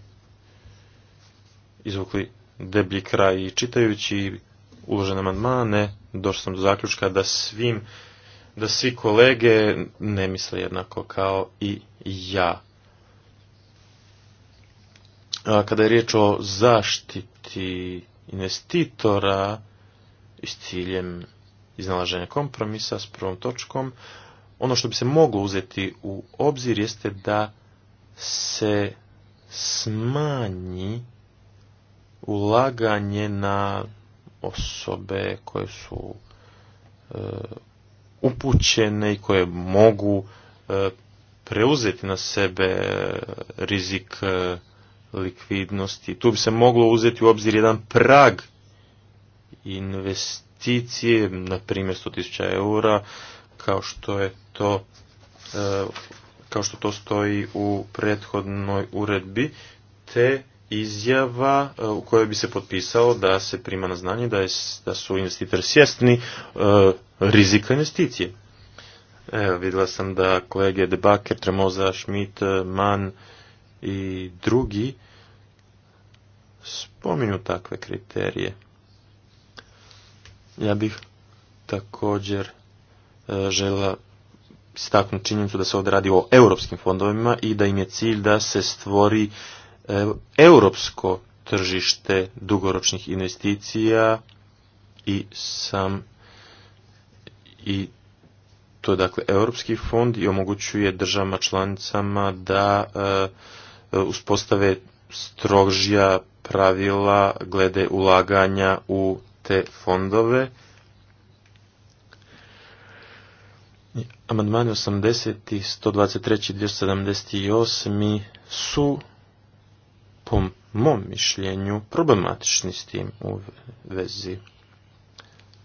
izvukli deblji kraj i čitajući uložene amandmane došao sam do zaključka da svim da svi kolege ne misle jednako kao i ja. kada je riječ o zaštiti investitora s ciljem iznalaženja kompromisa s prvom točkom, ono što bi se moglo uzeti u obzir jeste da se smanji ulaganje na osobe koje su e, upućene i koje mogu e, preuzeti na sebe rizik e, likvidnosti. Tu bi se moglo uzeti u obzir jedan prag investicije, na primjer 100.000 eura, kao što je to e, kao što to stoji u prethodnoj uredbi, te izjava e, u kojoj bi se potpisao da se prima na znanje da, je, da su investitori svjesni e, rizika investicije. Evo, vidjela sam da kolege Debaker, Tremoza, Schmidt, Mann, i drugi spominju takve kriterije. Ja bih također e, žela staknu činjenicu da se ovdje radi o europskim fondovima i da im je cilj da se stvori e, europsko tržište dugoročnih investicija i sam i to je dakle europski fond i omogućuje državama članicama da e, E, uspostave strožija pravila glede ulaganja u te fondove. Amandmani 80, 123, 278 su po mom mišljenju problematični s tim u vezi.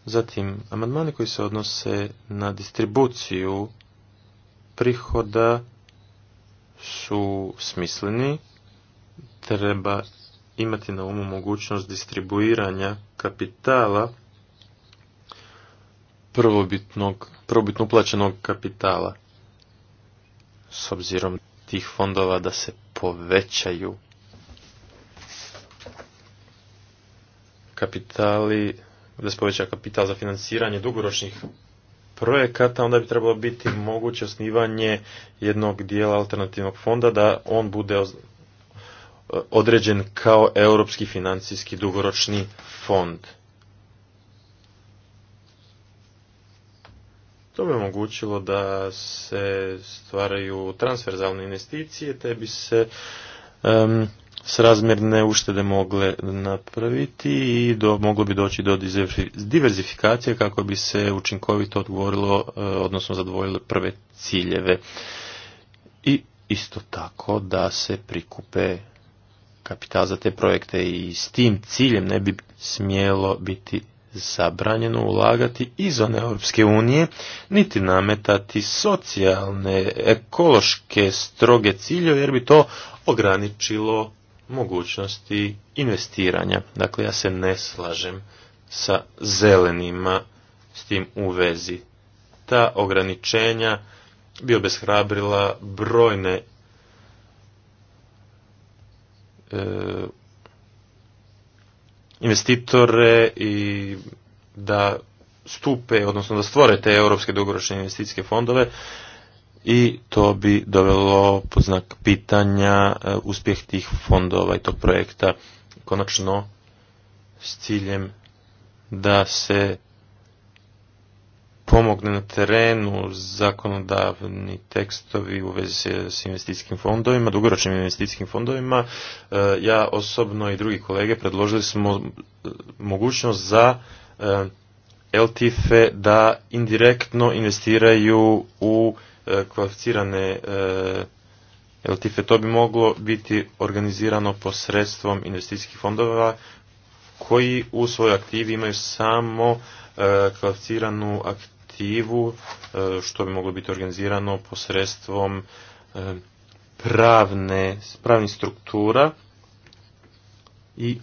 Zatim, amandmani koji se odnose na distribuciju prihoda su smisleni, treba imati na umu mogućnost distribuiranja kapitala prvobitnog, prvobitno uplaćenog kapitala s obzirom tih fondova da se povećaju kapitali, da se poveća kapital za financiranje dugoročnih projekata, onda bi trebalo biti moguće osnivanje jednog dijela alternativnog fonda da on bude određen kao europski financijski dugoročni fond. To bi omogućilo da se stvaraju transferzalne investicije, te bi se srazmjerne uštede mogle napraviti i moglo bi doći do diverzifikacije kako bi se učinkovito odgovorilo, e, odnosno zadvojile prve ciljeve. I isto tako da se prikupe kapital za te projekte i s tim ciljem ne bi smjelo biti zabranjeno ulagati izvan Europske unije, niti nametati socijalne, ekološke, stroge ciljeve, jer bi to ograničilo mogućnosti investiranja. Dakle, ja se ne slažem sa zelenima s tim u vezi. Ta ograničenja bi obeshrabrila brojne e, investitore i da stupe, odnosno da stvore te europske dugoročne investicijske fondove, i to bi dovelo pod znak pitanja e, uspjeh tih fondova i tog projekta konačno s ciljem da se pomogne na terenu zakonodavni tekstovi u vezi s investicijskim fondovima, dugoročnim investicijskim fondovima. E, ja osobno i drugi kolege predložili smo e, mogućnost za LTF da indirektno investiraju u E, kvalificirane e, LTIFE. To bi moglo biti organizirano posredstvom investicijskih fondova koji u svojoj aktivi imaju samo e, kvalificiranu aktivu što bi moglo biti organizirano posredstvom pravne, pravnih struktura i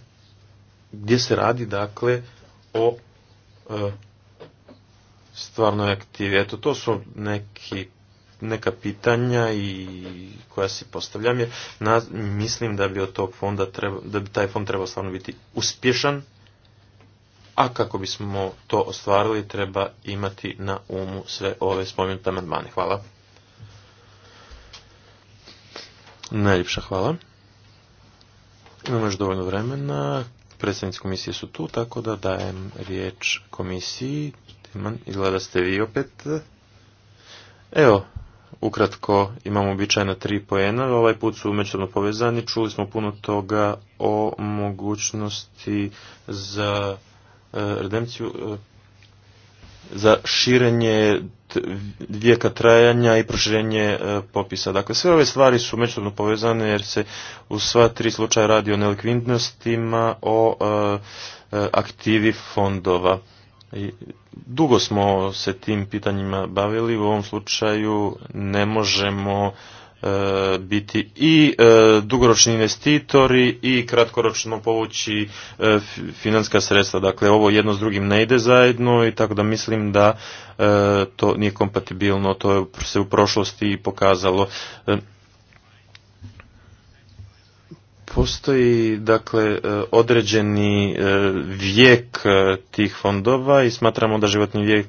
gdje se radi dakle o stvarnoj aktivi. Eto, to su neki neka pitanja i koja si postavljam je, mislim da bi od tog fonda treba, da bi taj fond trebao stvarno biti uspješan, a kako bismo to ostvarili treba imati na umu sve ove spomenute amandmane. Hvala. Najljepša hvala. Imamo još dovoljno vremena. Predstavnici komisije su tu, tako da dajem riječ komisiji. izgleda ste vi opet. Evo, Ukratko imamo običajna tri poena, ovaj put su međusobno povezani, čuli smo puno toga o mogućnosti za e, redemciju, e, za širenje vijeka trajanja i proširenje e, popisa. Dakle, sve ove stvari su međusobno povezane jer se u sva tri slučaja radi o nelikvidnostima, o aktivi fondova dugo smo se tim pitanjima bavili, u ovom slučaju ne možemo e, biti i e, dugoročni investitori i kratkoročno povući e, financijska sredstva. Dakle, ovo jedno s drugim ne ide zajedno i tako da mislim da e, to nije kompatibilno, to je se u prošlosti pokazalo. Postoji dakle e, određeni e, vijek e, tih fondova i smatramo da životni vijek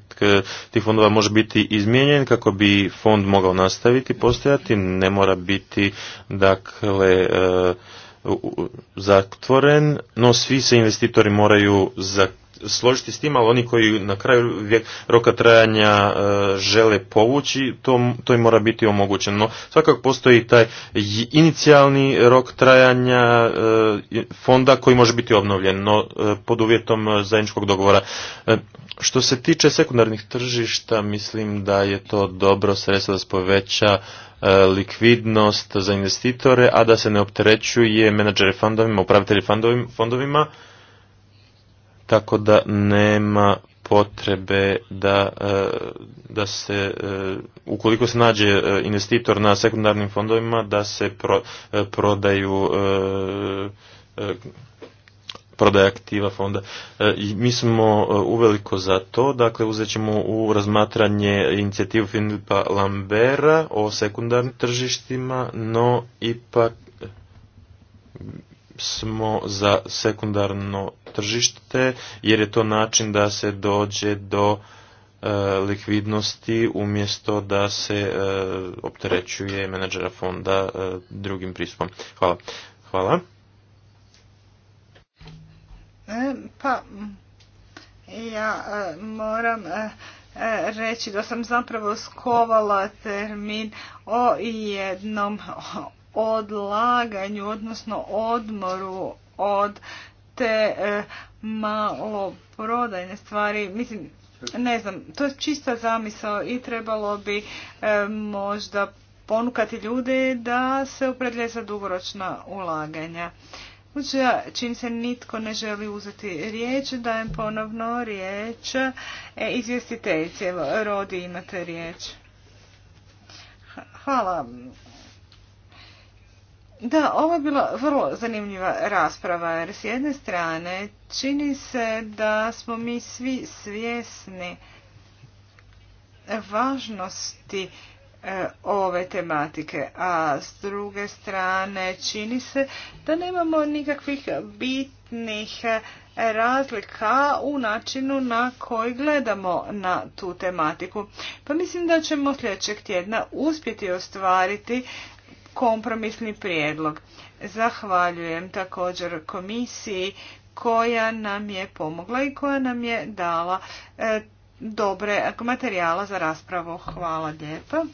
tih fondova može biti izmijenjen kako bi fond mogao nastaviti postojati, ne mora biti dakle zatvoren, no svi se investitori moraju za složiti s tim, ali oni koji na kraju vijek roka trajanja e, žele povući, to, to im mora biti omogućeno. No, svakako postoji taj inicijalni rok trajanja e, fonda koji može biti obnovljen, no e, pod uvjetom zajedničkog dogovora. Što se tiče sekundarnih tržišta, mislim da je to dobro sredstvo da se poveća likvidnost za investitore, a da se ne opterećuje menadžere fondovima, upravitelji fondovima, tako da nema potrebe da, e, da se, e, ukoliko se nađe e, investitor na sekundarnim fondovima, da se prodaju prodaja aktiva fonda. mi smo uveliko za to, dakle uzet ćemo u razmatranje inicijativu Filipa Lambera o sekundarnim tržištima, no ipak smo za sekundarno tržište jer je to način da se dođe do e, likvidnosti umjesto da se e, opterećuje menadžera fonda e, drugim pristupom. Hvala. Hvala. Pa, ja moram reći da sam zapravo skovala termin o jednom odlaganju, odnosno odmoru od te e, malo prodajne stvari, mislim, ne znam, to je čista zamisao i trebalo bi e, možda ponukati ljude da se opredlje za dugoročna ulaganja. u čim se nitko ne želi uzeti riječ, dajem ponovno riječ e, Rodi imate riječ. Hvala. Da, ovo je bila vrlo zanimljiva rasprava jer s jedne strane čini se da smo mi svi svjesni važnosti e, ove tematike, a s druge strane čini se da nemamo nikakvih bitnih e, razlika u načinu na koji gledamo na tu tematiku. Pa mislim da ćemo sljedećeg tjedna uspjeti ostvariti kompromisni prijedlog. Zahvaljujem također komisiji koja nam je pomogla i koja nam je dala e, dobre materijala za raspravu. Hvala lijepa.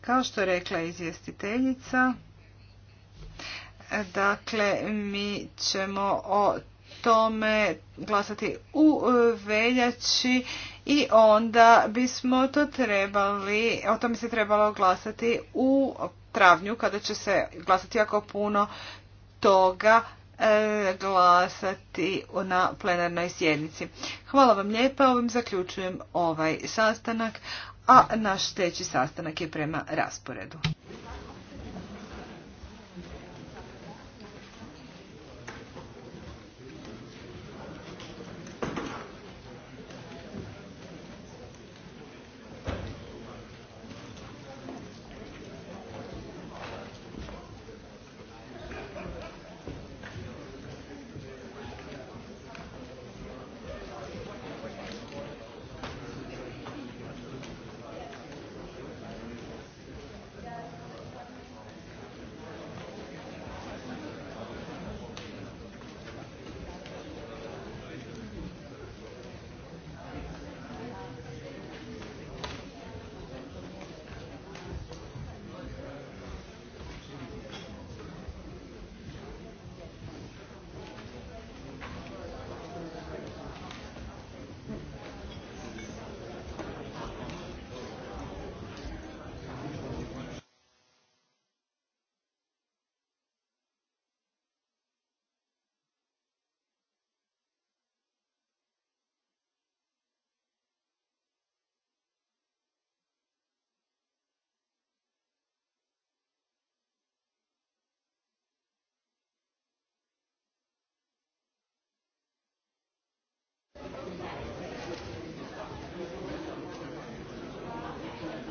Kao što je rekla izvjestiteljica, dakle mi ćemo o tome glasati u e, veljači i onda bismo to trebali, o tome se trebalo glasati u travnju kada će se glasati jako puno toga e, glasati na plenarnoj sjednici. Hvala vam lijepa, ovim zaključujem ovaj sastanak, a naš teći sastanak je prema rasporedu.